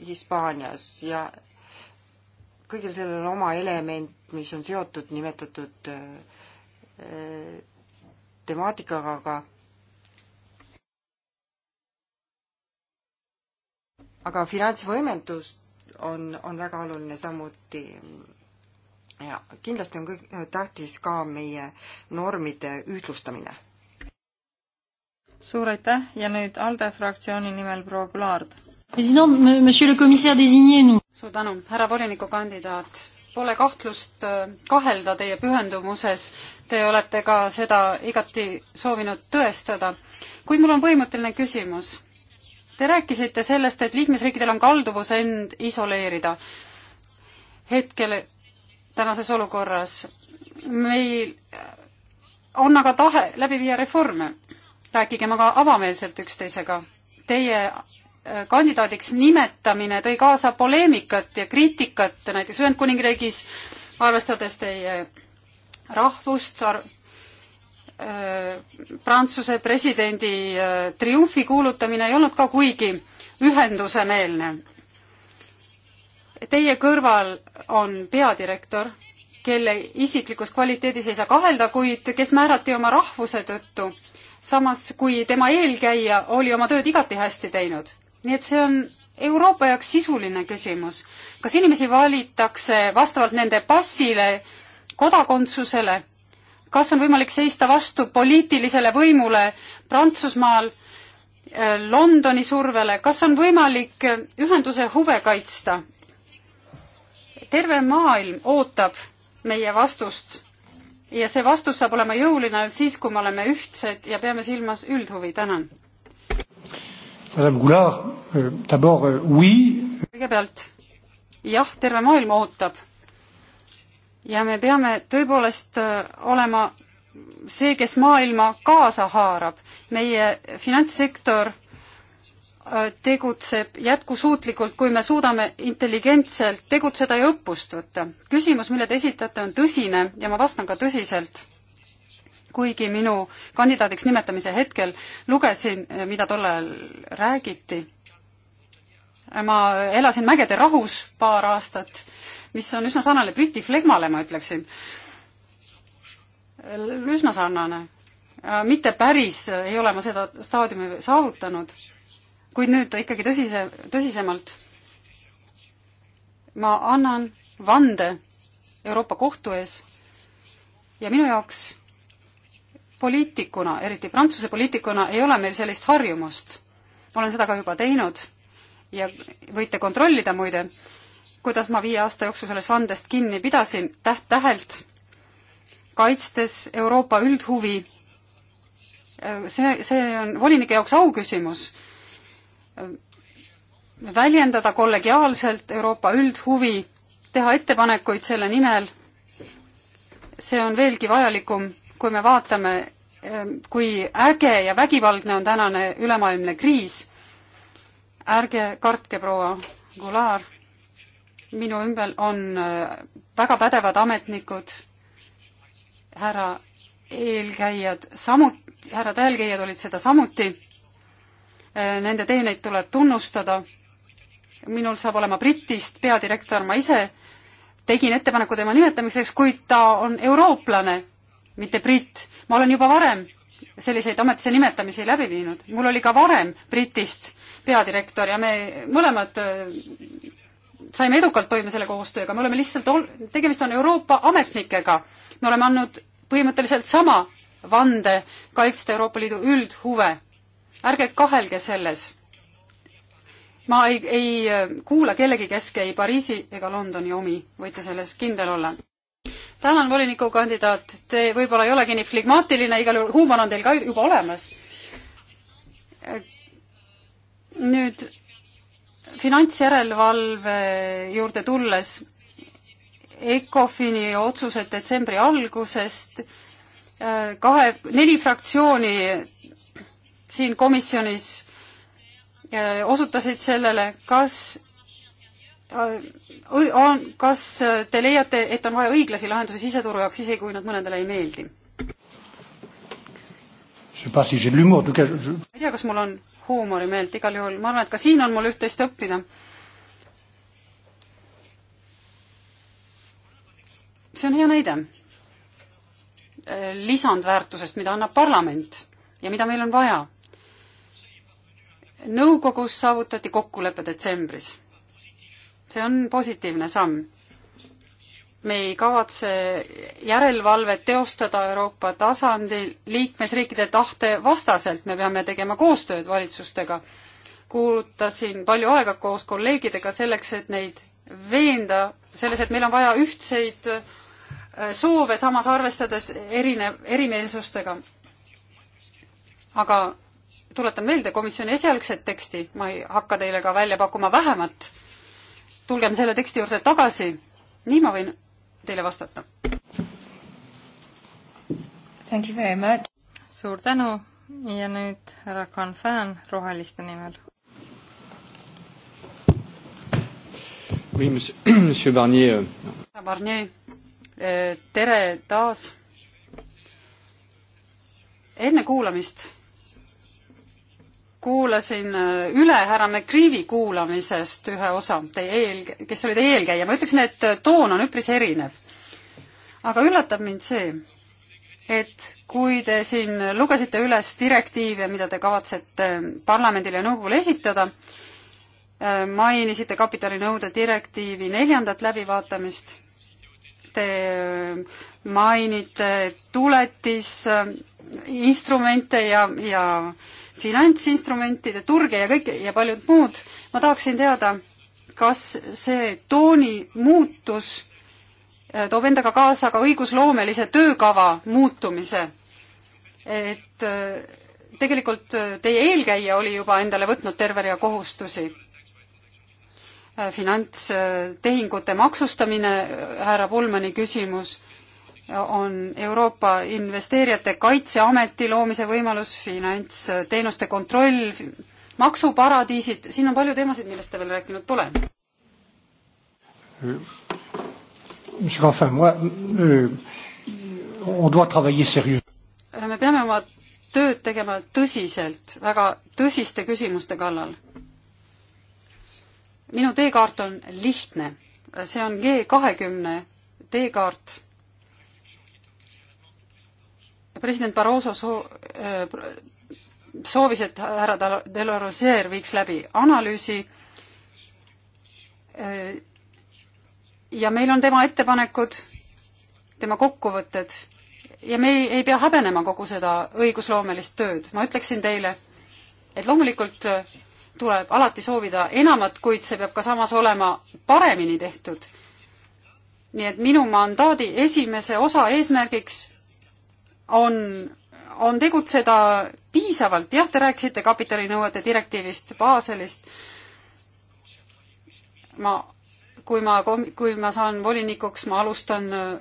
Hispaanias ja kõigil sellel on oma element, mis on seotud nimetatud äh, temaatikaga, aga aga finantsvõimendust on, on väga oluline samuti ja kindlasti on kõik tähtis ka meie normide ühtlustamine. suur aitäh ja nüüd ALDE fraktsiooni nimel proua Kulaard. suur tänu, härra volinikukandidaat. Pole kahtlust äh, kahelda teie pühendumuses, te olete ka seda igati soovinud tõestada. kuid mul on põhimõtteline küsimus Te rääkisite sellest, et liikmesriikidel on kalduvus end isoleerida. hetkel tänases olukorras meil on aga tahe läbi viia reforme. rääkigem aga avameelselt üksteisega. Teie äh, kandidaadiks nimetamine tõi kaasa poleemikat ja kriitikat näiteks Ühendkuningriigis, arvestades teie rahvust, Äh, Prantsuse presidendi äh, triumfi kuulutamine ei olnud ka kuigi ühendusemeelne. Teie kõrval on peadirektor, kelle isiklikus kvaliteedis ei saa kahelda, kuid kes määrati oma rahvuse tõttu, samas kui tema eelkäija oli oma tööd igati hästi teinud. nii et see on Euroopa jaoks sisuline küsimus. kas inimesi valitakse vastavalt nende passile, kodakondsusele kas on võimalik seista vastu poliitilisele võimule Prantsusmaal, äh, Londoni survele, kas on võimalik ühenduse huve kaitsta? terve maailm ootab meie vastust ja see vastus saab olema jõuline ainult siis, kui me oleme ühtsed ja peame silmas üldhuvi, tänan. Euh, euh, kõigepealt jah, terve maailm ootab ja me peame tõepoolest äh, olema see, kes maailma kaasa haarab. meie finantssektor äh, tegutseb jätkusuutlikult, kui me suudame intelligentselt tegutseda ja õppust võtta. küsimus, mille te esitate, on tõsine ja ma vastan ka tõsiselt. kuigi minu kandidaadiks nimetamise hetkel lugesin, äh, mida tol ajal räägiti. ma elasin mägede rahus paar aastat mis on üsna sarnane Briti flegmale, ma ütleksin. üsna sarnane. Äh, mitte päris ei ole ma seda staadiumi saavutanud, kuid nüüd ikkagi tõsise, tõsisemalt. ma annan vande Euroopa Kohtu ees ja minu jaoks poliitikuna, eriti Prantsuse poliitikuna, ei ole meil sellist harjumust. olen seda ka juba teinud ja võite kontrollida muide, kuidas ma viie aasta jooksul sellest vandest kinni pidasin, täht-tähelt, kaitstes Euroopa üldhuvi. see, see on volinike jaoks auküsimus. väljendada kollegiaalselt Euroopa üldhuvi, teha ettepanekuid selle nimel, see on veelgi vajalikum, kui me vaatame, kui äge ja vägivaldne on tänane ülemaailmne kriis. ärge kartke, proua Goulart minu ümber on äh, väga pädevad ametnikud, härra eelkäijad samuti, härrad eelkäijad olid seda samuti. Äh, nende teeneid tuleb tunnustada. minul saab olema Britist peadirektor, ma ise tegin ettepaneku tema nimetamiseks, kuid ta on eurooplane, mitte britt. ma olen juba varem selliseid ametisse nimetamisi läbi viinud. mul oli ka varem Britist peadirektor ja me mõlemad äh, saime edukalt toime selle koostööga, me oleme lihtsalt ol-, tegemist on Euroopa ametnikega. me oleme andnud põhimõtteliselt sama vande kaitsta Euroopa Liidu üldhuve. ärge kahelge selles. ma ei, ei äh, kuula kellegi keske ei Pariisi ega Londoni omi, võite selles kindel olla. tänan, volinikukandidaat, te võib-olla ei olegi nii flegmaatiline, igal juhul huumor on teil ka juba olemas. Äh, nüüd finantsjärelevalve juurde tulles, ECOFIN-i otsused detsembri algusest, äh, kahe, neli fraktsiooni siin komisjonis äh, osutasid sellele, kas äh, on, kas te leiate, et on vaja õiglasi lahendusi siseturu jaoks, isegi kui nad mõnedele ei meeldi? ma ei tea, kas mul on huumorimeelt igal juhul, ma arvan, et ka siin on mul üht-teist õppida. see on hea näide eh, lisandväärtusest, mida annab parlament ja mida meil on vaja. nõukogus saavutati kokkulepe detsembris. see on positiivne samm me ei kavatse järelevalvet teostada Euroopa tasandil liikmesriikide tahte vastaselt, me peame tegema koostööd valitsustega. kuulutasin palju aega koos kolleegidega selleks, et neid veenda selles, et meil on vaja ühtseid äh, soove, samas arvestades erinev, erimeelsustega. aga tuletan meelde komisjoni esialgset teksti, ma ei hakka teile ka välja pakkuma vähemat, tulgem selle teksti juurde tagasi, nii ma võin teile vastata. suur tänu ja nüüd härra Confan Roheliste nimel. Oui, monsieur, monsieur Barnier. Euh, Barnier, eh, tere taas. enne kuulamist kuulasin äh, üle härra McCreevy kuulamisest ühe osa, teie eel, kes oli teie eelkäija, ma ütleksin, et äh, toon on üpris erinev. aga üllatab mind see, et kui te siin lugesite üles direktiive, mida te kavatsete äh, parlamendile ja nõukogule esitada, mainisite kapitalinõude direktiivi neljandat läbivaatamist, te mainite tuletisinstrumente ja, ja finantsinstrumentide turge ja kõik ja paljud muud. ma tahaksin teada, kas see tooni muutus eh, toob endaga kaasa ka õigusloomelise töökava muutumise. et eh, tegelikult eh, teie eelkäija oli juba endale võtnud terve rea kohustusi. finantstehingute maksustamine, härra Pulmani küsimus on Euroopa Investeerijate Kaitseameti loomise võimalus, finantsteenuste kontroll, maksuparadiisid, siin on palju teemasid, millest te veel rääkinud pole. Euh, euh, me peame oma tööd tegema tõsiselt, väga tõsiste küsimuste kallal. minu teekaart on lihtne, see on G kahekümne teekaart president Barroso soo-, äh, soovis, et härra Delorosier viiks läbi analüüsi äh, ja meil on tema ettepanekud, tema kokkuvõtted ja me ei, ei pea häbenema kogu seda õigusloomelist tööd. ma ütleksin teile, et loomulikult äh, tuleb alati soovida enamat, kuid see peab ka samas olema paremini tehtud. nii et minu mandaadi esimese osa eesmärgiks on, on tegutseda piisavalt, jah, te rääkisite kapitalinõuete direktiivist, Baselist, ma, kui ma, kui ma saan volinikuks, ma alustan äh,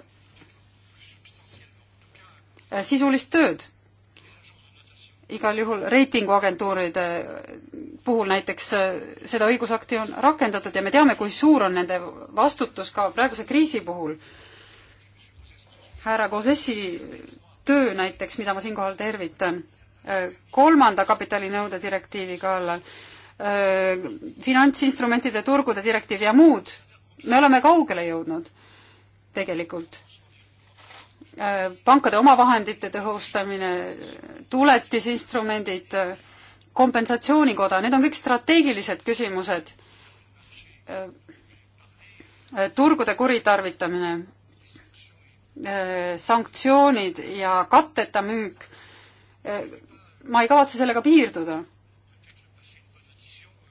sisulist tööd. igal juhul reitinguagentuuride puhul näiteks äh, seda õigusakti on rakendatud ja me teame, kui suur on nende vastutus ka praeguse kriisi puhul. härra Kozessi töö näiteks, mida ma siinkohal tervitan, äh, kolmanda kapitalinõude direktiivi kallal, äh, finantsinstrumentide turgude direktiiv ja muud, me oleme kaugele jõudnud tegelikult. Äh, pankade omavahendite tõhustamine, tuletisinstrumendid, kompensatsioonikoda, need on kõik strateegilised küsimused. turgude kuritarvitamine Äh, sanktsioonid ja katteta müük. Äh, ma ei kavatse sellega piirduda.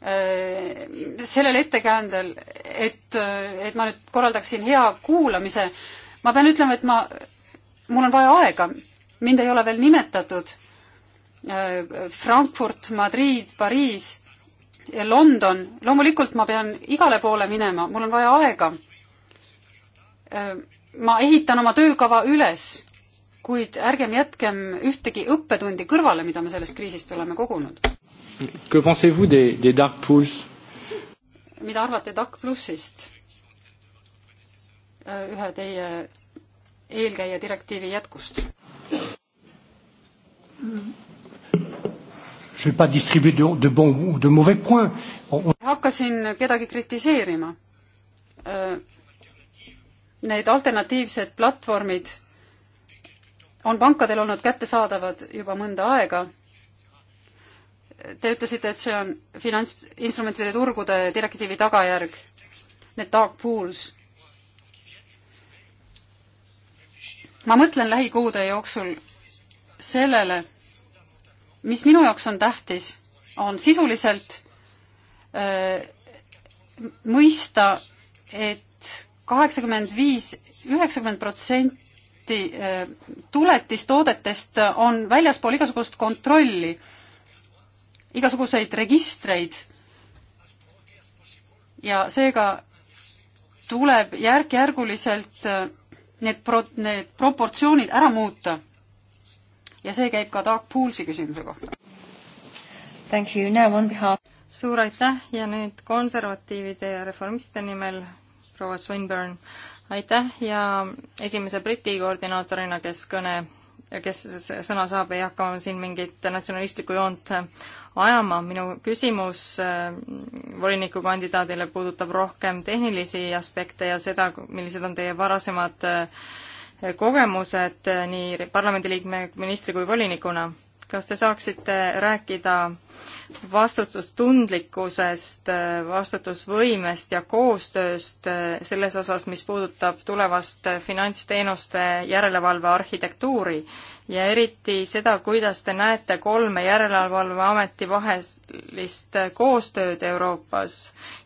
Äh, sellel ettekäändel, et, et ma nüüd korraldaksin hea kuulamise, ma pean ütlema, et ma, mul on vaja aega, mind ei ole veel nimetatud. Frankfurt, Madrid, Pariis, London, loomulikult ma pean igale poole minema, mul on vaja aega ma ehitan oma töökava üles, kuid ärgem jätkem ühtegi õppetundi kõrvale, mida me sellest kriisist oleme kogunud. mida arvate Dark Plussist? Äh, ühe teie eelkäija direktiivi jätkust? hakkasin kedagi kritiseerima äh, need alternatiivsed platvormid on pankadel olnud kättesaadavad juba mõnda aega. Te ütlesite, et see on finantsinstrumentide turgude direktiivi tagajärg, need dark pools. ma mõtlen lähikuude jooksul sellele, mis minu jaoks on tähtis, on sisuliselt öö, äh, mõista, et kaheksakümmend viis, üheksakümmend protsenti eh, tuletistoodetest on väljaspool igasugust kontrolli, igasuguseid registreid ja seega tuleb järk-järguliselt eh, need pro-, need proportsioonid ära muuta. ja see käib ka Dark Poolsi küsimuse kohta. Thank you, now on behalf suur aitäh ja nüüd konservatiivide ja reformiste nimel proua Swinburne, aitäh ja esimese Briti koordinaatorina, kes kõne, kes sõna saab, ei hakka siin mingit natsionalistlikku joont ajama, minu küsimus äh, volinikukandidaadile puudutab rohkem tehnilisi aspekte ja seda, millised on teie varasemad äh, kogemused äh, nii parlamendiliikme, ministri kui volinikuna kas te saaksite rääkida vastutustundlikkusest, vastutusvõimest ja koostööst eh, selles osas, mis puudutab tulevast finantsteenuste järelevalve arhitektuuri ja eriti seda, kuidas te näete kolme järelevalveameti vahelist koostööd Euroopas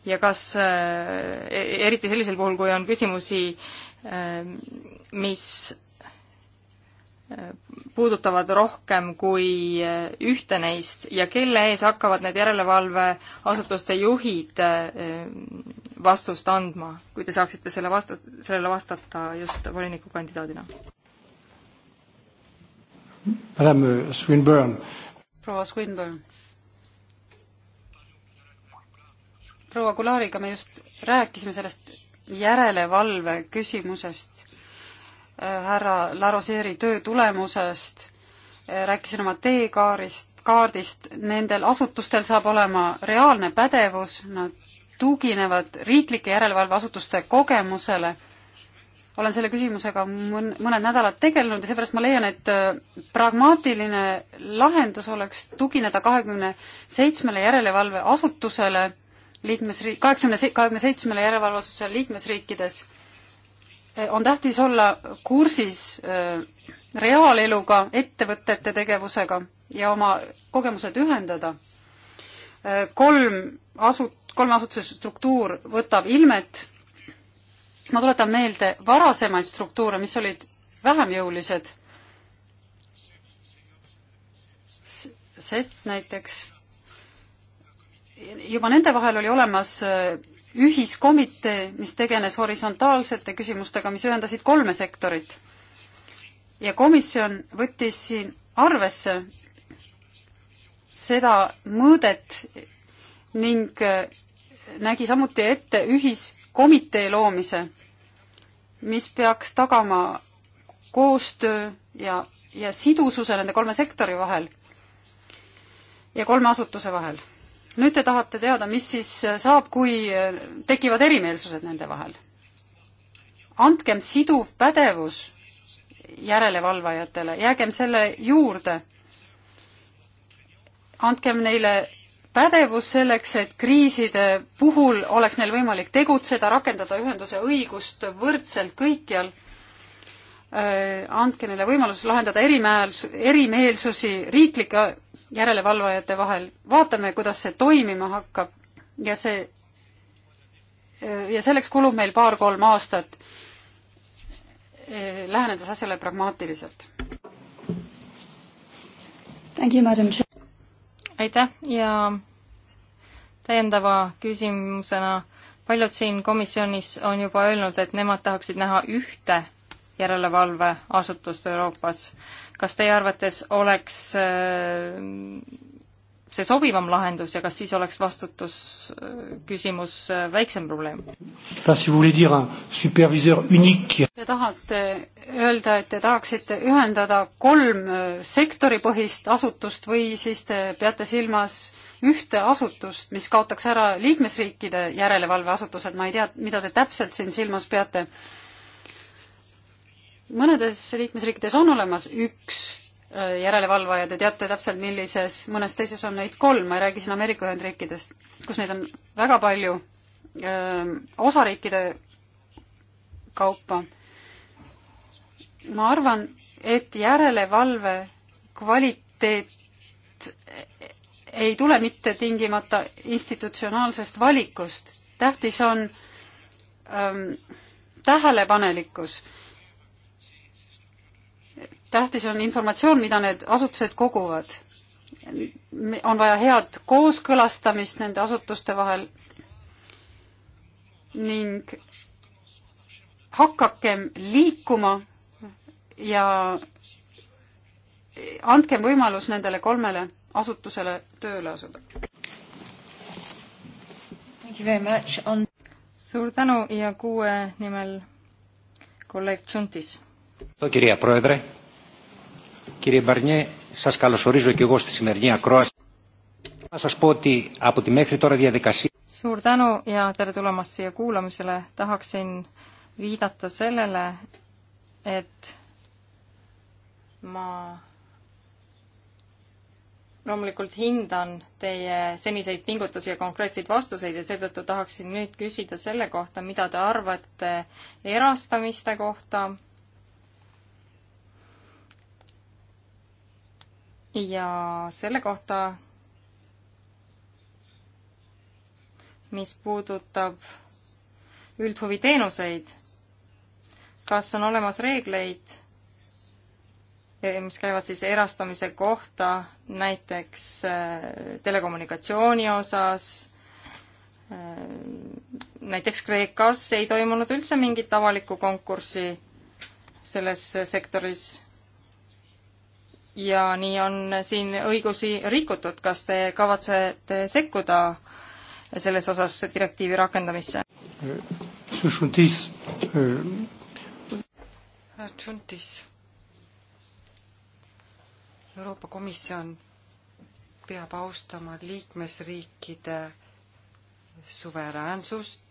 ja kas, eh, eriti sellisel puhul, kui on küsimusi, eh, mis puudutavad rohkem kui ühte neist ja kelle ees hakkavad need järelevalveasutuste juhid eh, vastust andma, kui te saaksite selle vasta, sellele vastata just volinikukandidaadina? Madame Swinburne. proua Swinburne. proua Kulariga me just rääkisime sellest järelevalve küsimusest härra Larosieri töö tulemusest, rääkisin oma teekaarist, kaardist, nendel asutustel saab olema reaalne pädevus, nad tuginevad riiklike järelevalveasutuste kogemusele. olen selle küsimusega mõn-, mõned nädalad tegelenud ja seepärast ma leian, et äh, pragmaatiline lahendus oleks tugineda kahekümne seitsmele järelevalveasutusele liikmesriik, kaheksakümne, kahekümne seitsmele järelevalveasutusele liikmesriikides on tähtis olla kursis äh, reaaleluga, ettevõtete tegevusega ja oma kogemused ühendada. Äh, kolm asu-, kolme asutuse struktuur võtab ilmet. ma tuletan meelde varasemaid struktuure, mis olid vähem jõulised. set näiteks. juba nende vahel oli olemas äh, ühiskomitee, mis tegeles horisontaalsete küsimustega, mis ühendasid kolme sektorit. ja komisjon võttis siin arvesse seda mõõdet ning äh, nägi samuti ette ühiskomitee loomise, mis peaks tagama koostöö ja, ja sidususe nende kolme sektori vahel ja kolme asutuse vahel nüüd te tahate teada, mis siis saab, kui tekivad erimeelsused nende vahel. andkem siduv pädevus järelevalvajatele, jäägem selle juurde. andkem neile pädevus selleks, et kriiside puhul oleks neil võimalik tegutseda, rakendada ühenduse õigust võrdselt kõikjal Äh, andke neile võimalus lahendada erimäels-, erimeelsusi riiklike järelevalvajate vahel. vaatame, kuidas see toimima hakkab ja see, äh, ja selleks kulub meil paar-kolm aastat, äh, lähenedes asjale pragmaatiliselt. aitäh ja täiendava küsimusena paljud siin komisjonis on juba öelnud, et nemad tahaksid näha ühte järelevalveasutust Euroopas. kas teie arvates oleks äh, see sobivam lahendus ja kas siis oleks vastutus küsimus äh, väiksem probleem? Te tahate öelda, et te tahaksite ühendada kolm äh, sektoripõhist asutust või siis te peate silmas ühte asutust, mis kaotaks ära liikmesriikide järelevalveasutused, ma ei tea, mida te täpselt siin silmas peate mõnedes liikmesriikides on olemas üks äh, järelevalvaja, te teate täpselt, millises, mõnes teises on neid kolm, ma ei räägi siin Ameerika Ühendriikidest, kus neid on väga palju öö, ähm, osariikide kaupa. ma arvan, et järelevalve kvaliteet ei tule mitte tingimata institutsionaalsest valikust, tähtis on öö, ähm, tähelepanelikkus tähtis on informatsioon, mida need asutused koguvad. on vaja head kooskõlastamist nende asutuste vahel ning hakakem liikuma ja andkem võimalus nendele kolmele asutusele tööle asuda. On... suur tänu ja kuue nimel kolleeg Tšuntis. Κύριε Μπαρνιέ, σας καλωσορίζω και εγώ στη σημερινή ακρόαση. Να σας πω ότι από τη μέχρι τώρα διαδικασία... Suur tänu ja tere tulemast siia kuulamisele. Tahaksin viidata sellele, et ma loomulikult hindan teie seniseid pingutusi ja konkreetseid vastuseid ja seetõttu tahaksin nüüd küsida selle kohta, mida te arvate erastamiste kohta ja selle kohta, mis puudutab üldhuviteenuseid, kas on olemas reegleid, eh, mis käivad siis erastamise kohta näiteks eh, telekommunikatsiooni osas, eh, näiteks Kreekas ei toimunud üldse mingit avalikku konkurssi selles sektoris ja nii on siin õigusi rikutud. kas te kavatsete sekkuda selles osas direktiivi rakendamisse? Euroopa Komisjon peab austama liikmesriikide suveräänsust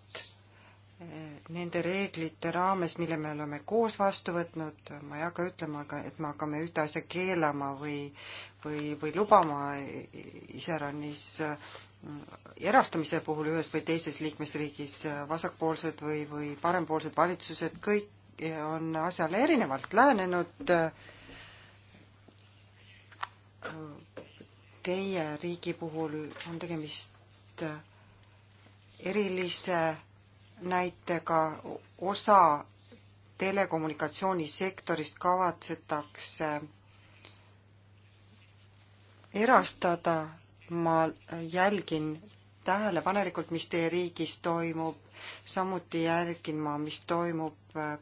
nende reeglite raames, mille me oleme koos vastu võtnud, ma ei hakka ütlema, aga et me hakkame ühte asja keelama või, või, või lubama iseäranis mm, erastamise puhul ühes või teises liikmesriigis äh, vasakpoolsed või, või parempoolsed valitsused, kõik on asjale erinevalt lähenenud. Teie riigi puhul on tegemist erilise näitega osa telekommunikatsioonisektorist kavatsetakse erastada, ma jälgin tähelepanelikult, mis teie riigis toimub, samuti jälgin ma, mis toimub äh,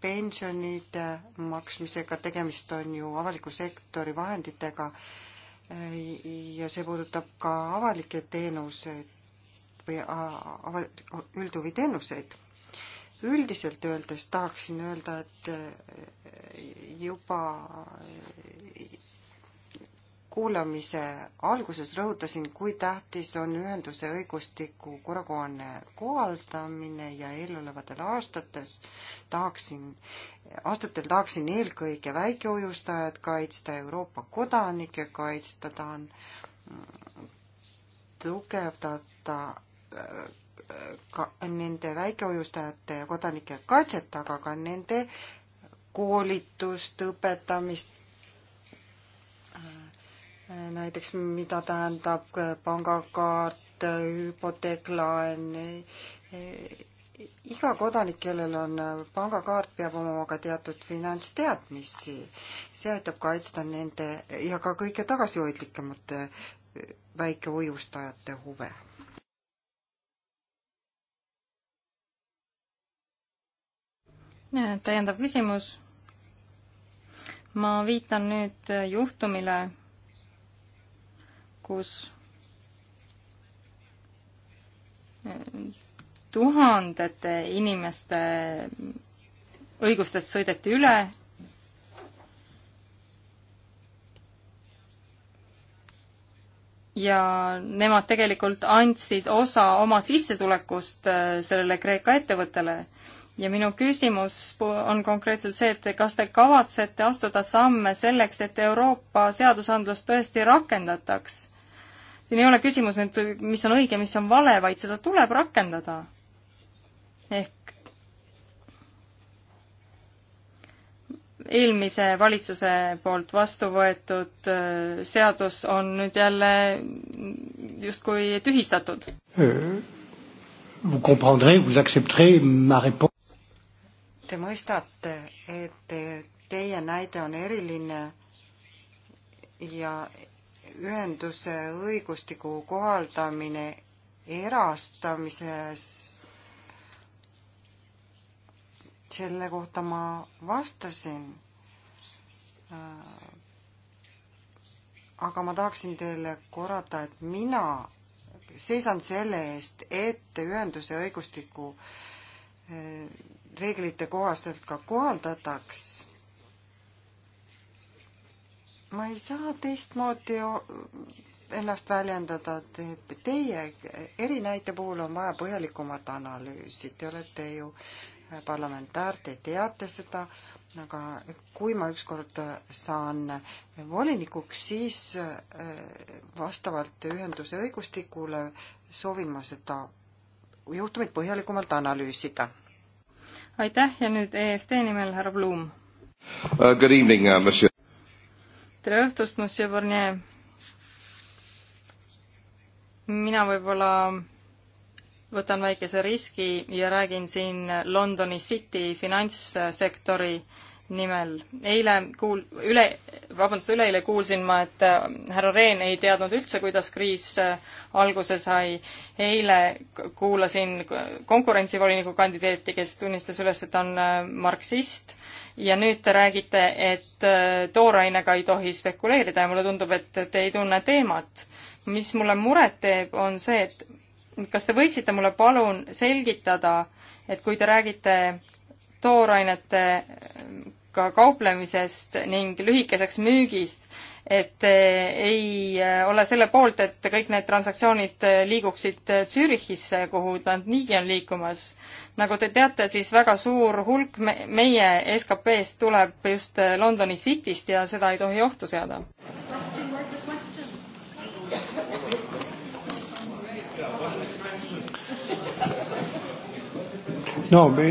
pensionide maksmisega, tegemist on ju avaliku sektori vahenditega äh, ja see puudutab ka avalikke teenuseid või üldhuvi teenuseid. üldiselt öeldes tahaksin öelda, et eh, juba eh, kuulamise alguses rõhutasin, kui tähtis on ühenduse õigustiku korrakohane kohaldamine ja eelolevatel aastates tahaksin, aastatel tahaksin eelkõige väikeujustajad kaitsta, Euroopa kodanikke kaitsta, tahan mm, tugevdada ka nende väikehoiustajate ja kodanike kaitset, aga ka nende koolitust, õpetamist. näiteks mida tähendab pangakaart, hüpoteeklaen. iga kodanik, kellel on pangakaart, peab omama ka teatud finantsteadmisi. see aitab kaitsta nende ja ka kõige tagasihoidlikemate väikehoiustajate huve täiendav küsimus. ma viitan nüüd juhtumile, kus tuhandete inimeste õigustest sõideti üle ja nemad tegelikult andsid osa oma sissetulekust äh, sellele Kreeka ettevõttele ja minu küsimus on konkreetselt see, et kas te kavatsete astuda samme selleks, et Euroopa seadusandlust tõesti rakendataks? siin ei ole küsimus nüüd, mis on õige, mis on vale, vaid seda tuleb rakendada. ehk eelmise valitsuse poolt vastu võetud äh, seadus on nüüd jälle justkui tühistatud. Euh, vous comprendrez, vous accepterez ma réponse Te mõistate, et teie näide on eriline ja ühenduse õigustiku kohaldamine erastamises, selle kohta ma vastasin. aga ma tahaksin teile korrata, et mina seisan selle eest, et ühenduse õigustiku reeglite kohaselt ka kohaldataks, ma ei saa teistmoodi ennast väljendada, et teie erinäite puhul on vaja põhjalikumat analüüsi, te olete ju parlamentäär, te teate seda, aga kui ma ükskord saan volinikuks, siis eh, vastavalt ühenduse õigustikule soovin ma seda juhtumit põhjalikumalt analüüsida aitäh ja nüüd EFT nimel härra Blum uh,. Good evening uh,, monsieur. tere õhtust, monsieur Barnier. mina võib-olla võtan väikese riski ja räägin siin Londoni City finantssektori uh, nimel. eile kuul-, üle, vabandust, üleeile kuulsin ma, et äh, härra Rehn ei teadnud üldse, kuidas kriis äh, alguse sai. eile kuulasin konkurentsivoliniku kandideeti, kes tunnistas üles, et on äh, marksist ja nüüd te räägite, et toorainega ei tohi spekuleerida ja mulle tundub, et te ei tunne teemat. mis mulle muret teeb, on see, et kas te võiksite mulle palun selgitada, et kui te räägite toorainete tubaka kauplemisest ning lühikeseks müügist, et äh, ei äh, ole selle poolt, et kõik need transaktsioonid äh, liiguksid Zürichisse, kuhu nad niigi on liikumas. nagu te teate, siis väga suur hulk me meie SKP-st tuleb just Londoni Cityst ja seda ei tohi ohtu seada. no me,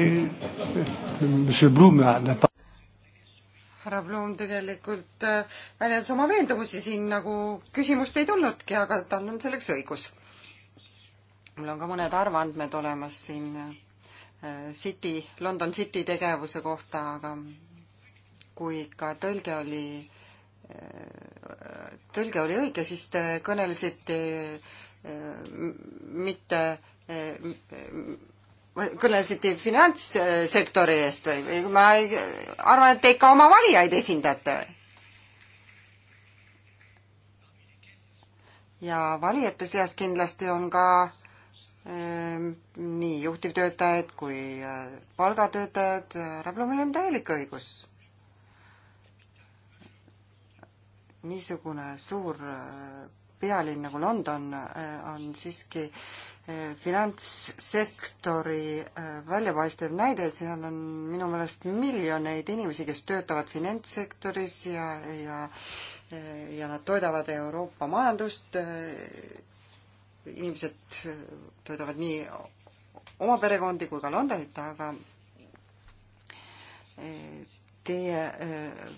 Monsieur Blum ah, n'a pas härra Blum tegelikult äh, väljendas oma veendumusi siin nagu küsimust ei tulnudki, aga tal on selleks õigus. mul on ka mõned arvandmed olemas siin äh, City, London City tegevuse kohta, aga kui ikka tõlge oli, äh, tõlge oli õige, siis te kõnelesite mitte kõnelesite finantssektori eest või, või ma arvan, et te ikka oma valijaid esindate. ja valijate seas kindlasti on ka ähm, nii juhtivtöötajad kui äh, palgatöötajad, härra Blumil on täielik õigus niisugune suur äh, pealinn nagu London äh, on siiski finantssektori äh, väljapaistev näide, seal on minu meelest miljoneid inimesi, kes töötavad finantssektoris ja, ja äh, ja nad toidavad Euroopa majandust, äh, inimesed toidavad nii oma perekondi kui ka Londonit, aga teie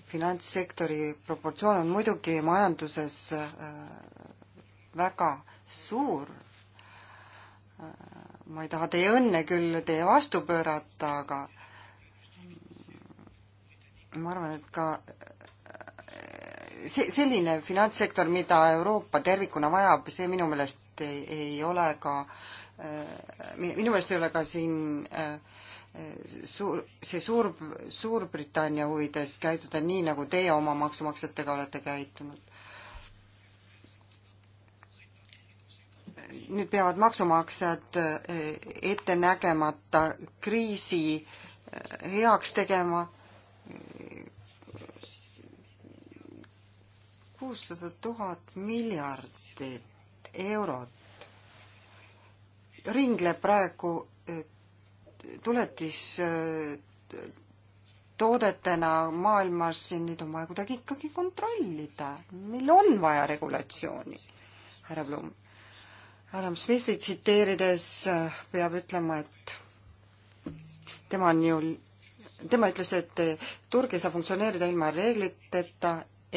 finantssektori proportsioon on muidugi majanduses väga suur Äh, ma ei taha teie õnne küll teie vastu pöörata, aga ma arvan, et ka äh, see, selline finantssektor, mida Euroopa tervikuna vajab, see minu meelest ei, ei ole ka, äh, minu meelest ei ole ka siin suur, see suur, Suurbritannia huvides käituda nii, nagu teie oma maksumaksjatega olete käitunud. nüüd peavad maksumaksjad eh, ettenägemata kriisi eh, heaks tegema. kuussada tuhat miljardit eurot ringleb praegu eh, tuletistoodetena maailmas ja neid on vaja kuidagi ikkagi kontrollida. meil on vaja regulatsiooni, härra Blum Adam Smithi tsiteerides äh, peab ütlema, et tema on ju, tema ütles, et äh, turg ei saa funktsioneerida ilma reegliteta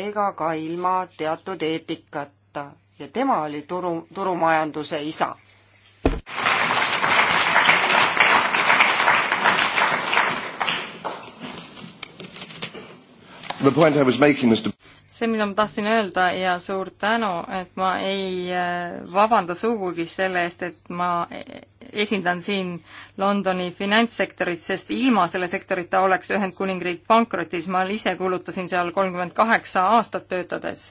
ega ka ilma teatud eetikata ja tema oli turu, turumajanduse isa see, mida ma tahtsin öelda ja suur tänu, et ma ei äh, vabanda sugugi selle eest, et ma esindan siin Londoni finantssektorit, sest ilma selle sektorita oleks Ühendkuningriik pankrotis, ma ise kulutasin seal kolmkümmend kaheksa aastat töötades.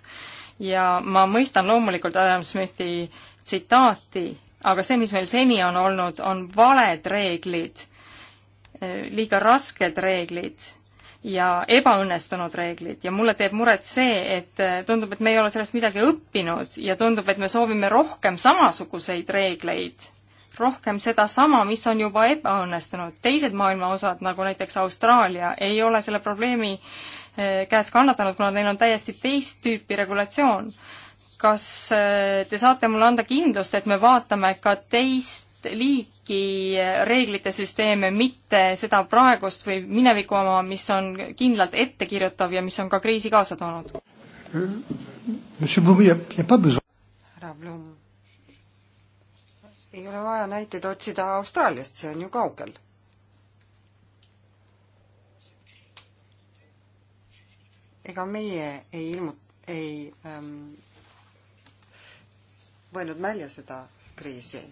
ja ma mõistan loomulikult Adam Smithi tsitaati, aga see, mis meil seni on olnud, on valed reeglid, äh, liiga rasked reeglid ja ebaõnnestunud reeglid ja mulle teeb muret see, et äh, tundub, et me ei ole sellest midagi õppinud ja tundub, et me soovime rohkem samasuguseid reegleid, rohkem sedasama, mis on juba ebaõnnestunud. teised maailma osad, nagu näiteks Austraalia, ei ole selle probleemi äh, käes kannatanud, kuna neil on täiesti teist tüüpi regulatsioon kas äh, te saate mulle anda kindlust, et me vaatame ka teist liiki reeglite süsteeme, mitte seda praegust või mineviku oma, mis on kindlalt ettekirjutav ja mis on ka kriisi kaasa toonud. härra Blum, ei ole vaja näiteid otsida Austraaliast, see on ju kaugel ega meie ei ilmu-, ei ähm, võinud välja seda kriisi.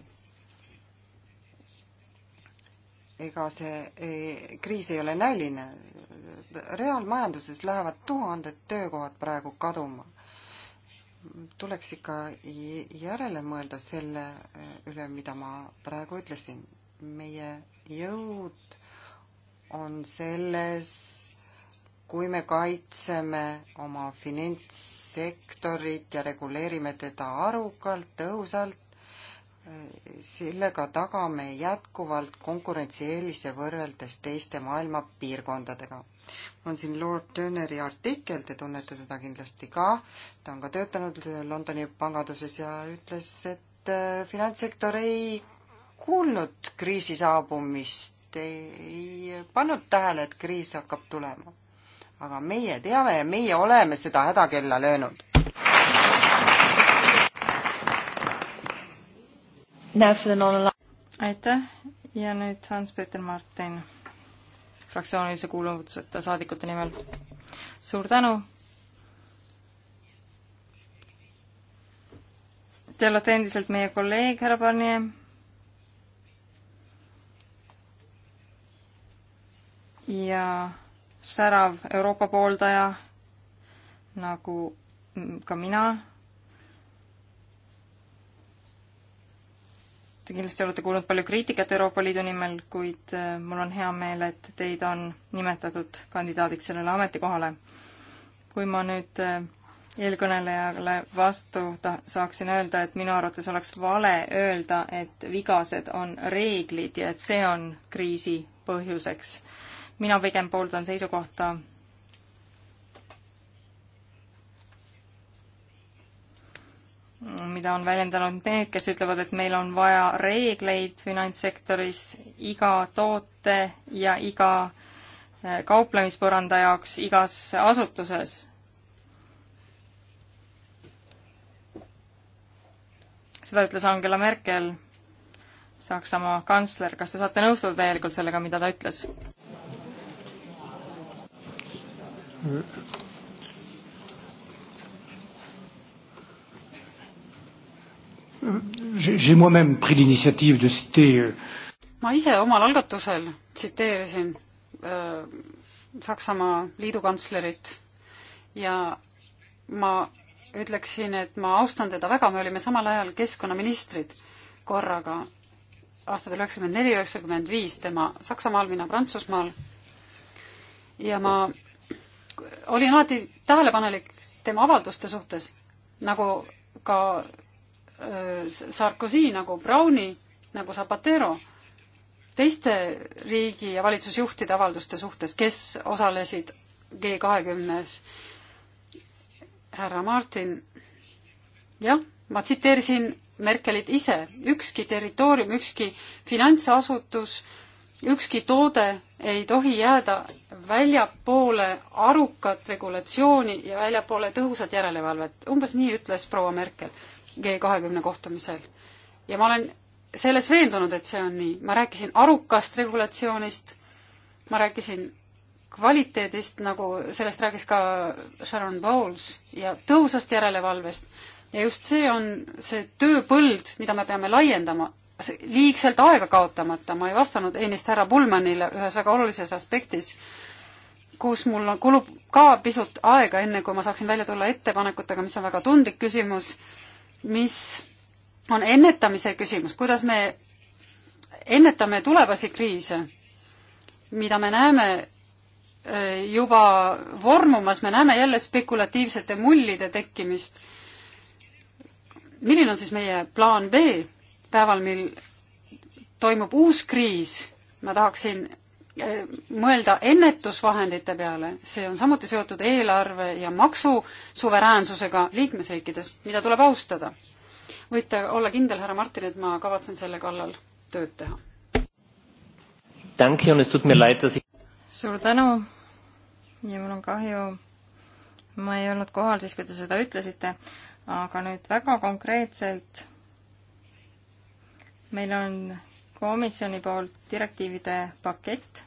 ega see eh, kriis ei ole näiline. reaalmajanduses lähevad tuhanded töökohad praegu kaduma. tuleks ikka järele mõelda selle eh, üle, mida ma praegu ütlesin. meie jõud on selles, kui me kaitseme oma finantssektorit ja reguleerime teda arukalt, tõhusalt, sellega tagame jätkuvalt konkurentsieelise võrreldes teiste maailma piirkondadega. on siin Lord Turneri artikkel, te tunnete teda kindlasti ka, ta on ka töötanud Londoni panganduses ja ütles, et äh, finantssektor ei kuulnud kriisi saabumist, ei pannud tähele, et kriis hakkab tulema. aga meie teame ja meie oleme seda hädakella löönud aitäh ja nüüd Hans-Peter Martin fraktsioonilise kuuluvuseta saadikute nimel. suur tänu. Te olete endiselt meie kolleeg, härra Barnier. ja särav Euroopa pooldaja nagu ka mina Te kindlasti olete kuulnud palju kriitikat Euroopa Liidu nimel, kuid äh, mul on hea meel, et teid on nimetatud kandidaadiks sellele ametikohale. kui ma nüüd äh, eelkõnelejale vastu ta-, saaksin öelda, et minu arvates oleks vale öelda, et vigased on reeglid ja et see on kriisi põhjuseks. mina pigem pooldan seisukohta, mida on väljendanud need, kes ütlevad, et meil on vaja reegleid finantssektoris iga toote ja iga eh, kauplemispõranda jaoks igas asutuses. seda ütles Angela Merkel, Saksamaa kantsler, kas te saate nõustuda täielikult sellega, mida ta ütles? Äh, Euh, ma ise omal algatusel tsiteerisin äh, Saksamaa liidukantslerit ja ma ütleksin, et ma austan teda väga, me olime samal ajal keskkonnaministrid korraga aastatel üheksakümmend neli, üheksakümmend viis, tema Saksamaal, mina Prantsusmaal. ja ma olin alati tähelepanelik tema avalduste suhtes, nagu ka Äh, Sarkozy, nagu Browni, nagu Zapatero, teiste riigi ja valitsusjuhtide avalduste suhtes, kes osalesid G kahekümnes. härra Martin, jah, ma tsiteerisin Merkelit ise, ükski territoorium, ükski finantsasutus, ükski toode ei tohi jääda väljapoole arukat regulatsiooni ja väljapoole tõhusat järelevalvet. umbes nii ütles proua Merkel G kahekümne kohtumisel. ja ma olen selles veendunud, et see on nii. ma rääkisin arukast regulatsioonist, ma rääkisin kvaliteedist, nagu sellest rääkis ka Sharon Bowles, ja tõhusast järelevalvest. ja just see on see tööpõld, mida me peame laiendama, liigselt aega kaotamata. ma ei vastanud ennist härra Pullmanile ühes väga olulises aspektis, kus mul on, kulub ka pisut aega, enne kui ma saaksin välja tulla ettepanekutega, mis on väga tundlik küsimus mis on ennetamise küsimus, kuidas me ennetame tulevasi kriise, mida me näeme eh, juba vormumas, me näeme jälle spekulatiivsete mullide tekkimist. milline on siis meie plaan B päeval, mil toimub uus kriis, ma tahaksin mõelda ennetusvahendite peale, see on samuti seotud eelarve ja maksusuveräänsusega liikmesriikides, mida tuleb austada. võite olla kindel, härra Martin, et ma kavatsen selle kallal tööd teha. suur tänu ja mul on kahju, ma ei olnud kohal siis, kui te seda ütlesite, aga nüüd väga konkreetselt meil on komisjoni poolt direktiivide pakett,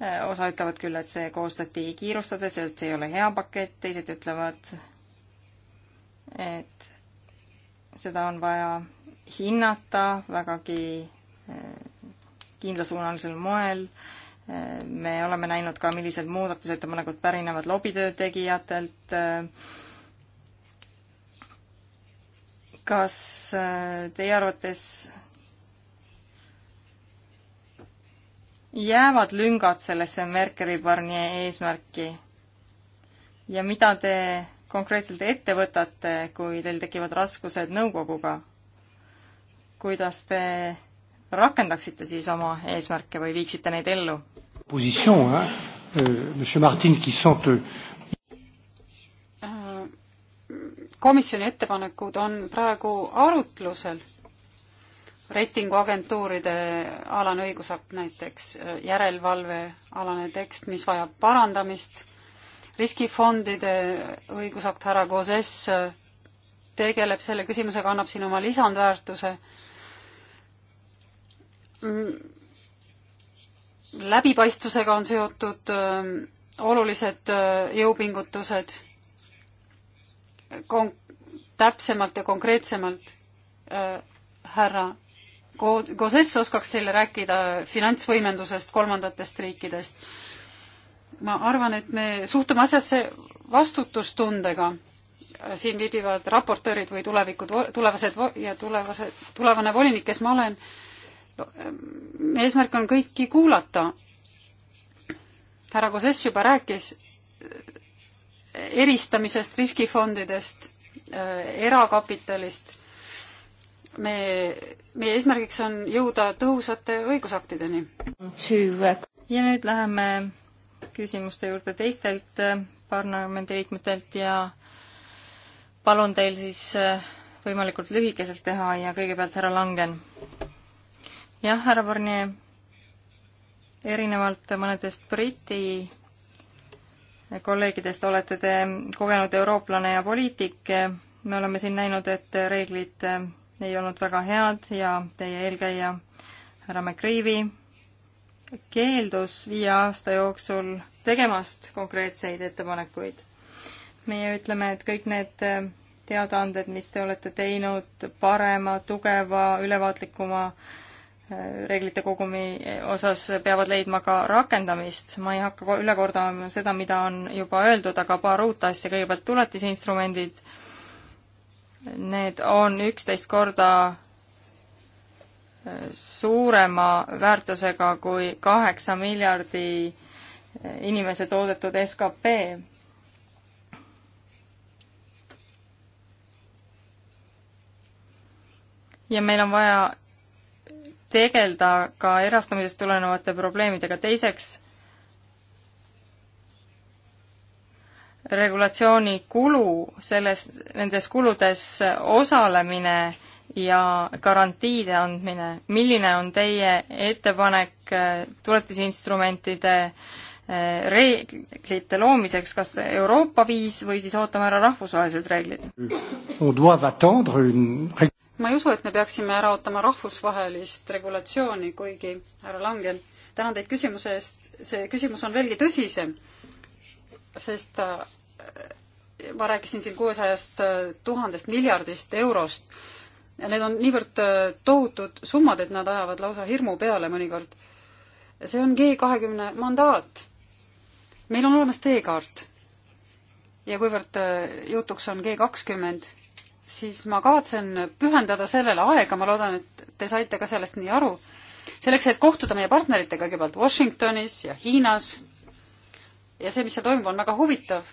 Äh, osa ütlevad küll, et see koostati kiirustades ja et see ei ole hea pakett, teised ütlevad, et seda on vaja hinnata vägagi äh, kindlasuunalisel moel. Äh, me oleme näinud ka, millised muudatusettepanekud pärinevad lobitöö tegijatelt. kas teie arvates jäävad lüngad sellesse Merkeli Barnier eesmärki? ja mida te konkreetselt ette võtate, kui teil tekivad raskused nõukoguga? kuidas te rakendaksite siis oma eesmärke või viiksite neid ellu? Euh, euh, äh, komisjoni ettepanekud on praegu arutlusel reitinguagentuuride alane õigusakt näiteks, järelevalvealane tekst, mis vajab parandamist, riskifondide õigusakt härra Gozes äh, tegeleb selle küsimusega, annab siin oma lisandväärtuse. Mm, läbipaistvusega on seotud äh, olulised äh, jõupingutused kon-, täpsemalt ja konkreetsemalt härra Gozes oskaks teile rääkida finantsvõimendusest kolmandatest riikidest. ma arvan, et me suhtume asjasse vastutustundega. siin viibivad raportöörid või tulevikud, tulevased ja tulevased, tulevane volinik, kes ma olen. eesmärk on kõiki kuulata. härra Gozes juba rääkis eh, eristamisest riskifondidest, eh, erakapitalist me, meie eesmärgiks on jõuda tõhusate õigusaktideni. Uh, ja nüüd läheme küsimuste juurde teistelt äh, parlamendiliikmetelt ja palun teil siis äh, võimalikult lühikeselt teha ja kõigepealt härra Langen. jah, härra Barnier, erinevalt mõnedest Briti kolleegidest olete te kogenud eurooplane ja poliitik, me oleme siin näinud, et reeglid äh, ei olnud väga head ja teie eelkäija härra McRiivi keeldus viie aasta jooksul tegemast konkreetseid ettepanekuid. meie ütleme, et kõik need äh, teadaanded, mis te olete teinud parema, tugeva, ülevaatlikuma äh, reeglite kogumi äh, osas peavad leidma ka rakendamist. ma ei hakka üle kordama seda, mida on juba öeldud, aga paar uut asja. kõigepealt tuletisinstrumendid, need on üksteist korda äh, suurema väärtusega kui kaheksa miljardi äh, inimese toodetud skp. ja meil on vaja tegeleda ka erastamisest tulenevate probleemidega, teiseks regulatsiooni kulu, selles, nendes kuludes osalemine ja garantiide andmine, milline on teie ettepanek äh, tuletisinstrumentide äh, reeglite loomiseks, kas Euroopa viis või siis ootame ära rahvusvahelised reeglid? ma ei usu, et me peaksime ära ootama rahvusvahelist regulatsiooni, kuigi härra Langel, tänan teid küsimuse eest, see küsimus on veelgi tõsisem sest äh, ma rääkisin siin kuuesajast äh, tuhandest miljardist eurost ja need on niivõrd äh, tohutud summad, et nad ajavad lausa hirmu peale mõnikord. see on G kahekümne mandaat. meil on olemas teekaart. ja kuivõrd jutuks on G kakskümmend, siis ma kavatsen pühendada sellele aega, ma loodan, et te saite ka sellest nii aru, selleks, et kohtuda meie partneritega kõigepealt Washingtonis ja Hiinas ja see, mis seal toimub, on väga huvitav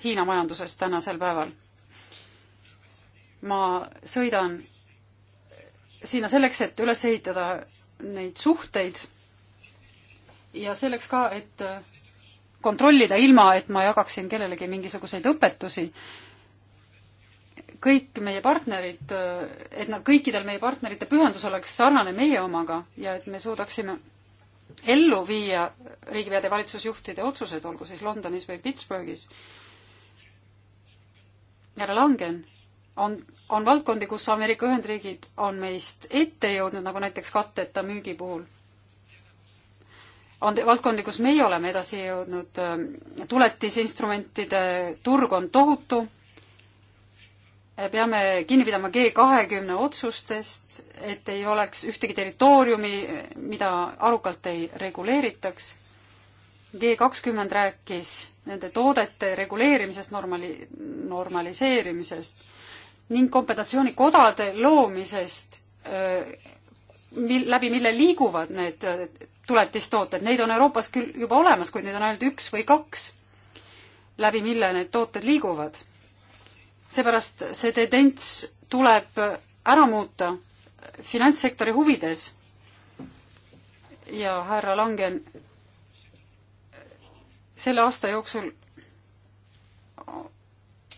Hiina majanduses tänasel päeval. ma sõidan sinna selleks, et üles ehitada neid suhteid ja selleks ka, et kontrollida, ilma et ma jagaksin kellelegi mingisuguseid õpetusi, kõik meie partnerid, et nad, kõikidel meie partnerite pühendus oleks sarnane meie omaga ja et me suudaksime ellu viia riigipeade valitsusjuhtide otsused, olgu siis Londonis või Pittsburghis. härra Langen, on, on valdkondi, kus Ameerika Ühendriigid on meist ette jõudnud, nagu näiteks katteta müügi puhul. on valdkondi, kus meie oleme edasi jõudnud, ähm, tuletisinstrumentide turg on tohutu peame kinni pidama G kahekümne otsustest, et ei oleks ühtegi territooriumi, mida arukalt ei reguleeritaks. G kakskümmend rääkis nende toodete reguleerimisest, normali-, normaliseerimisest ning kompensatsioonikodade loomisest, mil-, läbi mille liiguvad need tuletistooted, neid on Euroopas küll juba olemas, kuid neid on ainult üks või kaks, läbi mille need tooted liiguvad seepärast see tendents tuleb ära muuta finantssektori huvides. ja härra Langen, selle aasta jooksul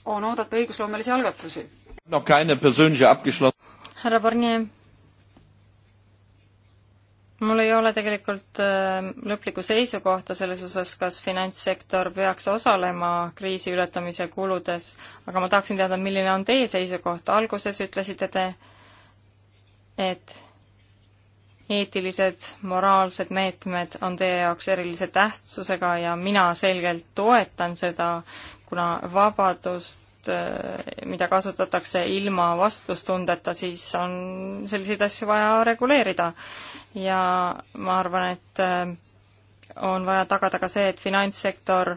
on oodata õigusloomelisi algatusi. härra Barnier mul ei ole tegelikult äh, lõplikku seisukohta selles osas, kas finantssektor peaks osalema kriisi ületamise kuludes, aga ma tahaksin teada, milline on teie seisukoht, alguses ütlesite te, et eetilised, moraalsed meetmed on teie jaoks erilise tähtsusega ja mina selgelt toetan seda, kuna vabadust et eh, mida kasutatakse ilma vastutustundeta, siis on selliseid asju vaja reguleerida. ja ma arvan, et eh, on vaja tagada ka see, et finantssektor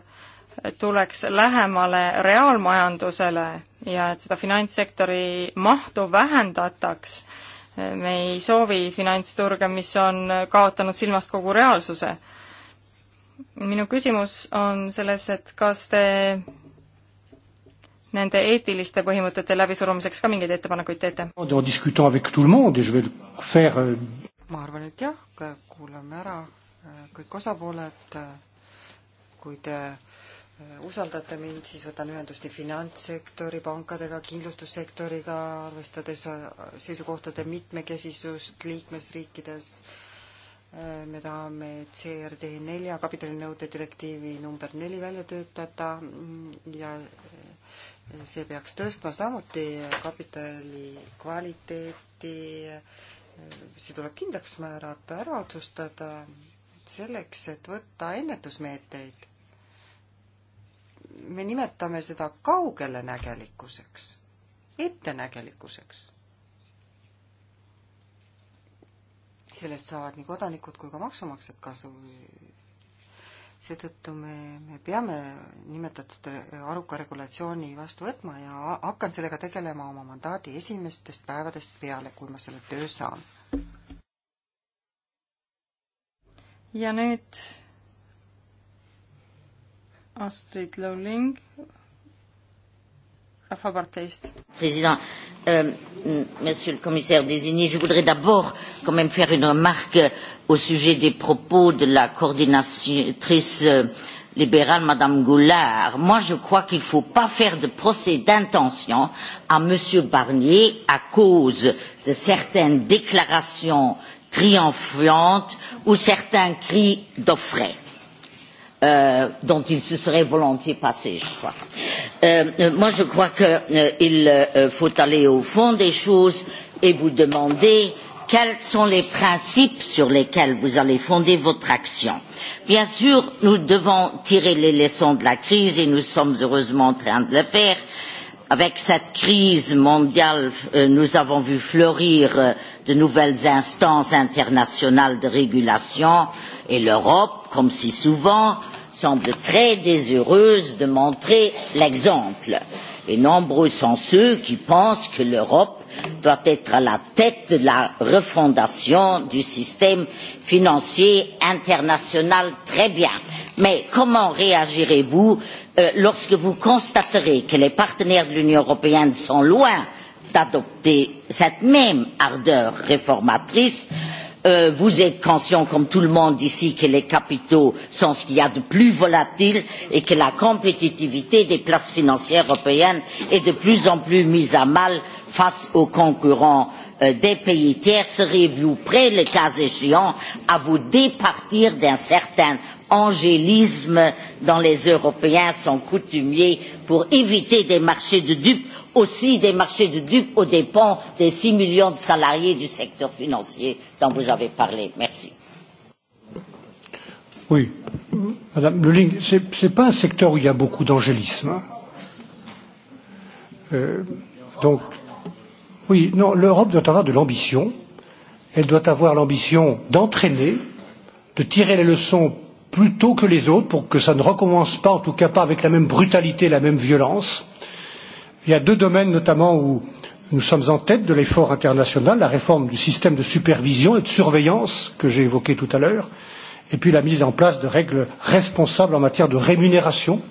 tuleks lähemale reaalmajandusele ja et seda finantssektori mahtu vähendataks. me ei soovi finantsturge, mis on kaotanud silmast kogu reaalsuse minu küsimus on selles, et kas te nende eetiliste põhimõtete läbisurumiseks ka mingeid ettepanekuid teete? Euh, ma arvan, et jah, kuulame ära äh, kõik osapooled, äh, kui te äh, usaldate mind, siis võtan ühendust nii finantssektori, pankadega, kindlustussektoriga, arvestades seisukohtade mitmekesisust liikmesriikides. me tahame CRD nelja kapitalinõude direktiivi number neli välja töötada mm, ja see peaks tõstma samuti kapitali kvaliteeti, see tuleb kindlaks määrata, ära otsustada, selleks, et võtta ennetusmeetmeid. me nimetame seda kaugelenägelikkuseks, ettenägelikkuseks. sellest saavad nii kodanikud kui ka maksumaksjad kasu seetõttu me, me peame nimetatud aruka regulatsiooni vastu võtma ja hakkan sellega tegelema oma mandaadi esimestest päevadest peale, kui ma selle töö saan. ja nüüd Astrid Lolling Rahvaparteist. president euh,, monsieur le commissaire désigné, je voudrais d'abord quand même faire une remarque euh, au sujet des propos de la coordinatrice euh, libérale, madame Goulard. Moi, je crois qu'il ne faut pas faire de procès d'intention à monsieur Barnier à cause de certaines déclarations triomphantes ou certains cris d'offrets euh, dont il se serait volontiers passé, je crois. Euh, euh moi, je crois qu'il euh, il, euh, faut aller au fond des choses et vous demander quels sont les principes sur lesquels vous allez fonder votre action. Bien sûr, nous devons tirer les leçons de la crise et nous sommes heureusement en train de le faire. Avec cette crise mondiale, euh, nous avons vu fleurir euh, de nouvelles instances internationales de régulation et l'Europe comme si souvent, semble très désireuse de montrer l'exemple. Et nombreux sont ceux qui pensent que l'Europe doit être à la tête de la refondation du système financier international. Très bien. Mais comment réagirez vous euh, lorsque vous constaterez que les partenaires de l'Union européenne sont loin d'adopter cette même ardeur réformatrice euh, euh, vous êtes conscient, comme tout le monde ici, que les capitaux sont ce qu'il y a de plus volatile et que la compétitivité des places financières européennes est de plus en plus mise à mal face aux concurrents euh, des pays tiers. Serez-vous prêt, le cas échéant, à vous départir d'un certain angélismes dont les Européens sont coutumiers pour éviter des marchés de dupes, aussi des marchés de dupes aux dépens des 6 millions de salariés du secteur financier dont vous avez parlé. Merci. Oui, Madame Luling, ce n'est pas un secteur où il y a beaucoup d'angélisme. Hein. Euh, donc, oui, non, l'Europe doit avoir de l'ambition. Elle doit avoir l'ambition d'entraîner, de tirer les leçons plus tôt que les autres pour que ça ne recommence pas, en tout cas pas avec la même brutalité, la même violence. Il y a deux domaines notamment où nous sommes en tête de l'effort international, la réforme du système de supervision et de surveillance que j'ai évoqué tout à l'heure, et puis la mise en place de règles responsables en matière de rémunération,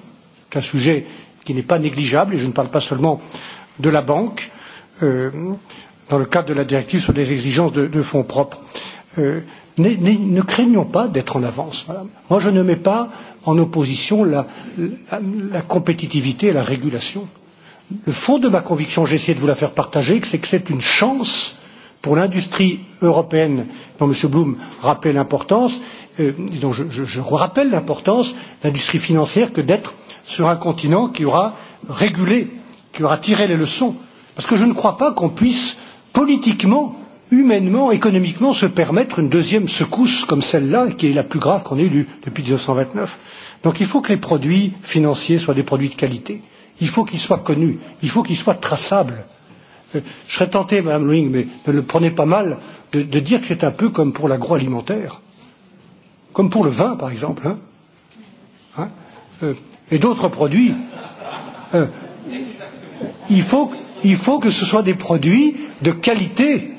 c'est un sujet qui n'est pas négligeable, et je ne parle pas seulement de la banque, euh, dans le cadre de la directive sur les exigences de, de fonds propres. Euh, Ne, ne, ne craignons pas d'être en avance, madame. Moi, je ne mets pas en opposition la, la, la compétitivité et la régulation. Le fond de ma conviction, j'ai essayé de vous la faire partager, c'est que c'est une chance pour l'industrie européenne dont M. Blum rappelait l'importance, euh, dont je, je, je rappelle l'importance, l'industrie financière, que d'être sur un continent qui aura régulé, qui aura tiré les leçons. Parce que je ne crois pas qu'on puisse politiquement humainement, économiquement, se permettre une deuxième secousse comme celle-là, qui est la plus grave qu'on ait eue depuis 1929. Donc il faut que les produits financiers soient des produits de qualité. Il faut qu'ils soient connus. Il faut qu'ils soient traçables. Euh, je serais tenté, Madame Ling, mais ne le prenez pas mal, de, de dire que c'est un peu comme pour l'agroalimentaire. Comme pour le vin, par exemple. Hein hein euh, et d'autres produits. Euh, il, faut, il faut que ce soit des produits de qualité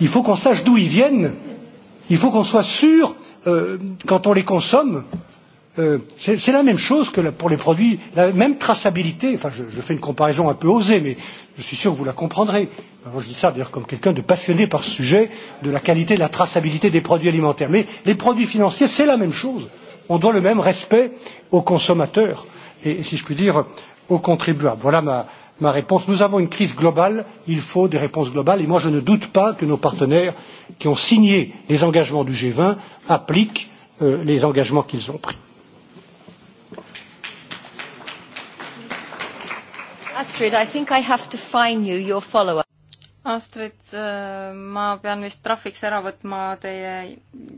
Il faut qu'on sache d'où ils viennent. Il faut qu'on soit sûr euh, quand on les consomme. Euh, c'est la même chose que la, pour les produits, la même traçabilité. Enfin, je, je fais une comparaison un peu osée, mais je suis sûr que vous la comprendrez. Alors, je dis ça d'ailleurs comme quelqu'un de passionné par ce sujet de la qualité, de la traçabilité des produits alimentaires. Mais les produits financiers, c'est la même chose. On doit le même respect aux consommateurs et, si je puis dire, aux contribuables. Voilà ma, ma réponse. Nous avons une crise globale, il faut des réponses globales et moi je ne doute pas que nos partenaires qui ont signé les engagements du G20 appliquent euh, les engagements qu'ils ont pris. Astrid, I think I have to fine you your follow-up. Astrid, äh, ma pean vist trahviks ära võtma teie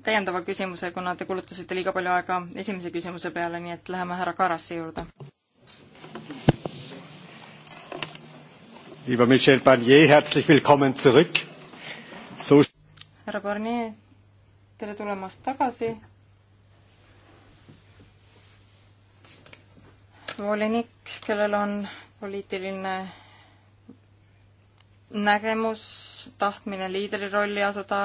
täiendava küsimuse, kuna te kulutasite liiga palju aega esimese küsimuse peale, nii et läheme härra Kaarasse juurde. Lieber Michel Barnier, herzlich willkommen zurück. So... härra Barnier, tere tulemast tagasi. volinik, kellel on poliitiline nägemus, tahtmine liidri rolli asuda,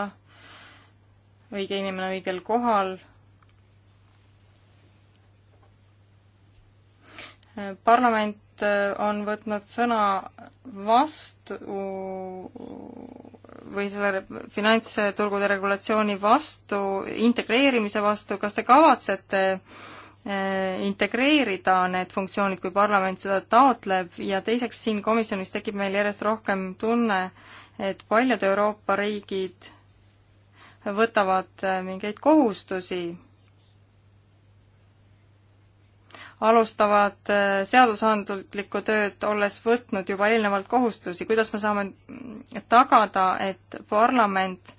õige inimene õigel kohal. parlament parlament äh, on võtnud sõna vastu või selle finantsturgude regulatsiooni vastu, integreerimise vastu, kas te kavatsete äh, integreerida need funktsioonid, kui parlament seda taotleb ja teiseks siin komisjonis tekib meil järjest rohkem tunne, et paljud Euroopa riigid võtavad äh, mingeid kohustusi alustavad äh, seadusandlikku tööd, olles võtnud juba eelnevalt kohustusi, kuidas me saame tagada, et parlament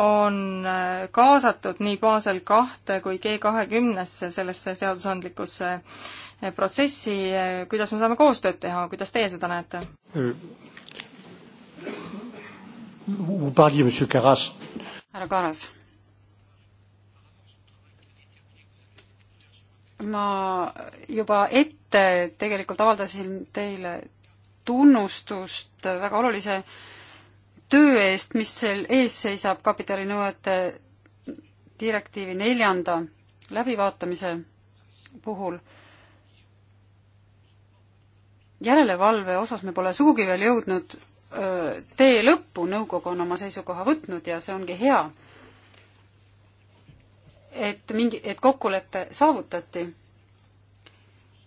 on äh, kaasatud nii Basel kahte kui G kahekümnesse sellesse seadusandlikusse äh, protsessi, kuidas me saame koostööd teha, kuidas teie seda näete? härra Kaaras ma juba ette tegelikult avaldasin teile tunnustust väga olulise töö eest, mis seal ees seisab kapitalinõuete direktiivi neljanda läbivaatamise puhul. järelevalve osas me pole sugugi veel jõudnud tee lõppu, nõukogu on oma seisukoha võtnud ja see ongi hea et mingi, et kokkulepe saavutati.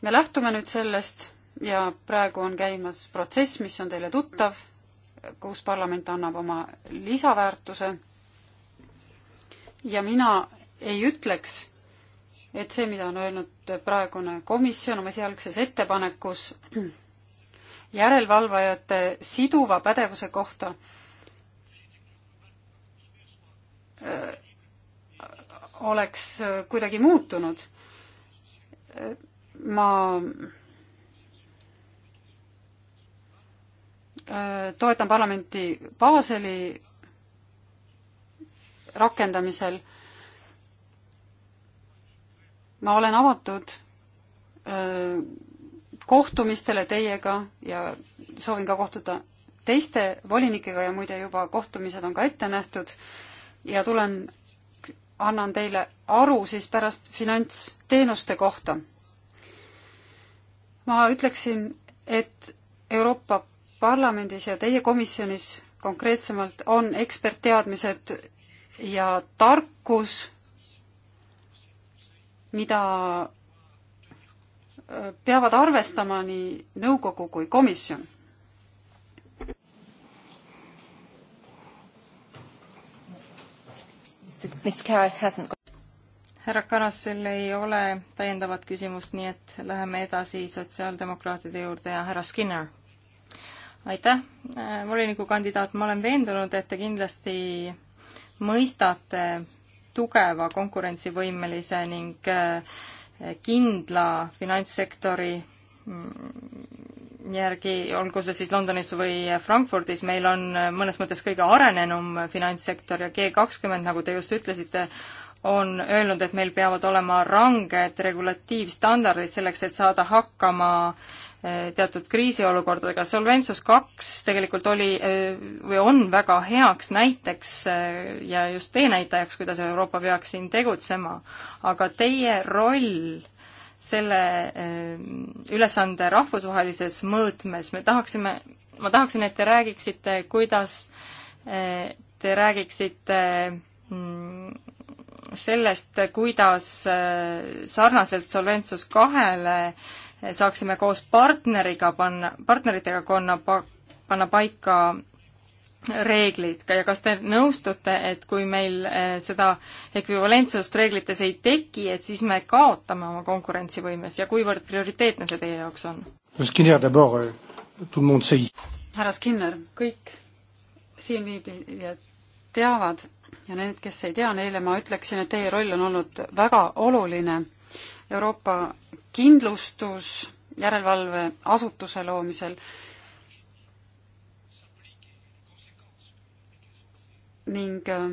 me lähtume nüüd sellest ja praegu on käimas protsess, mis on teile tuttav, kus parlament annab oma lisaväärtuse. ja mina ei ütleks, et see, mida on öelnud praegune komisjon oma esialgses ettepanekus järelevalvajate siduva pädevuse kohta, oleks kuidagi muutunud. ma äh, toetan parlamenti Baseli rakendamisel. ma olen avatud äh, kohtumistele teiega ja soovin ka kohtuda teiste volinikega ja muide juba kohtumised on ka ette nähtud ja tulen annan teile aru siis pärast finantsteenuste kohta. ma ütleksin, et Euroopa Parlamendis ja teie komisjonis konkreetsemalt on ekspertteadmised ja tarkus, mida äh, peavad arvestama nii nõukogu kui komisjon härra Karassel ei ole täiendavat küsimust, nii et läheme edasi sotsiaaldemokraatide juurde ja härra Skinner. aitäh, äh, volinikukandidaat, ma olen veendunud, et te kindlasti mõistate tugeva konkurentsivõimelise ning äh, kindla finantssektori mm, järgi, olgu see siis Londonis või Frankfurdis, meil on mõnes mõttes kõige arenenum finantssektor ja G kakskümmend, nagu te just ütlesite, on öelnud, et meil peavad olema ranged regulatiivstandardid selleks, et saada hakkama eh, teatud kriisiolukordadega. Solventsus kaks tegelikult oli eh, või on väga heaks näiteks eh, ja just teenäitajaks, kuidas Euroopa peaks siin tegutsema. aga teie roll selle eh, ülesande rahvusvahelises mõõtmes, me tahaksime, ma tahaksin, et te räägiksite, kuidas eh, te räägiksite mm, sellest, kuidas eh, sarnaselt Solventsus kahele saaksime koos partneriga panna, partneritega panna, panna paika reeglid ja kas te nõustute, et kui meil äh, seda ekvivalentsust reeglites ei teki, et siis me kaotame oma konkurentsivõimes ja kuivõrd prioriteetne see teie jaoks on? Euh, härra Skinner, kõik siinviibijad teavad ja need, kes ei tea, neile ma ütleksin, et teie roll on olnud väga oluline Euroopa kindlustus järelevalveasutuse loomisel ning äh,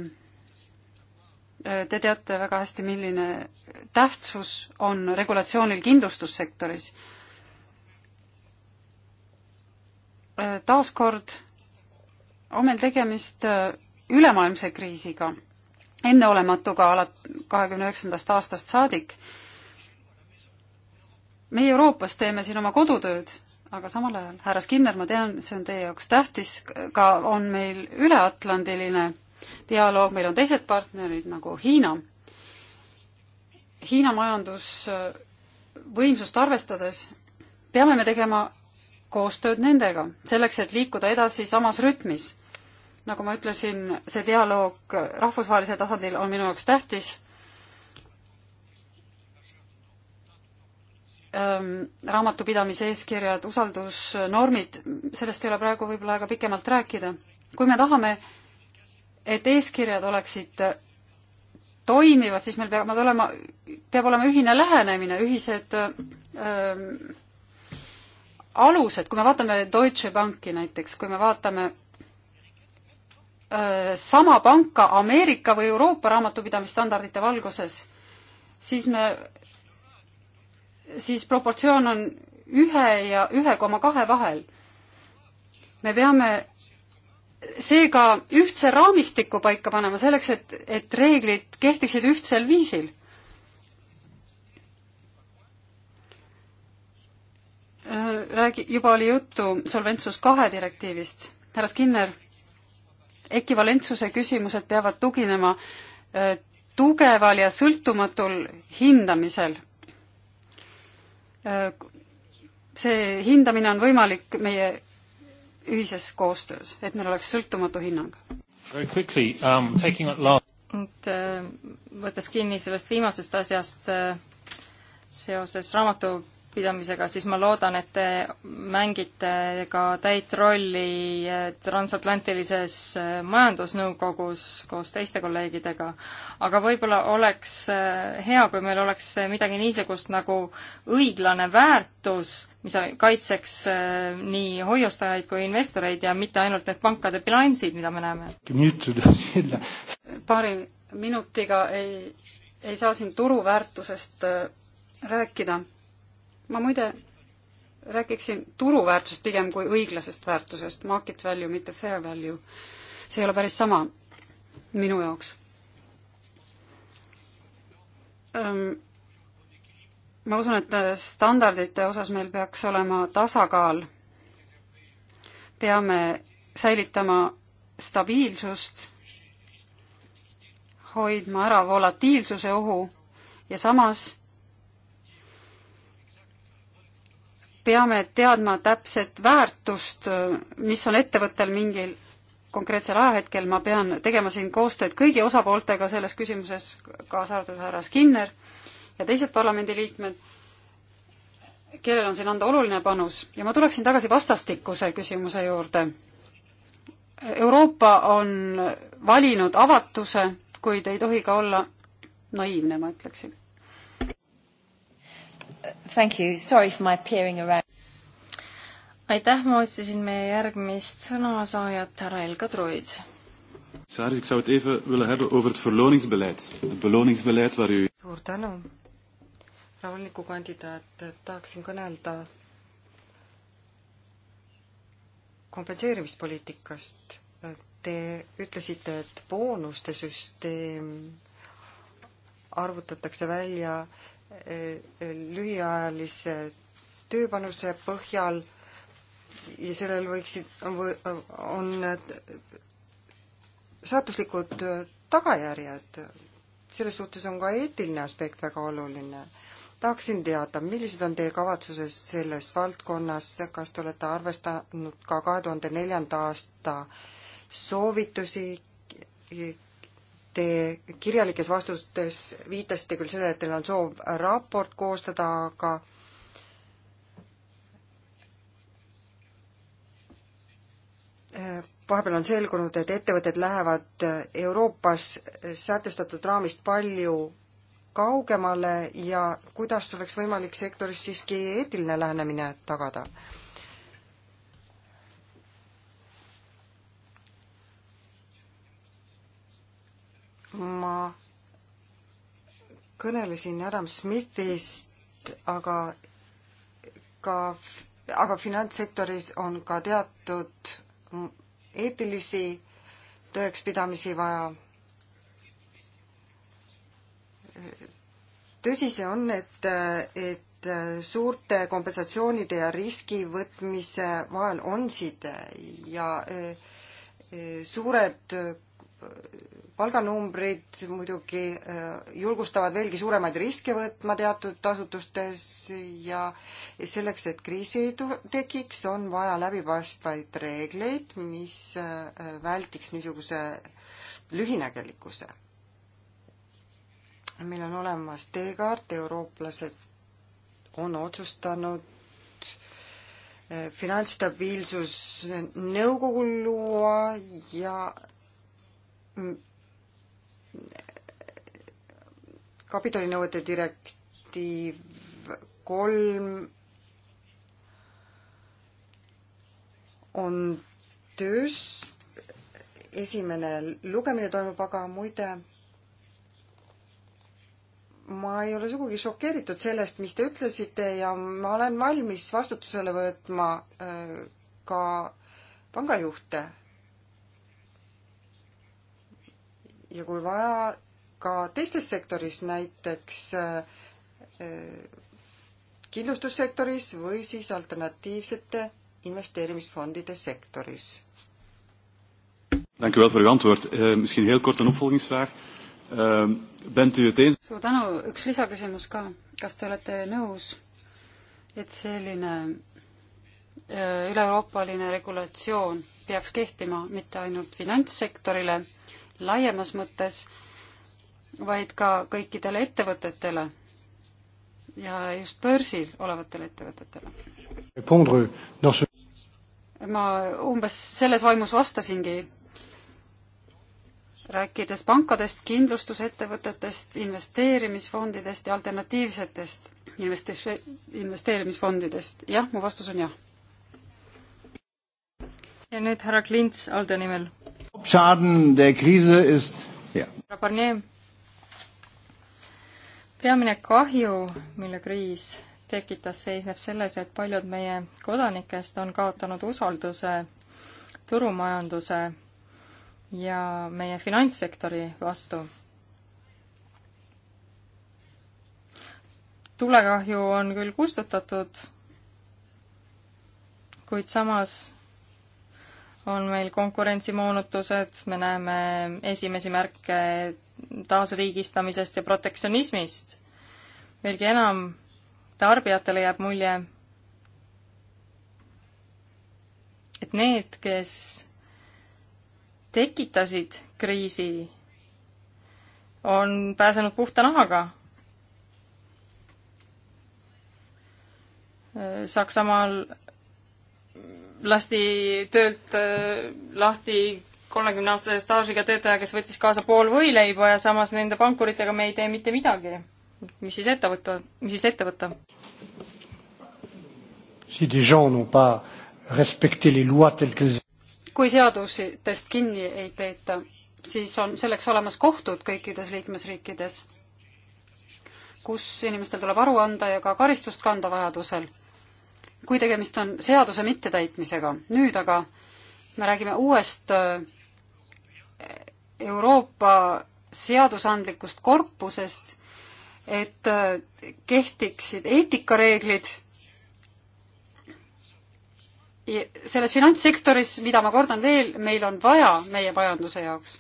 te teate väga hästi, milline tähtsus on regulatsioonil kindlustussektoris. Äh, taaskord on meil tegemist äh, ülemaailmse kriisiga, enneolematuga ala kahekümne üheksandast aastast saadik. meie Euroopas teeme siin oma kodutööd aga samal ajal, härra Skinner, ma tean, see on teie jaoks tähtis, ka on meil üleatlandiline dialoog, meil on teised partnerid nagu Hiina. Hiina majandusvõimsust arvestades peame me tegema koostööd nendega, selleks et liikuda edasi samas rütmis. nagu ma ütlesin, see dialoog rahvusvahelisel tasandil on minu jaoks tähtis Ähm, raamatupidamise eeskirjad, usaldusnormid, sellest ei ole praegu võib-olla aega pikemalt rääkida. kui me tahame, et eeskirjad oleksid äh, toimivad, siis meil peavad olema, peab olema ühine lähenemine, ühised öö, ähm, alused, kui me vaatame Deutsche Banki näiteks, kui me vaatame öö, äh, sama panka Ameerika või Euroopa raamatupidamisstandardite valguses, siis me siis proportsioon on ühe ja ühe koma kahe vahel. me peame seega ühtse raamistiku paika panema selleks, et, et reeglid kehtiksid ühtsel viisil. räägi, juba oli juttu Solventsus kahe direktiivist. härra Skinner, ekvivalentsuse küsimused peavad tuginema eh, tugeval ja sõltumatul hindamisel Äh, see hindamine on võimalik meie ühises koostöös, et meil oleks sõltumatu hinnang. Um, nüüd äh, võttes kinni sellest viimasest asjast äh, seoses raamatu pidamisega, siis ma loodan, et te mängite ka täit rolli eh, transatlantilises eh, majandusnõukogus koos teiste kolleegidega. aga võib-olla oleks eh, hea, kui meil oleks midagi niisugust nagu õiglane väärtus, mis kaitseks nii hoiustajaid kui investoreid ja mitte ainult need pankade bilansid, mida me näeme. paari minutiga ei, ei saa siin turuväärtusest rääkida ma muide räägiksin turuväärtusest pigem kui õiglasest väärtusest, market value, mitte fair value. see ei ole päris sama minu jaoks. ma usun, et standardite osas meil peaks olema tasakaal. peame säilitama stabiilsust, hoidma ära volatiilsuse ohu ja samas peame teadma täpset väärtust, mis on ettevõttel mingil konkreetsel ajahetkel, ma pean tegema siin koostööd kõigi osapooltega selles küsimuses, kaasa arvatud härra Skinner ja teised parlamendiliikmed, kellel on siin anda oluline panus ja ma tuleksin tagasi vastastikuse küsimuse juurde. Euroopa on valinud avatuse, kuid ei tohi ka olla naiivne, ma ütleksin Thank you, sorry for my peering around. aitäh, ma otsisin meie järgmist sõnasaajat, härra Helga Troid. Saar, ik zou het even willen hebben over het verloningsbeleid. Het beloningsbeleid waar u... Suur tänu. Rahuliku kandidaat, tahaksin kõnelda kompenseerimispoliitikast. Te ütlesite, et boonuste süsteem arvutatakse välja lühiajalise tööpanuse põhjal ja sellel võiksid, on saatuslikud tagajärjed. selles suhtes on ka eetiline aspekt väga oluline. tahaksin teada, millised on teie kavatsused selles valdkonnas, kas te olete arvestanud ka kahe tuhande neljanda aasta soovitusi Te kirjalikes vastustes viitasite küll sellele, et teil on soov raport koostada, aga vahepeal on selgunud, et ettevõtted lähevad Euroopas sätestatud raamist palju kaugemale ja kuidas oleks võimalik sektoris siiski eetiline lähenemine tagada? ma kõnelesin Adam Smithist, aga ka, aga finantssektoris on ka teatud eetilisi tõekspidamisi vaja. tõsi see on, et, et suurte kompensatsioonide ja riski võtmise vahel on side ja e, e, suured palganumbrid muidugi äh, julgustavad veelgi suuremaid riske võtma teatud asutustes ja selleks, et kriisi ei tekiks, on vaja läbipaistvaid reegleid, mis äh, väldiks niisuguse lühinägelikkuse. meil on olemas teekaart, eurooplased on otsustanud äh, finantsstabiilsusnõukogu luua ja kapitalinõuete direktiiv kolm on töös, esimene lugemine toimub aga muide ma ei ole sugugi šokeeritud sellest, mis te ütlesite ja ma olen valmis vastutusele võtma äh, ka pangajuhte ja kui vaja, ka teistes sektoris, näiteks äh, äh, kindlustussektoris või siis alternatiivsete investeerimisfondide sektoris. Dank u wel voor uw antwoord uh,. Misschien heel kort een opvolgingsvraag uh,. Bent u het eens? suur tänu, üks lisaküsimus ka. kas te olete nõus, et selline eh, üle-euroopaline regulatsioon peaks kehtima mitte ainult finantssektorile, laiemas mõttes, vaid ka kõikidele ettevõtetele ja just börsil olevatele ettevõtetele. ma umbes selles vaimus vastasingi, rääkides pankadest, kindlustusettevõtetest, investeerimisfondidest ja alternatiivsetest investe-, investeerimisfondidest. jah, mu vastus on jah. ja nüüd härra Klints Alde nimel Schaden der Krise ist ja. Barnier. peamine kahju, mille kriis tekitas, seisneb selles, et paljud meie kodanikest on kaotanud usalduse turumajanduse ja meie finantssektori vastu. tulekahju on küll kustutatud, kuid samas on meil konkurentsimoonutused, me näeme esimesi märke taasriigistamisest ja protektsionismist. veelgi enam, tarbijatele jääb mulje, et need, kes tekitasid kriisi, on pääsenud puhta nahaga. Saksamaal lasti töölt äh, lahti kolmekümne aastase staažiga töötaja, kes võttis kaasa pool võileiba ja samas nende pankuritega me ei tee mitte midagi. mis siis ette võtta, mis siis ette võtta? kui seadustest kinni ei peeta, siis on selleks olemas kohtud kõikides liikmesriikides, kus inimestel tuleb aru anda ja ka karistust kanda vajadusel kui tegemist on seaduse mittetäitmisega. nüüd aga me räägime uuest äh, Euroopa seadusandlikust korpusest, et äh, kehtiksid eetikareeglid selles finantssektoris, mida ma kordan veel, meil on vaja meie majanduse jaoks,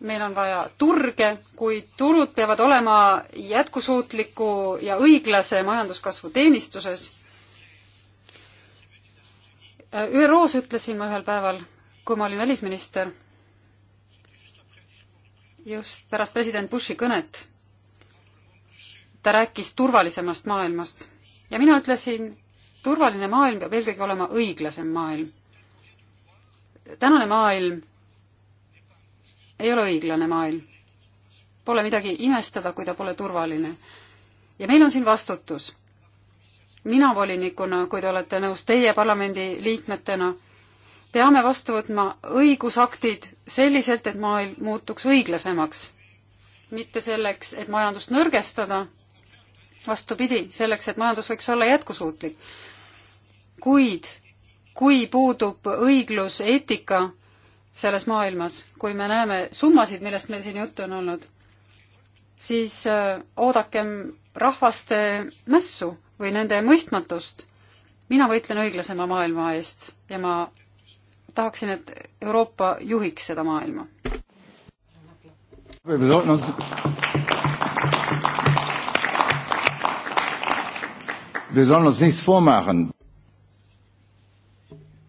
meil on vaja turge, kuid turud peavad olema jätkusuutliku ja õiglase majanduskasvu teenistuses Äh, ÜRO-s ütlesin ma ühel päeval, kui ma olin välisminister, just pärast president Bushi kõnet, ta rääkis turvalisemast maailmast ja mina ütlesin, turvaline maailm peab eelkõige olema õiglasem maailm. tänane maailm ei ole õiglane maailm. Pole midagi imestada, kui ta pole turvaline. ja meil on siin vastutus mina volinikuna, kui te olete nõus teie parlamendi liikmetena, peame vastu võtma õigusaktid selliselt, et maailm muutuks õiglasemaks. mitte selleks, et majandust nõrgestada, vastupidi, selleks, et majandus võiks olla jätkusuutlik. kuid kui puudub õiglus, eetika selles maailmas, kui me näeme summasid, millest meil siin juttu on olnud, siis äh, oodakem rahvaste mässu, või nende mõistmatust. mina võitlen õiglasema maailma eest ja ma tahaksin, et Euroopa juhiks seda maailma.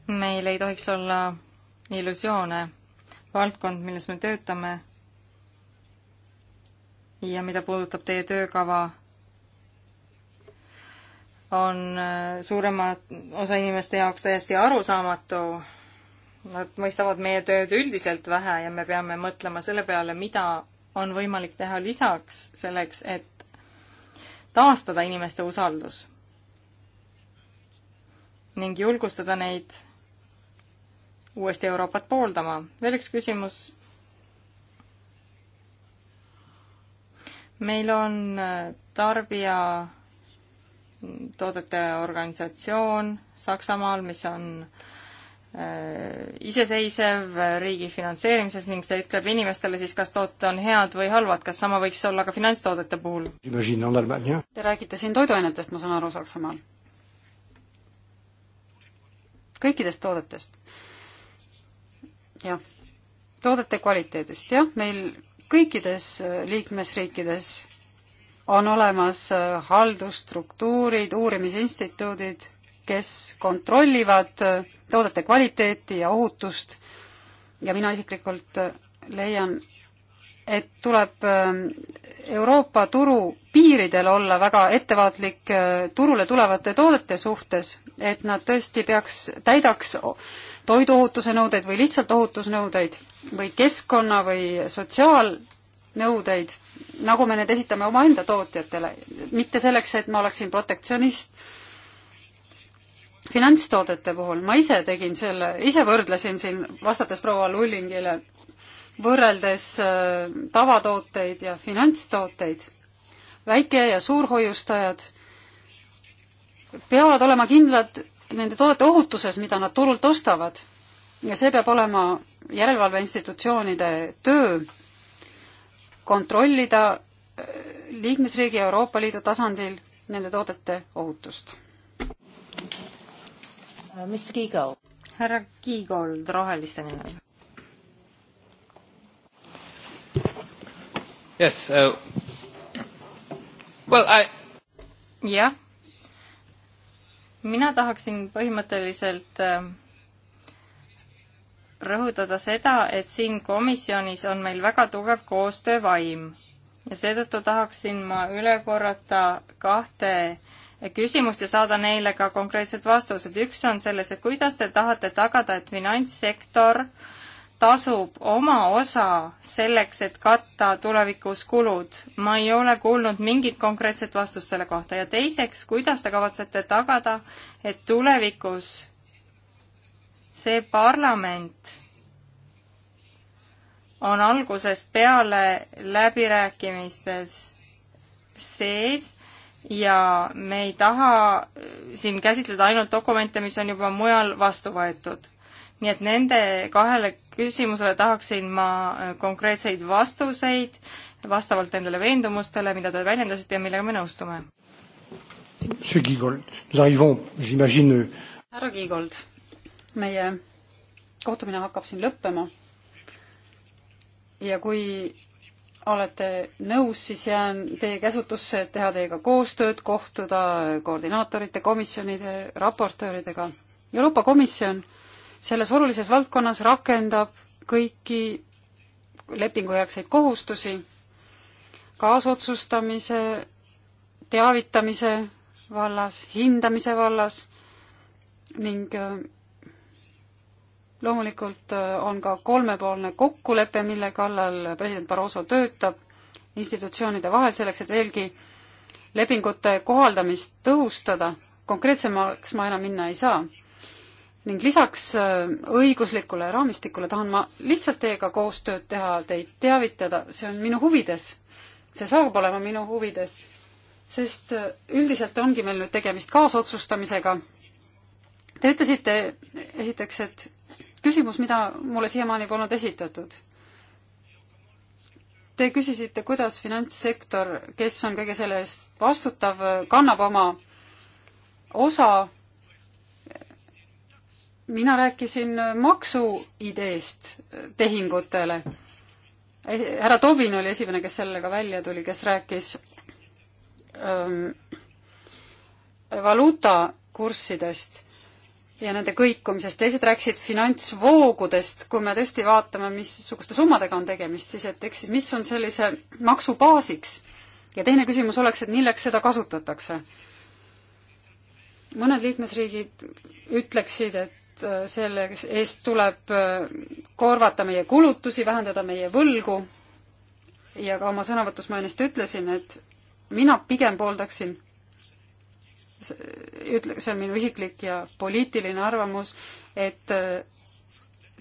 meil ei tohiks olla illusioone. valdkond, milles me töötame ja mida puudutab teie töökava on äh, suurema osa inimeste jaoks täiesti arusaamatu. Nad mõistavad meie tööd üldiselt vähe ja me peame mõtlema selle peale, mida on võimalik teha lisaks selleks, et taastada inimeste usaldus ning julgustada neid uuesti Euroopat pooldama. veel üks küsimus. meil on äh, tarbija toodete organisatsioon Saksamaal, mis on äh, iseseisev riigi finantseerimises ning see ütleb inimestele siis, kas toote on head või halvad, kas sama võiks olla ka finantstoodete puhul? Te räägite siin toiduainetest, ma saan aru, Saksamaal? kõikidest toodetest? jah, toodete kvaliteedist, jah, meil kõikides liikmesriikides on olemas äh, haldusstruktuurid, uurimisinstituudid, kes kontrollivad äh, toodete kvaliteeti ja ohutust ja mina isiklikult äh, leian, et tuleb ähm, Euroopa turu piiridel olla väga ettevaatlik turule tulevate toodete suhtes, et nad tõesti peaks, täidaks toiduohutuse nõudeid või lihtsalt ohutusnõudeid või keskkonna või sotsiaalnõudeid nagu me need esitame omaenda tootjatele, mitte selleks, et ma oleksin protektsionist. finantstoodete puhul ma ise tegin selle, ise võrdlesin siin, vastates proua Lullingile, võrreldes äh, tavatooteid ja finantstooteid, väike- ja suurhoiustajad peavad olema kindlad nende toodete ohutuses, mida nad turult ostavad. ja see peab olema järelevalveinstitutsioonide töö kontrollida äh, liikmesriigi ja Euroopa Liidu tasandil nende toodete ohutust. Äh, härra Kiigold Roheliste nimel. Yes uh,, well I jah, mina tahaksin põhimõtteliselt äh, rõhutada seda, et siin komisjonis on meil väga tugev koostöövaim ja seetõttu tahaksin ma üle korrata kahte küsimust ja saada neile ka konkreetsed vastused. üks on selles, et kuidas te tahate tagada, et finantssektor tasub oma osa selleks, et katta tulevikus kulud. ma ei ole kuulnud mingit konkreetset vastust selle kohta ja teiseks, kuidas te kavatsete tagada, et tulevikus see parlament on algusest peale läbirääkimistes sees ja me ei taha siin käsitleda ainult dokumente, mis on juba mujal vastu võetud. nii et nende kahele küsimusele tahaksin ma konkreetseid vastuseid vastavalt nendele veendumustele, mida te väljendasite ja millega me nõustume. härra Kiigold sest meie kohtumine hakkab siin lõppema. ja kui olete nõus, siis jään teie käsutusse, et teha teiega koostööd, kohtuda koordinaatorite, komisjonide, raportööridega. Euroopa Komisjon selles olulises valdkonnas rakendab kõiki lepingujärgseid kohustusi kaasotsustamise, teavitamise vallas, hindamise vallas ning äh, loomulikult äh, on ka kolmepoolne kokkulepe, mille kallal president Barroso töötab institutsioonide vahel selleks, et veelgi lepingute kohaldamist tõhustada. konkreetsemaks ma enam minna ei saa. ning lisaks äh, õiguslikule raamistikule tahan ma lihtsalt teiega koostööd teha, teid teavitada, see on minu huvides. see saab olema minu huvides, sest äh, üldiselt ongi meil nüüd tegemist kaasotsustamisega Te ütlesite esiteks, et küsimus, mida mulle siiamaani polnud esitatud. Te küsisite, kuidas finantssektor, kes on kõige selle eest vastutav, kannab oma osa. mina rääkisin maksuideest tehingutele. härra Tobin oli esimene, kes sellega välja tuli, kes rääkis ähm, valuutakurssidest ja nende kõikumisest, teised rääkisid finantsvoogudest, kui me tõesti vaatame, missuguste summadega on tegemist, siis et eks siis mis on sellise maksu baasiks. ja teine küsimus oleks, et milleks seda kasutatakse. mõned liikmesriigid ütleksid, et äh, selle eest tuleb äh, korvata meie kulutusi, vähendada meie võlgu ja ka oma sõnavõtus ma ennast ütlesin, et mina pigem pooldaksin ütle, see on minu isiklik ja poliitiline arvamus, et äh,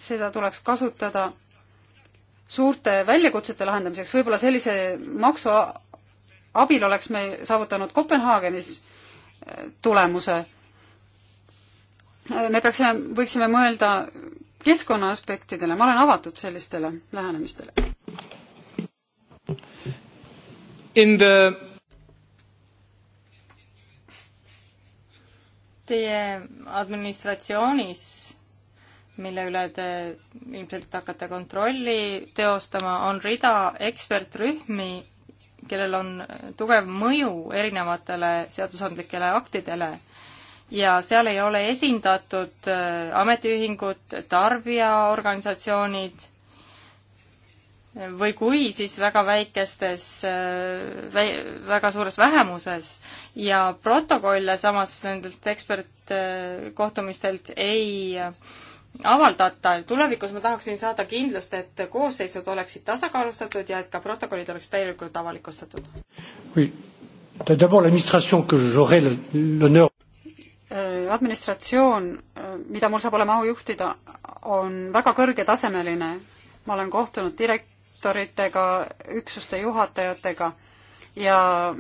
seda tuleks kasutada suurte väljakutsete lahendamiseks, võib-olla sellise maksu abil oleks me saavutanud Kopenhaagenis äh, tulemuse. Äh, me peaksime, võiksime mõelda keskkonna aspektidele, ma olen avatud sellistele lähenemistele. In the Teie administratsioonis, mille üle te ilmselt hakkate kontrolli teostama, on rida ekspertrühmi, kellel on tugev mõju erinevatele seadusandlikele aktidele ja seal ei ole esindatud äh, ametiühingud, tarbijaorganisatsioonid või kui, siis väga väikestes, väga suures vähemuses ja protokolle samas nendelt ekspertkohtumistelt ei avaldata, tulevikus ma tahaksin saada kindlust, et koosseisud oleksid tasakaalustatud ja et ka protokollid oleks täielikult avalikustatud oui.. Äh, administratsioon, äh, mida mul saab olema au juhtida, on väga kõrgetasemeline. ma olen kohtunud direkt-, direktoritega, üksuste juhatajatega ja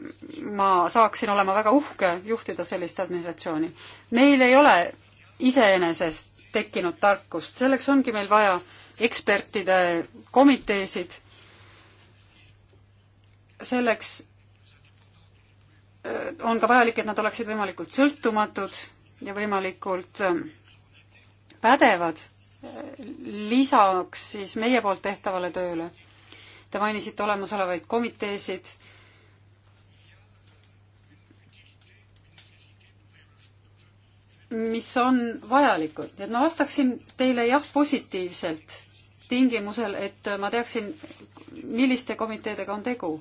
ma saaksin olema väga uhke juhtida sellist administratsiooni. meil ei ole iseenesest tekkinud tarkust, selleks ongi meil vaja ekspertide komiteesid, selleks äh, on ka vajalik, et nad oleksid võimalikult sõltumatud ja võimalikult ähm, pädevad äh, lisaks siis meie poolt tehtavale tööle. Te mainisite olemasolevaid komiteesid. mis on vajalikud, et ma vastaksin teile jah positiivselt, tingimusel, et ma teaksin, milliste komiteedega on tegu.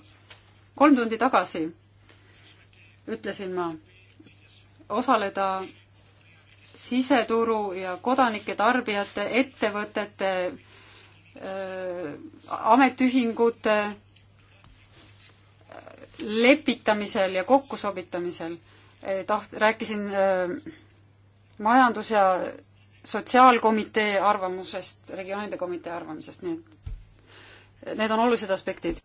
kolm tundi tagasi ütlesin ma osaleda siseturu ja kodanike, tarbijate, ettevõtete Äh, ametiühingute lepitamisel ja kokkusobitamisel. taht-, rääkisin äh, majandus- ja sotsiaalkomitee arvamusest, regioonide komitee arvamusest, nii et need on olulised aspektid.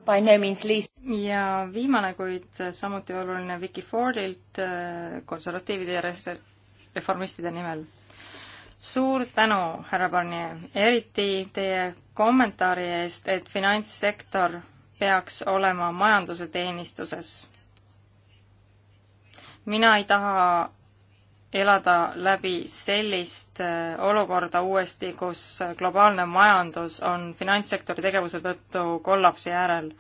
ja viimane, kuid samuti oluline Vicky Fordilt äh, konservatiivide ja reformistide nimel suur tänu, härra Barnier, eriti teie kommentaari eest, et finantssektor peaks olema majanduse teenistuses. mina ei taha elada läbi sellist äh, olukorda uuesti, kus globaalne majandus on finantssektori tegevuse tõttu kollapsi äärel.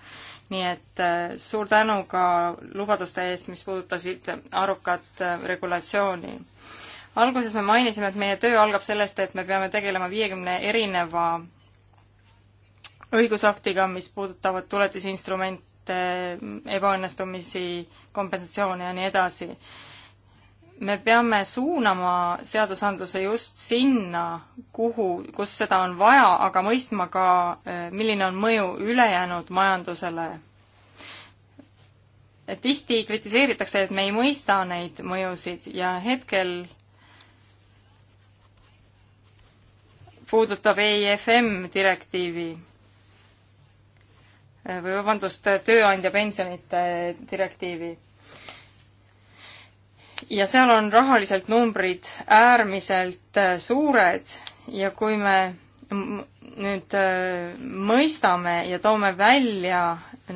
nii et äh, suur tänu ka lubaduste eest, mis puudutasid arukat äh, regulatsiooni alguses me mainisime, et meie töö algab sellest, et me peame tegelema viiekümne erineva õigusaktiga, mis puudutavad tuletisinstrumente, ebaõnnestumisi, kompensatsioone ja nii edasi. me peame suunama seadusandluse just sinna, kuhu, kus seda on vaja, aga mõistma ka, eh, milline on mõju ülejäänud majandusele. tihti kritiseeritakse, et me ei mõista neid mõjusid ja hetkel puudutab EIFM direktiivi või vabandust, tööandja pensionite direktiivi. ja seal on rahaliselt numbrid äärmiselt äh, suured ja kui me nüüd äh, mõistame ja toome välja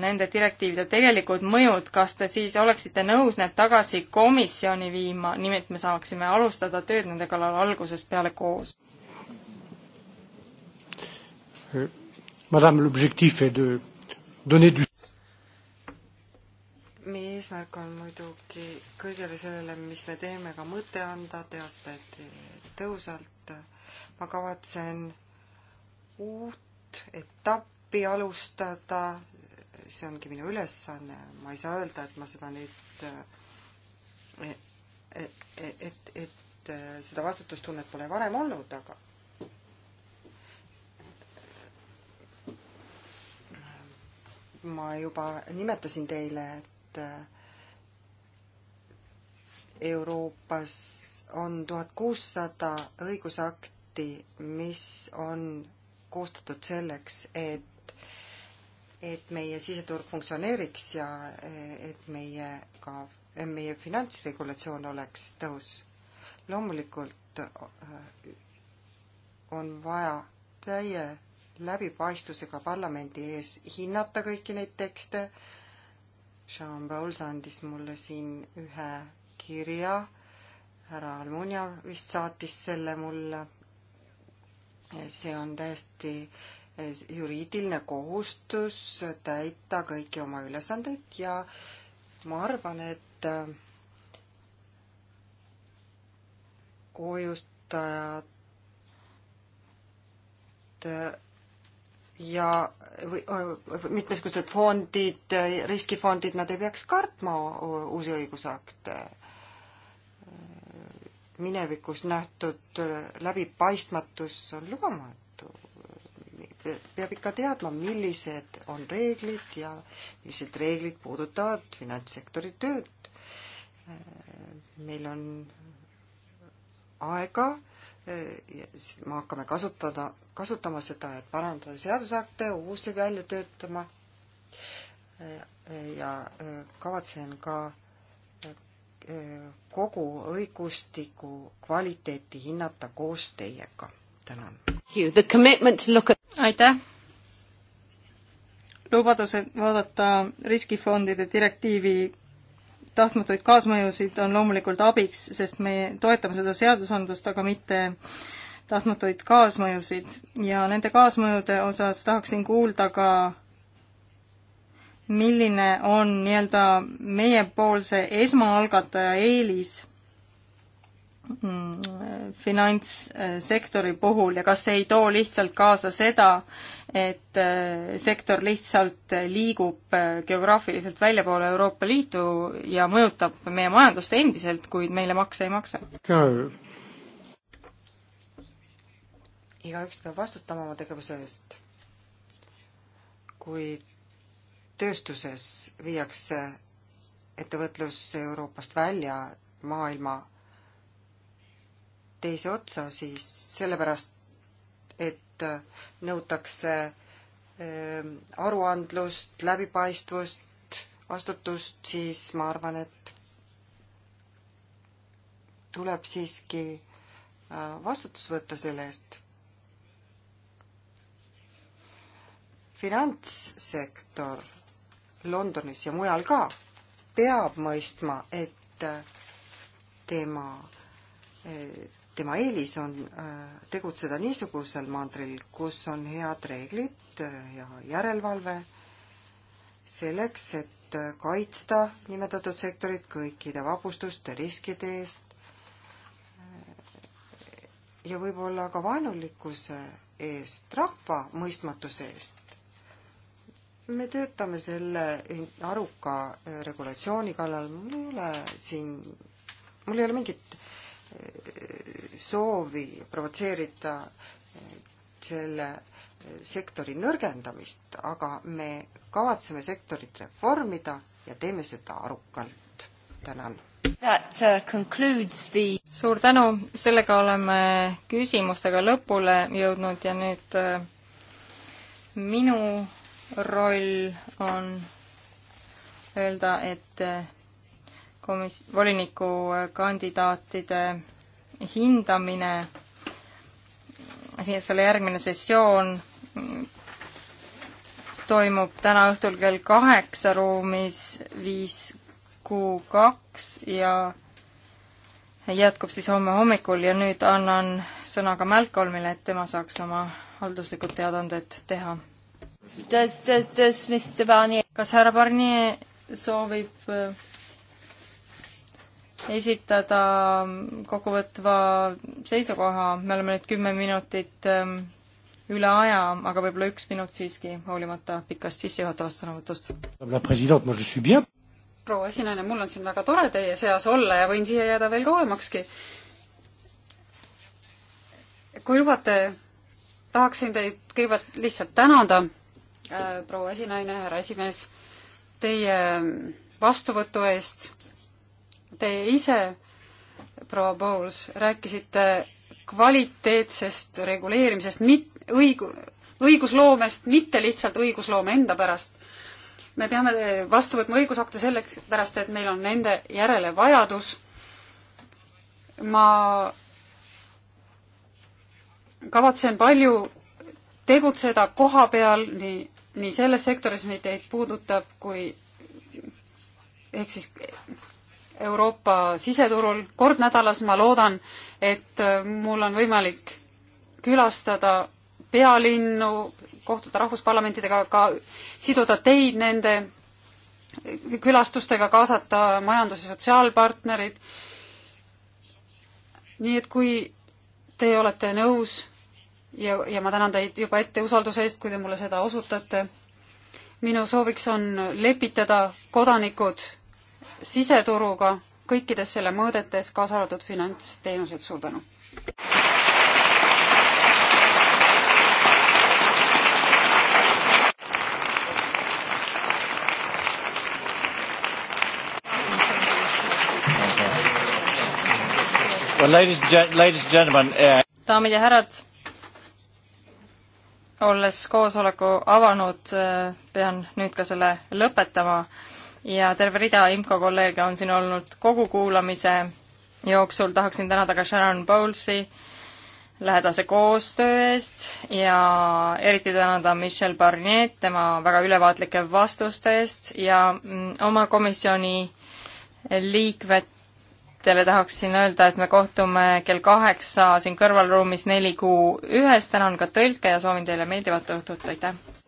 nende direktiivide tegelikud mõjud, kas te siis oleksite nõus need tagasi komisjoni viima, nii et me saaksime alustada tööd nende kallal algusest peale koos? Euh, madame, l'objectif est de donner du meie eesmärk on muidugi kõigele sellele, mis me teeme, ka mõte anda, teostati tõhusalt. ma kavatsen uut etappi alustada, see ongi minu ülesanne, ma ei saa öelda, et ma seda nüüd, et, et, et, et seda vastutustunnet pole varem olnud, aga ma juba nimetasin teile, et äh, Euroopas on tuhat kuussada õigusakti, mis on koostatud selleks, et et meie siseturg funktsioneeriks ja äh, et meie ka, äh, meie finantsregulatsioon oleks tõhus. loomulikult on vaja täie läbipaistvusega parlamendi ees hinnata kõiki neid tekste. Jean Pauls andis mulle siin ühe kirja, härra Almunia vist saatis selle mulle. see on täiesti eh, juriidiline kohustus täita kõiki oma ülesandeid ja ma arvan, et eh, hoiustajad eh, ja või, äh, mitmesugused fondid, riskifondid, nad ei peaks kartma uusi õigusakte. minevikus nähtud läbipaistmatus on lubamatu. peab ikka teadma, millised on reeglid ja millised reeglid puudutavad finantssektori tööd. meil on aega me hakkame kasutada, kasutama seda, et parandada seadusakte, uusi välja töötama. ja kavatsen ka e, kogu õigustiku kvaliteeti hinnata koos teiega. tänan. aitäh! lubadused vaadata riskifondide direktiivi tahtmatuid kaasmõjusid on loomulikult abiks, sest me toetame seda seadusandlust, aga mitte tahtmatuid kaasmõjusid ja nende kaasmõjude osas tahaksin kuulda ka milline on nii-öelda meiepoolse esmaalgataja eelis Mm, finantssektori puhul ja kas see ei too lihtsalt kaasa seda, et äh, sektor lihtsalt liigub äh, geograafiliselt väljapoole Euroopa Liitu ja mõjutab meie majandust endiselt, kuid meile makse ei maksa? igaüks peab vastutama oma tegevuse eest. kui tööstuses viiakse ettevõtlus Euroopast välja maailma teise otsa, siis sellepärast, et äh, nõutakse ähm, aruandlust, läbipaistvust, vastutust, siis ma arvan, et tuleb siiski äh, vastutus võtta selle eest. finantssektor Londonis ja mujal ka peab mõistma, et äh, tema tema eelis on äh, tegutseda niisugusel mandril, kus on head reeglid äh, ja järelevalve selleks, et äh, kaitsta nimetatud sektorit kõikide vabustuste, riskide eest ja võib-olla ka vaenulikkuse eest, rahva mõistmatuse eest. me töötame selle aruka regulatsiooni kallal, mul ei ole siin, mul ei ole mingit soovi provotseerida selle sektori nõrgendamist, aga me kavatseme sektorit reformida ja teeme seda arukalt. tänan. Uh, the... suur tänu, sellega oleme küsimustega lõpule jõudnud ja nüüd uh, minu roll on öelda, et uh, komis-, volinikukandidaatide äh, hindamine, siis selle järgmine sessioon mm, toimub täna õhtul kell kaheksa ruumis viis kuu kaks ja jätkub siis homme hommikul ja nüüd annan sõna ka Malcolmile, et tema saaks oma halduslikud teadaanded teha. kas härra Barnier soovib äh, esitada kokkuvõtva seisukoha, me oleme nüüd kümme minutit ähm, üle aja, aga võib-olla üks minut siiski, hoolimata pikast sissejuhatavast sõnavõtust. proua esinaine, mul on siin väga tore teie seas olla ja võin siia jääda veel kauemakski. kui lubate, tahaksin teid kõigepealt lihtsalt tänada, äh, proua esinaine, härra esimees, teie vastuvõtu eest Teie ise, proua Bowles, rääkisite kvaliteetsest reguleerimisest, mit-, õigu-, õigusloomest, mitte lihtsalt õigusloome enda pärast. me peame vastu võtma õigusakte selleks, pärast et meil on nende järele vajadus. ma kavatsen palju tegutseda koha peal nii, nii selles sektoris, mida teid puudutab, kui ehk siis Euroopa siseturul kord nädalas, ma loodan, et äh, mul on võimalik külastada pealinnu, kohtuda rahvusparlamentidega, ka siduda teid nende külastustega, kaasata majandus- ja sotsiaalpartnerid. nii et kui te olete nõus ja, ja ma tänan teid juba ette usalduse eest, kui te mulle seda osutate, minu sooviks on lepitada kodanikud siseturuga kõikides selle mõõdetes, kaasa arvatud finantsteenused. suur tänu! Uh, daamid ja härrad, olles koosoleku avanud, äh, pean nüüd ka selle lõpetama ja terve rida IMCO kolleege on siin olnud kogu kuulamise jooksul, tahaksin tänada ka Sharon Bowlesi lähedase koostöö eest ja eriti tänada Michel Barnier tema väga ülevaatlike vastuste eest ja mm, oma komisjoni liikmetele tahaksin öelda, et me kohtume kell kaheksa siin kõrvalruumis neli kuu ühes, tänan ka tõlke ja soovin teile meeldivat õhtut, aitäh!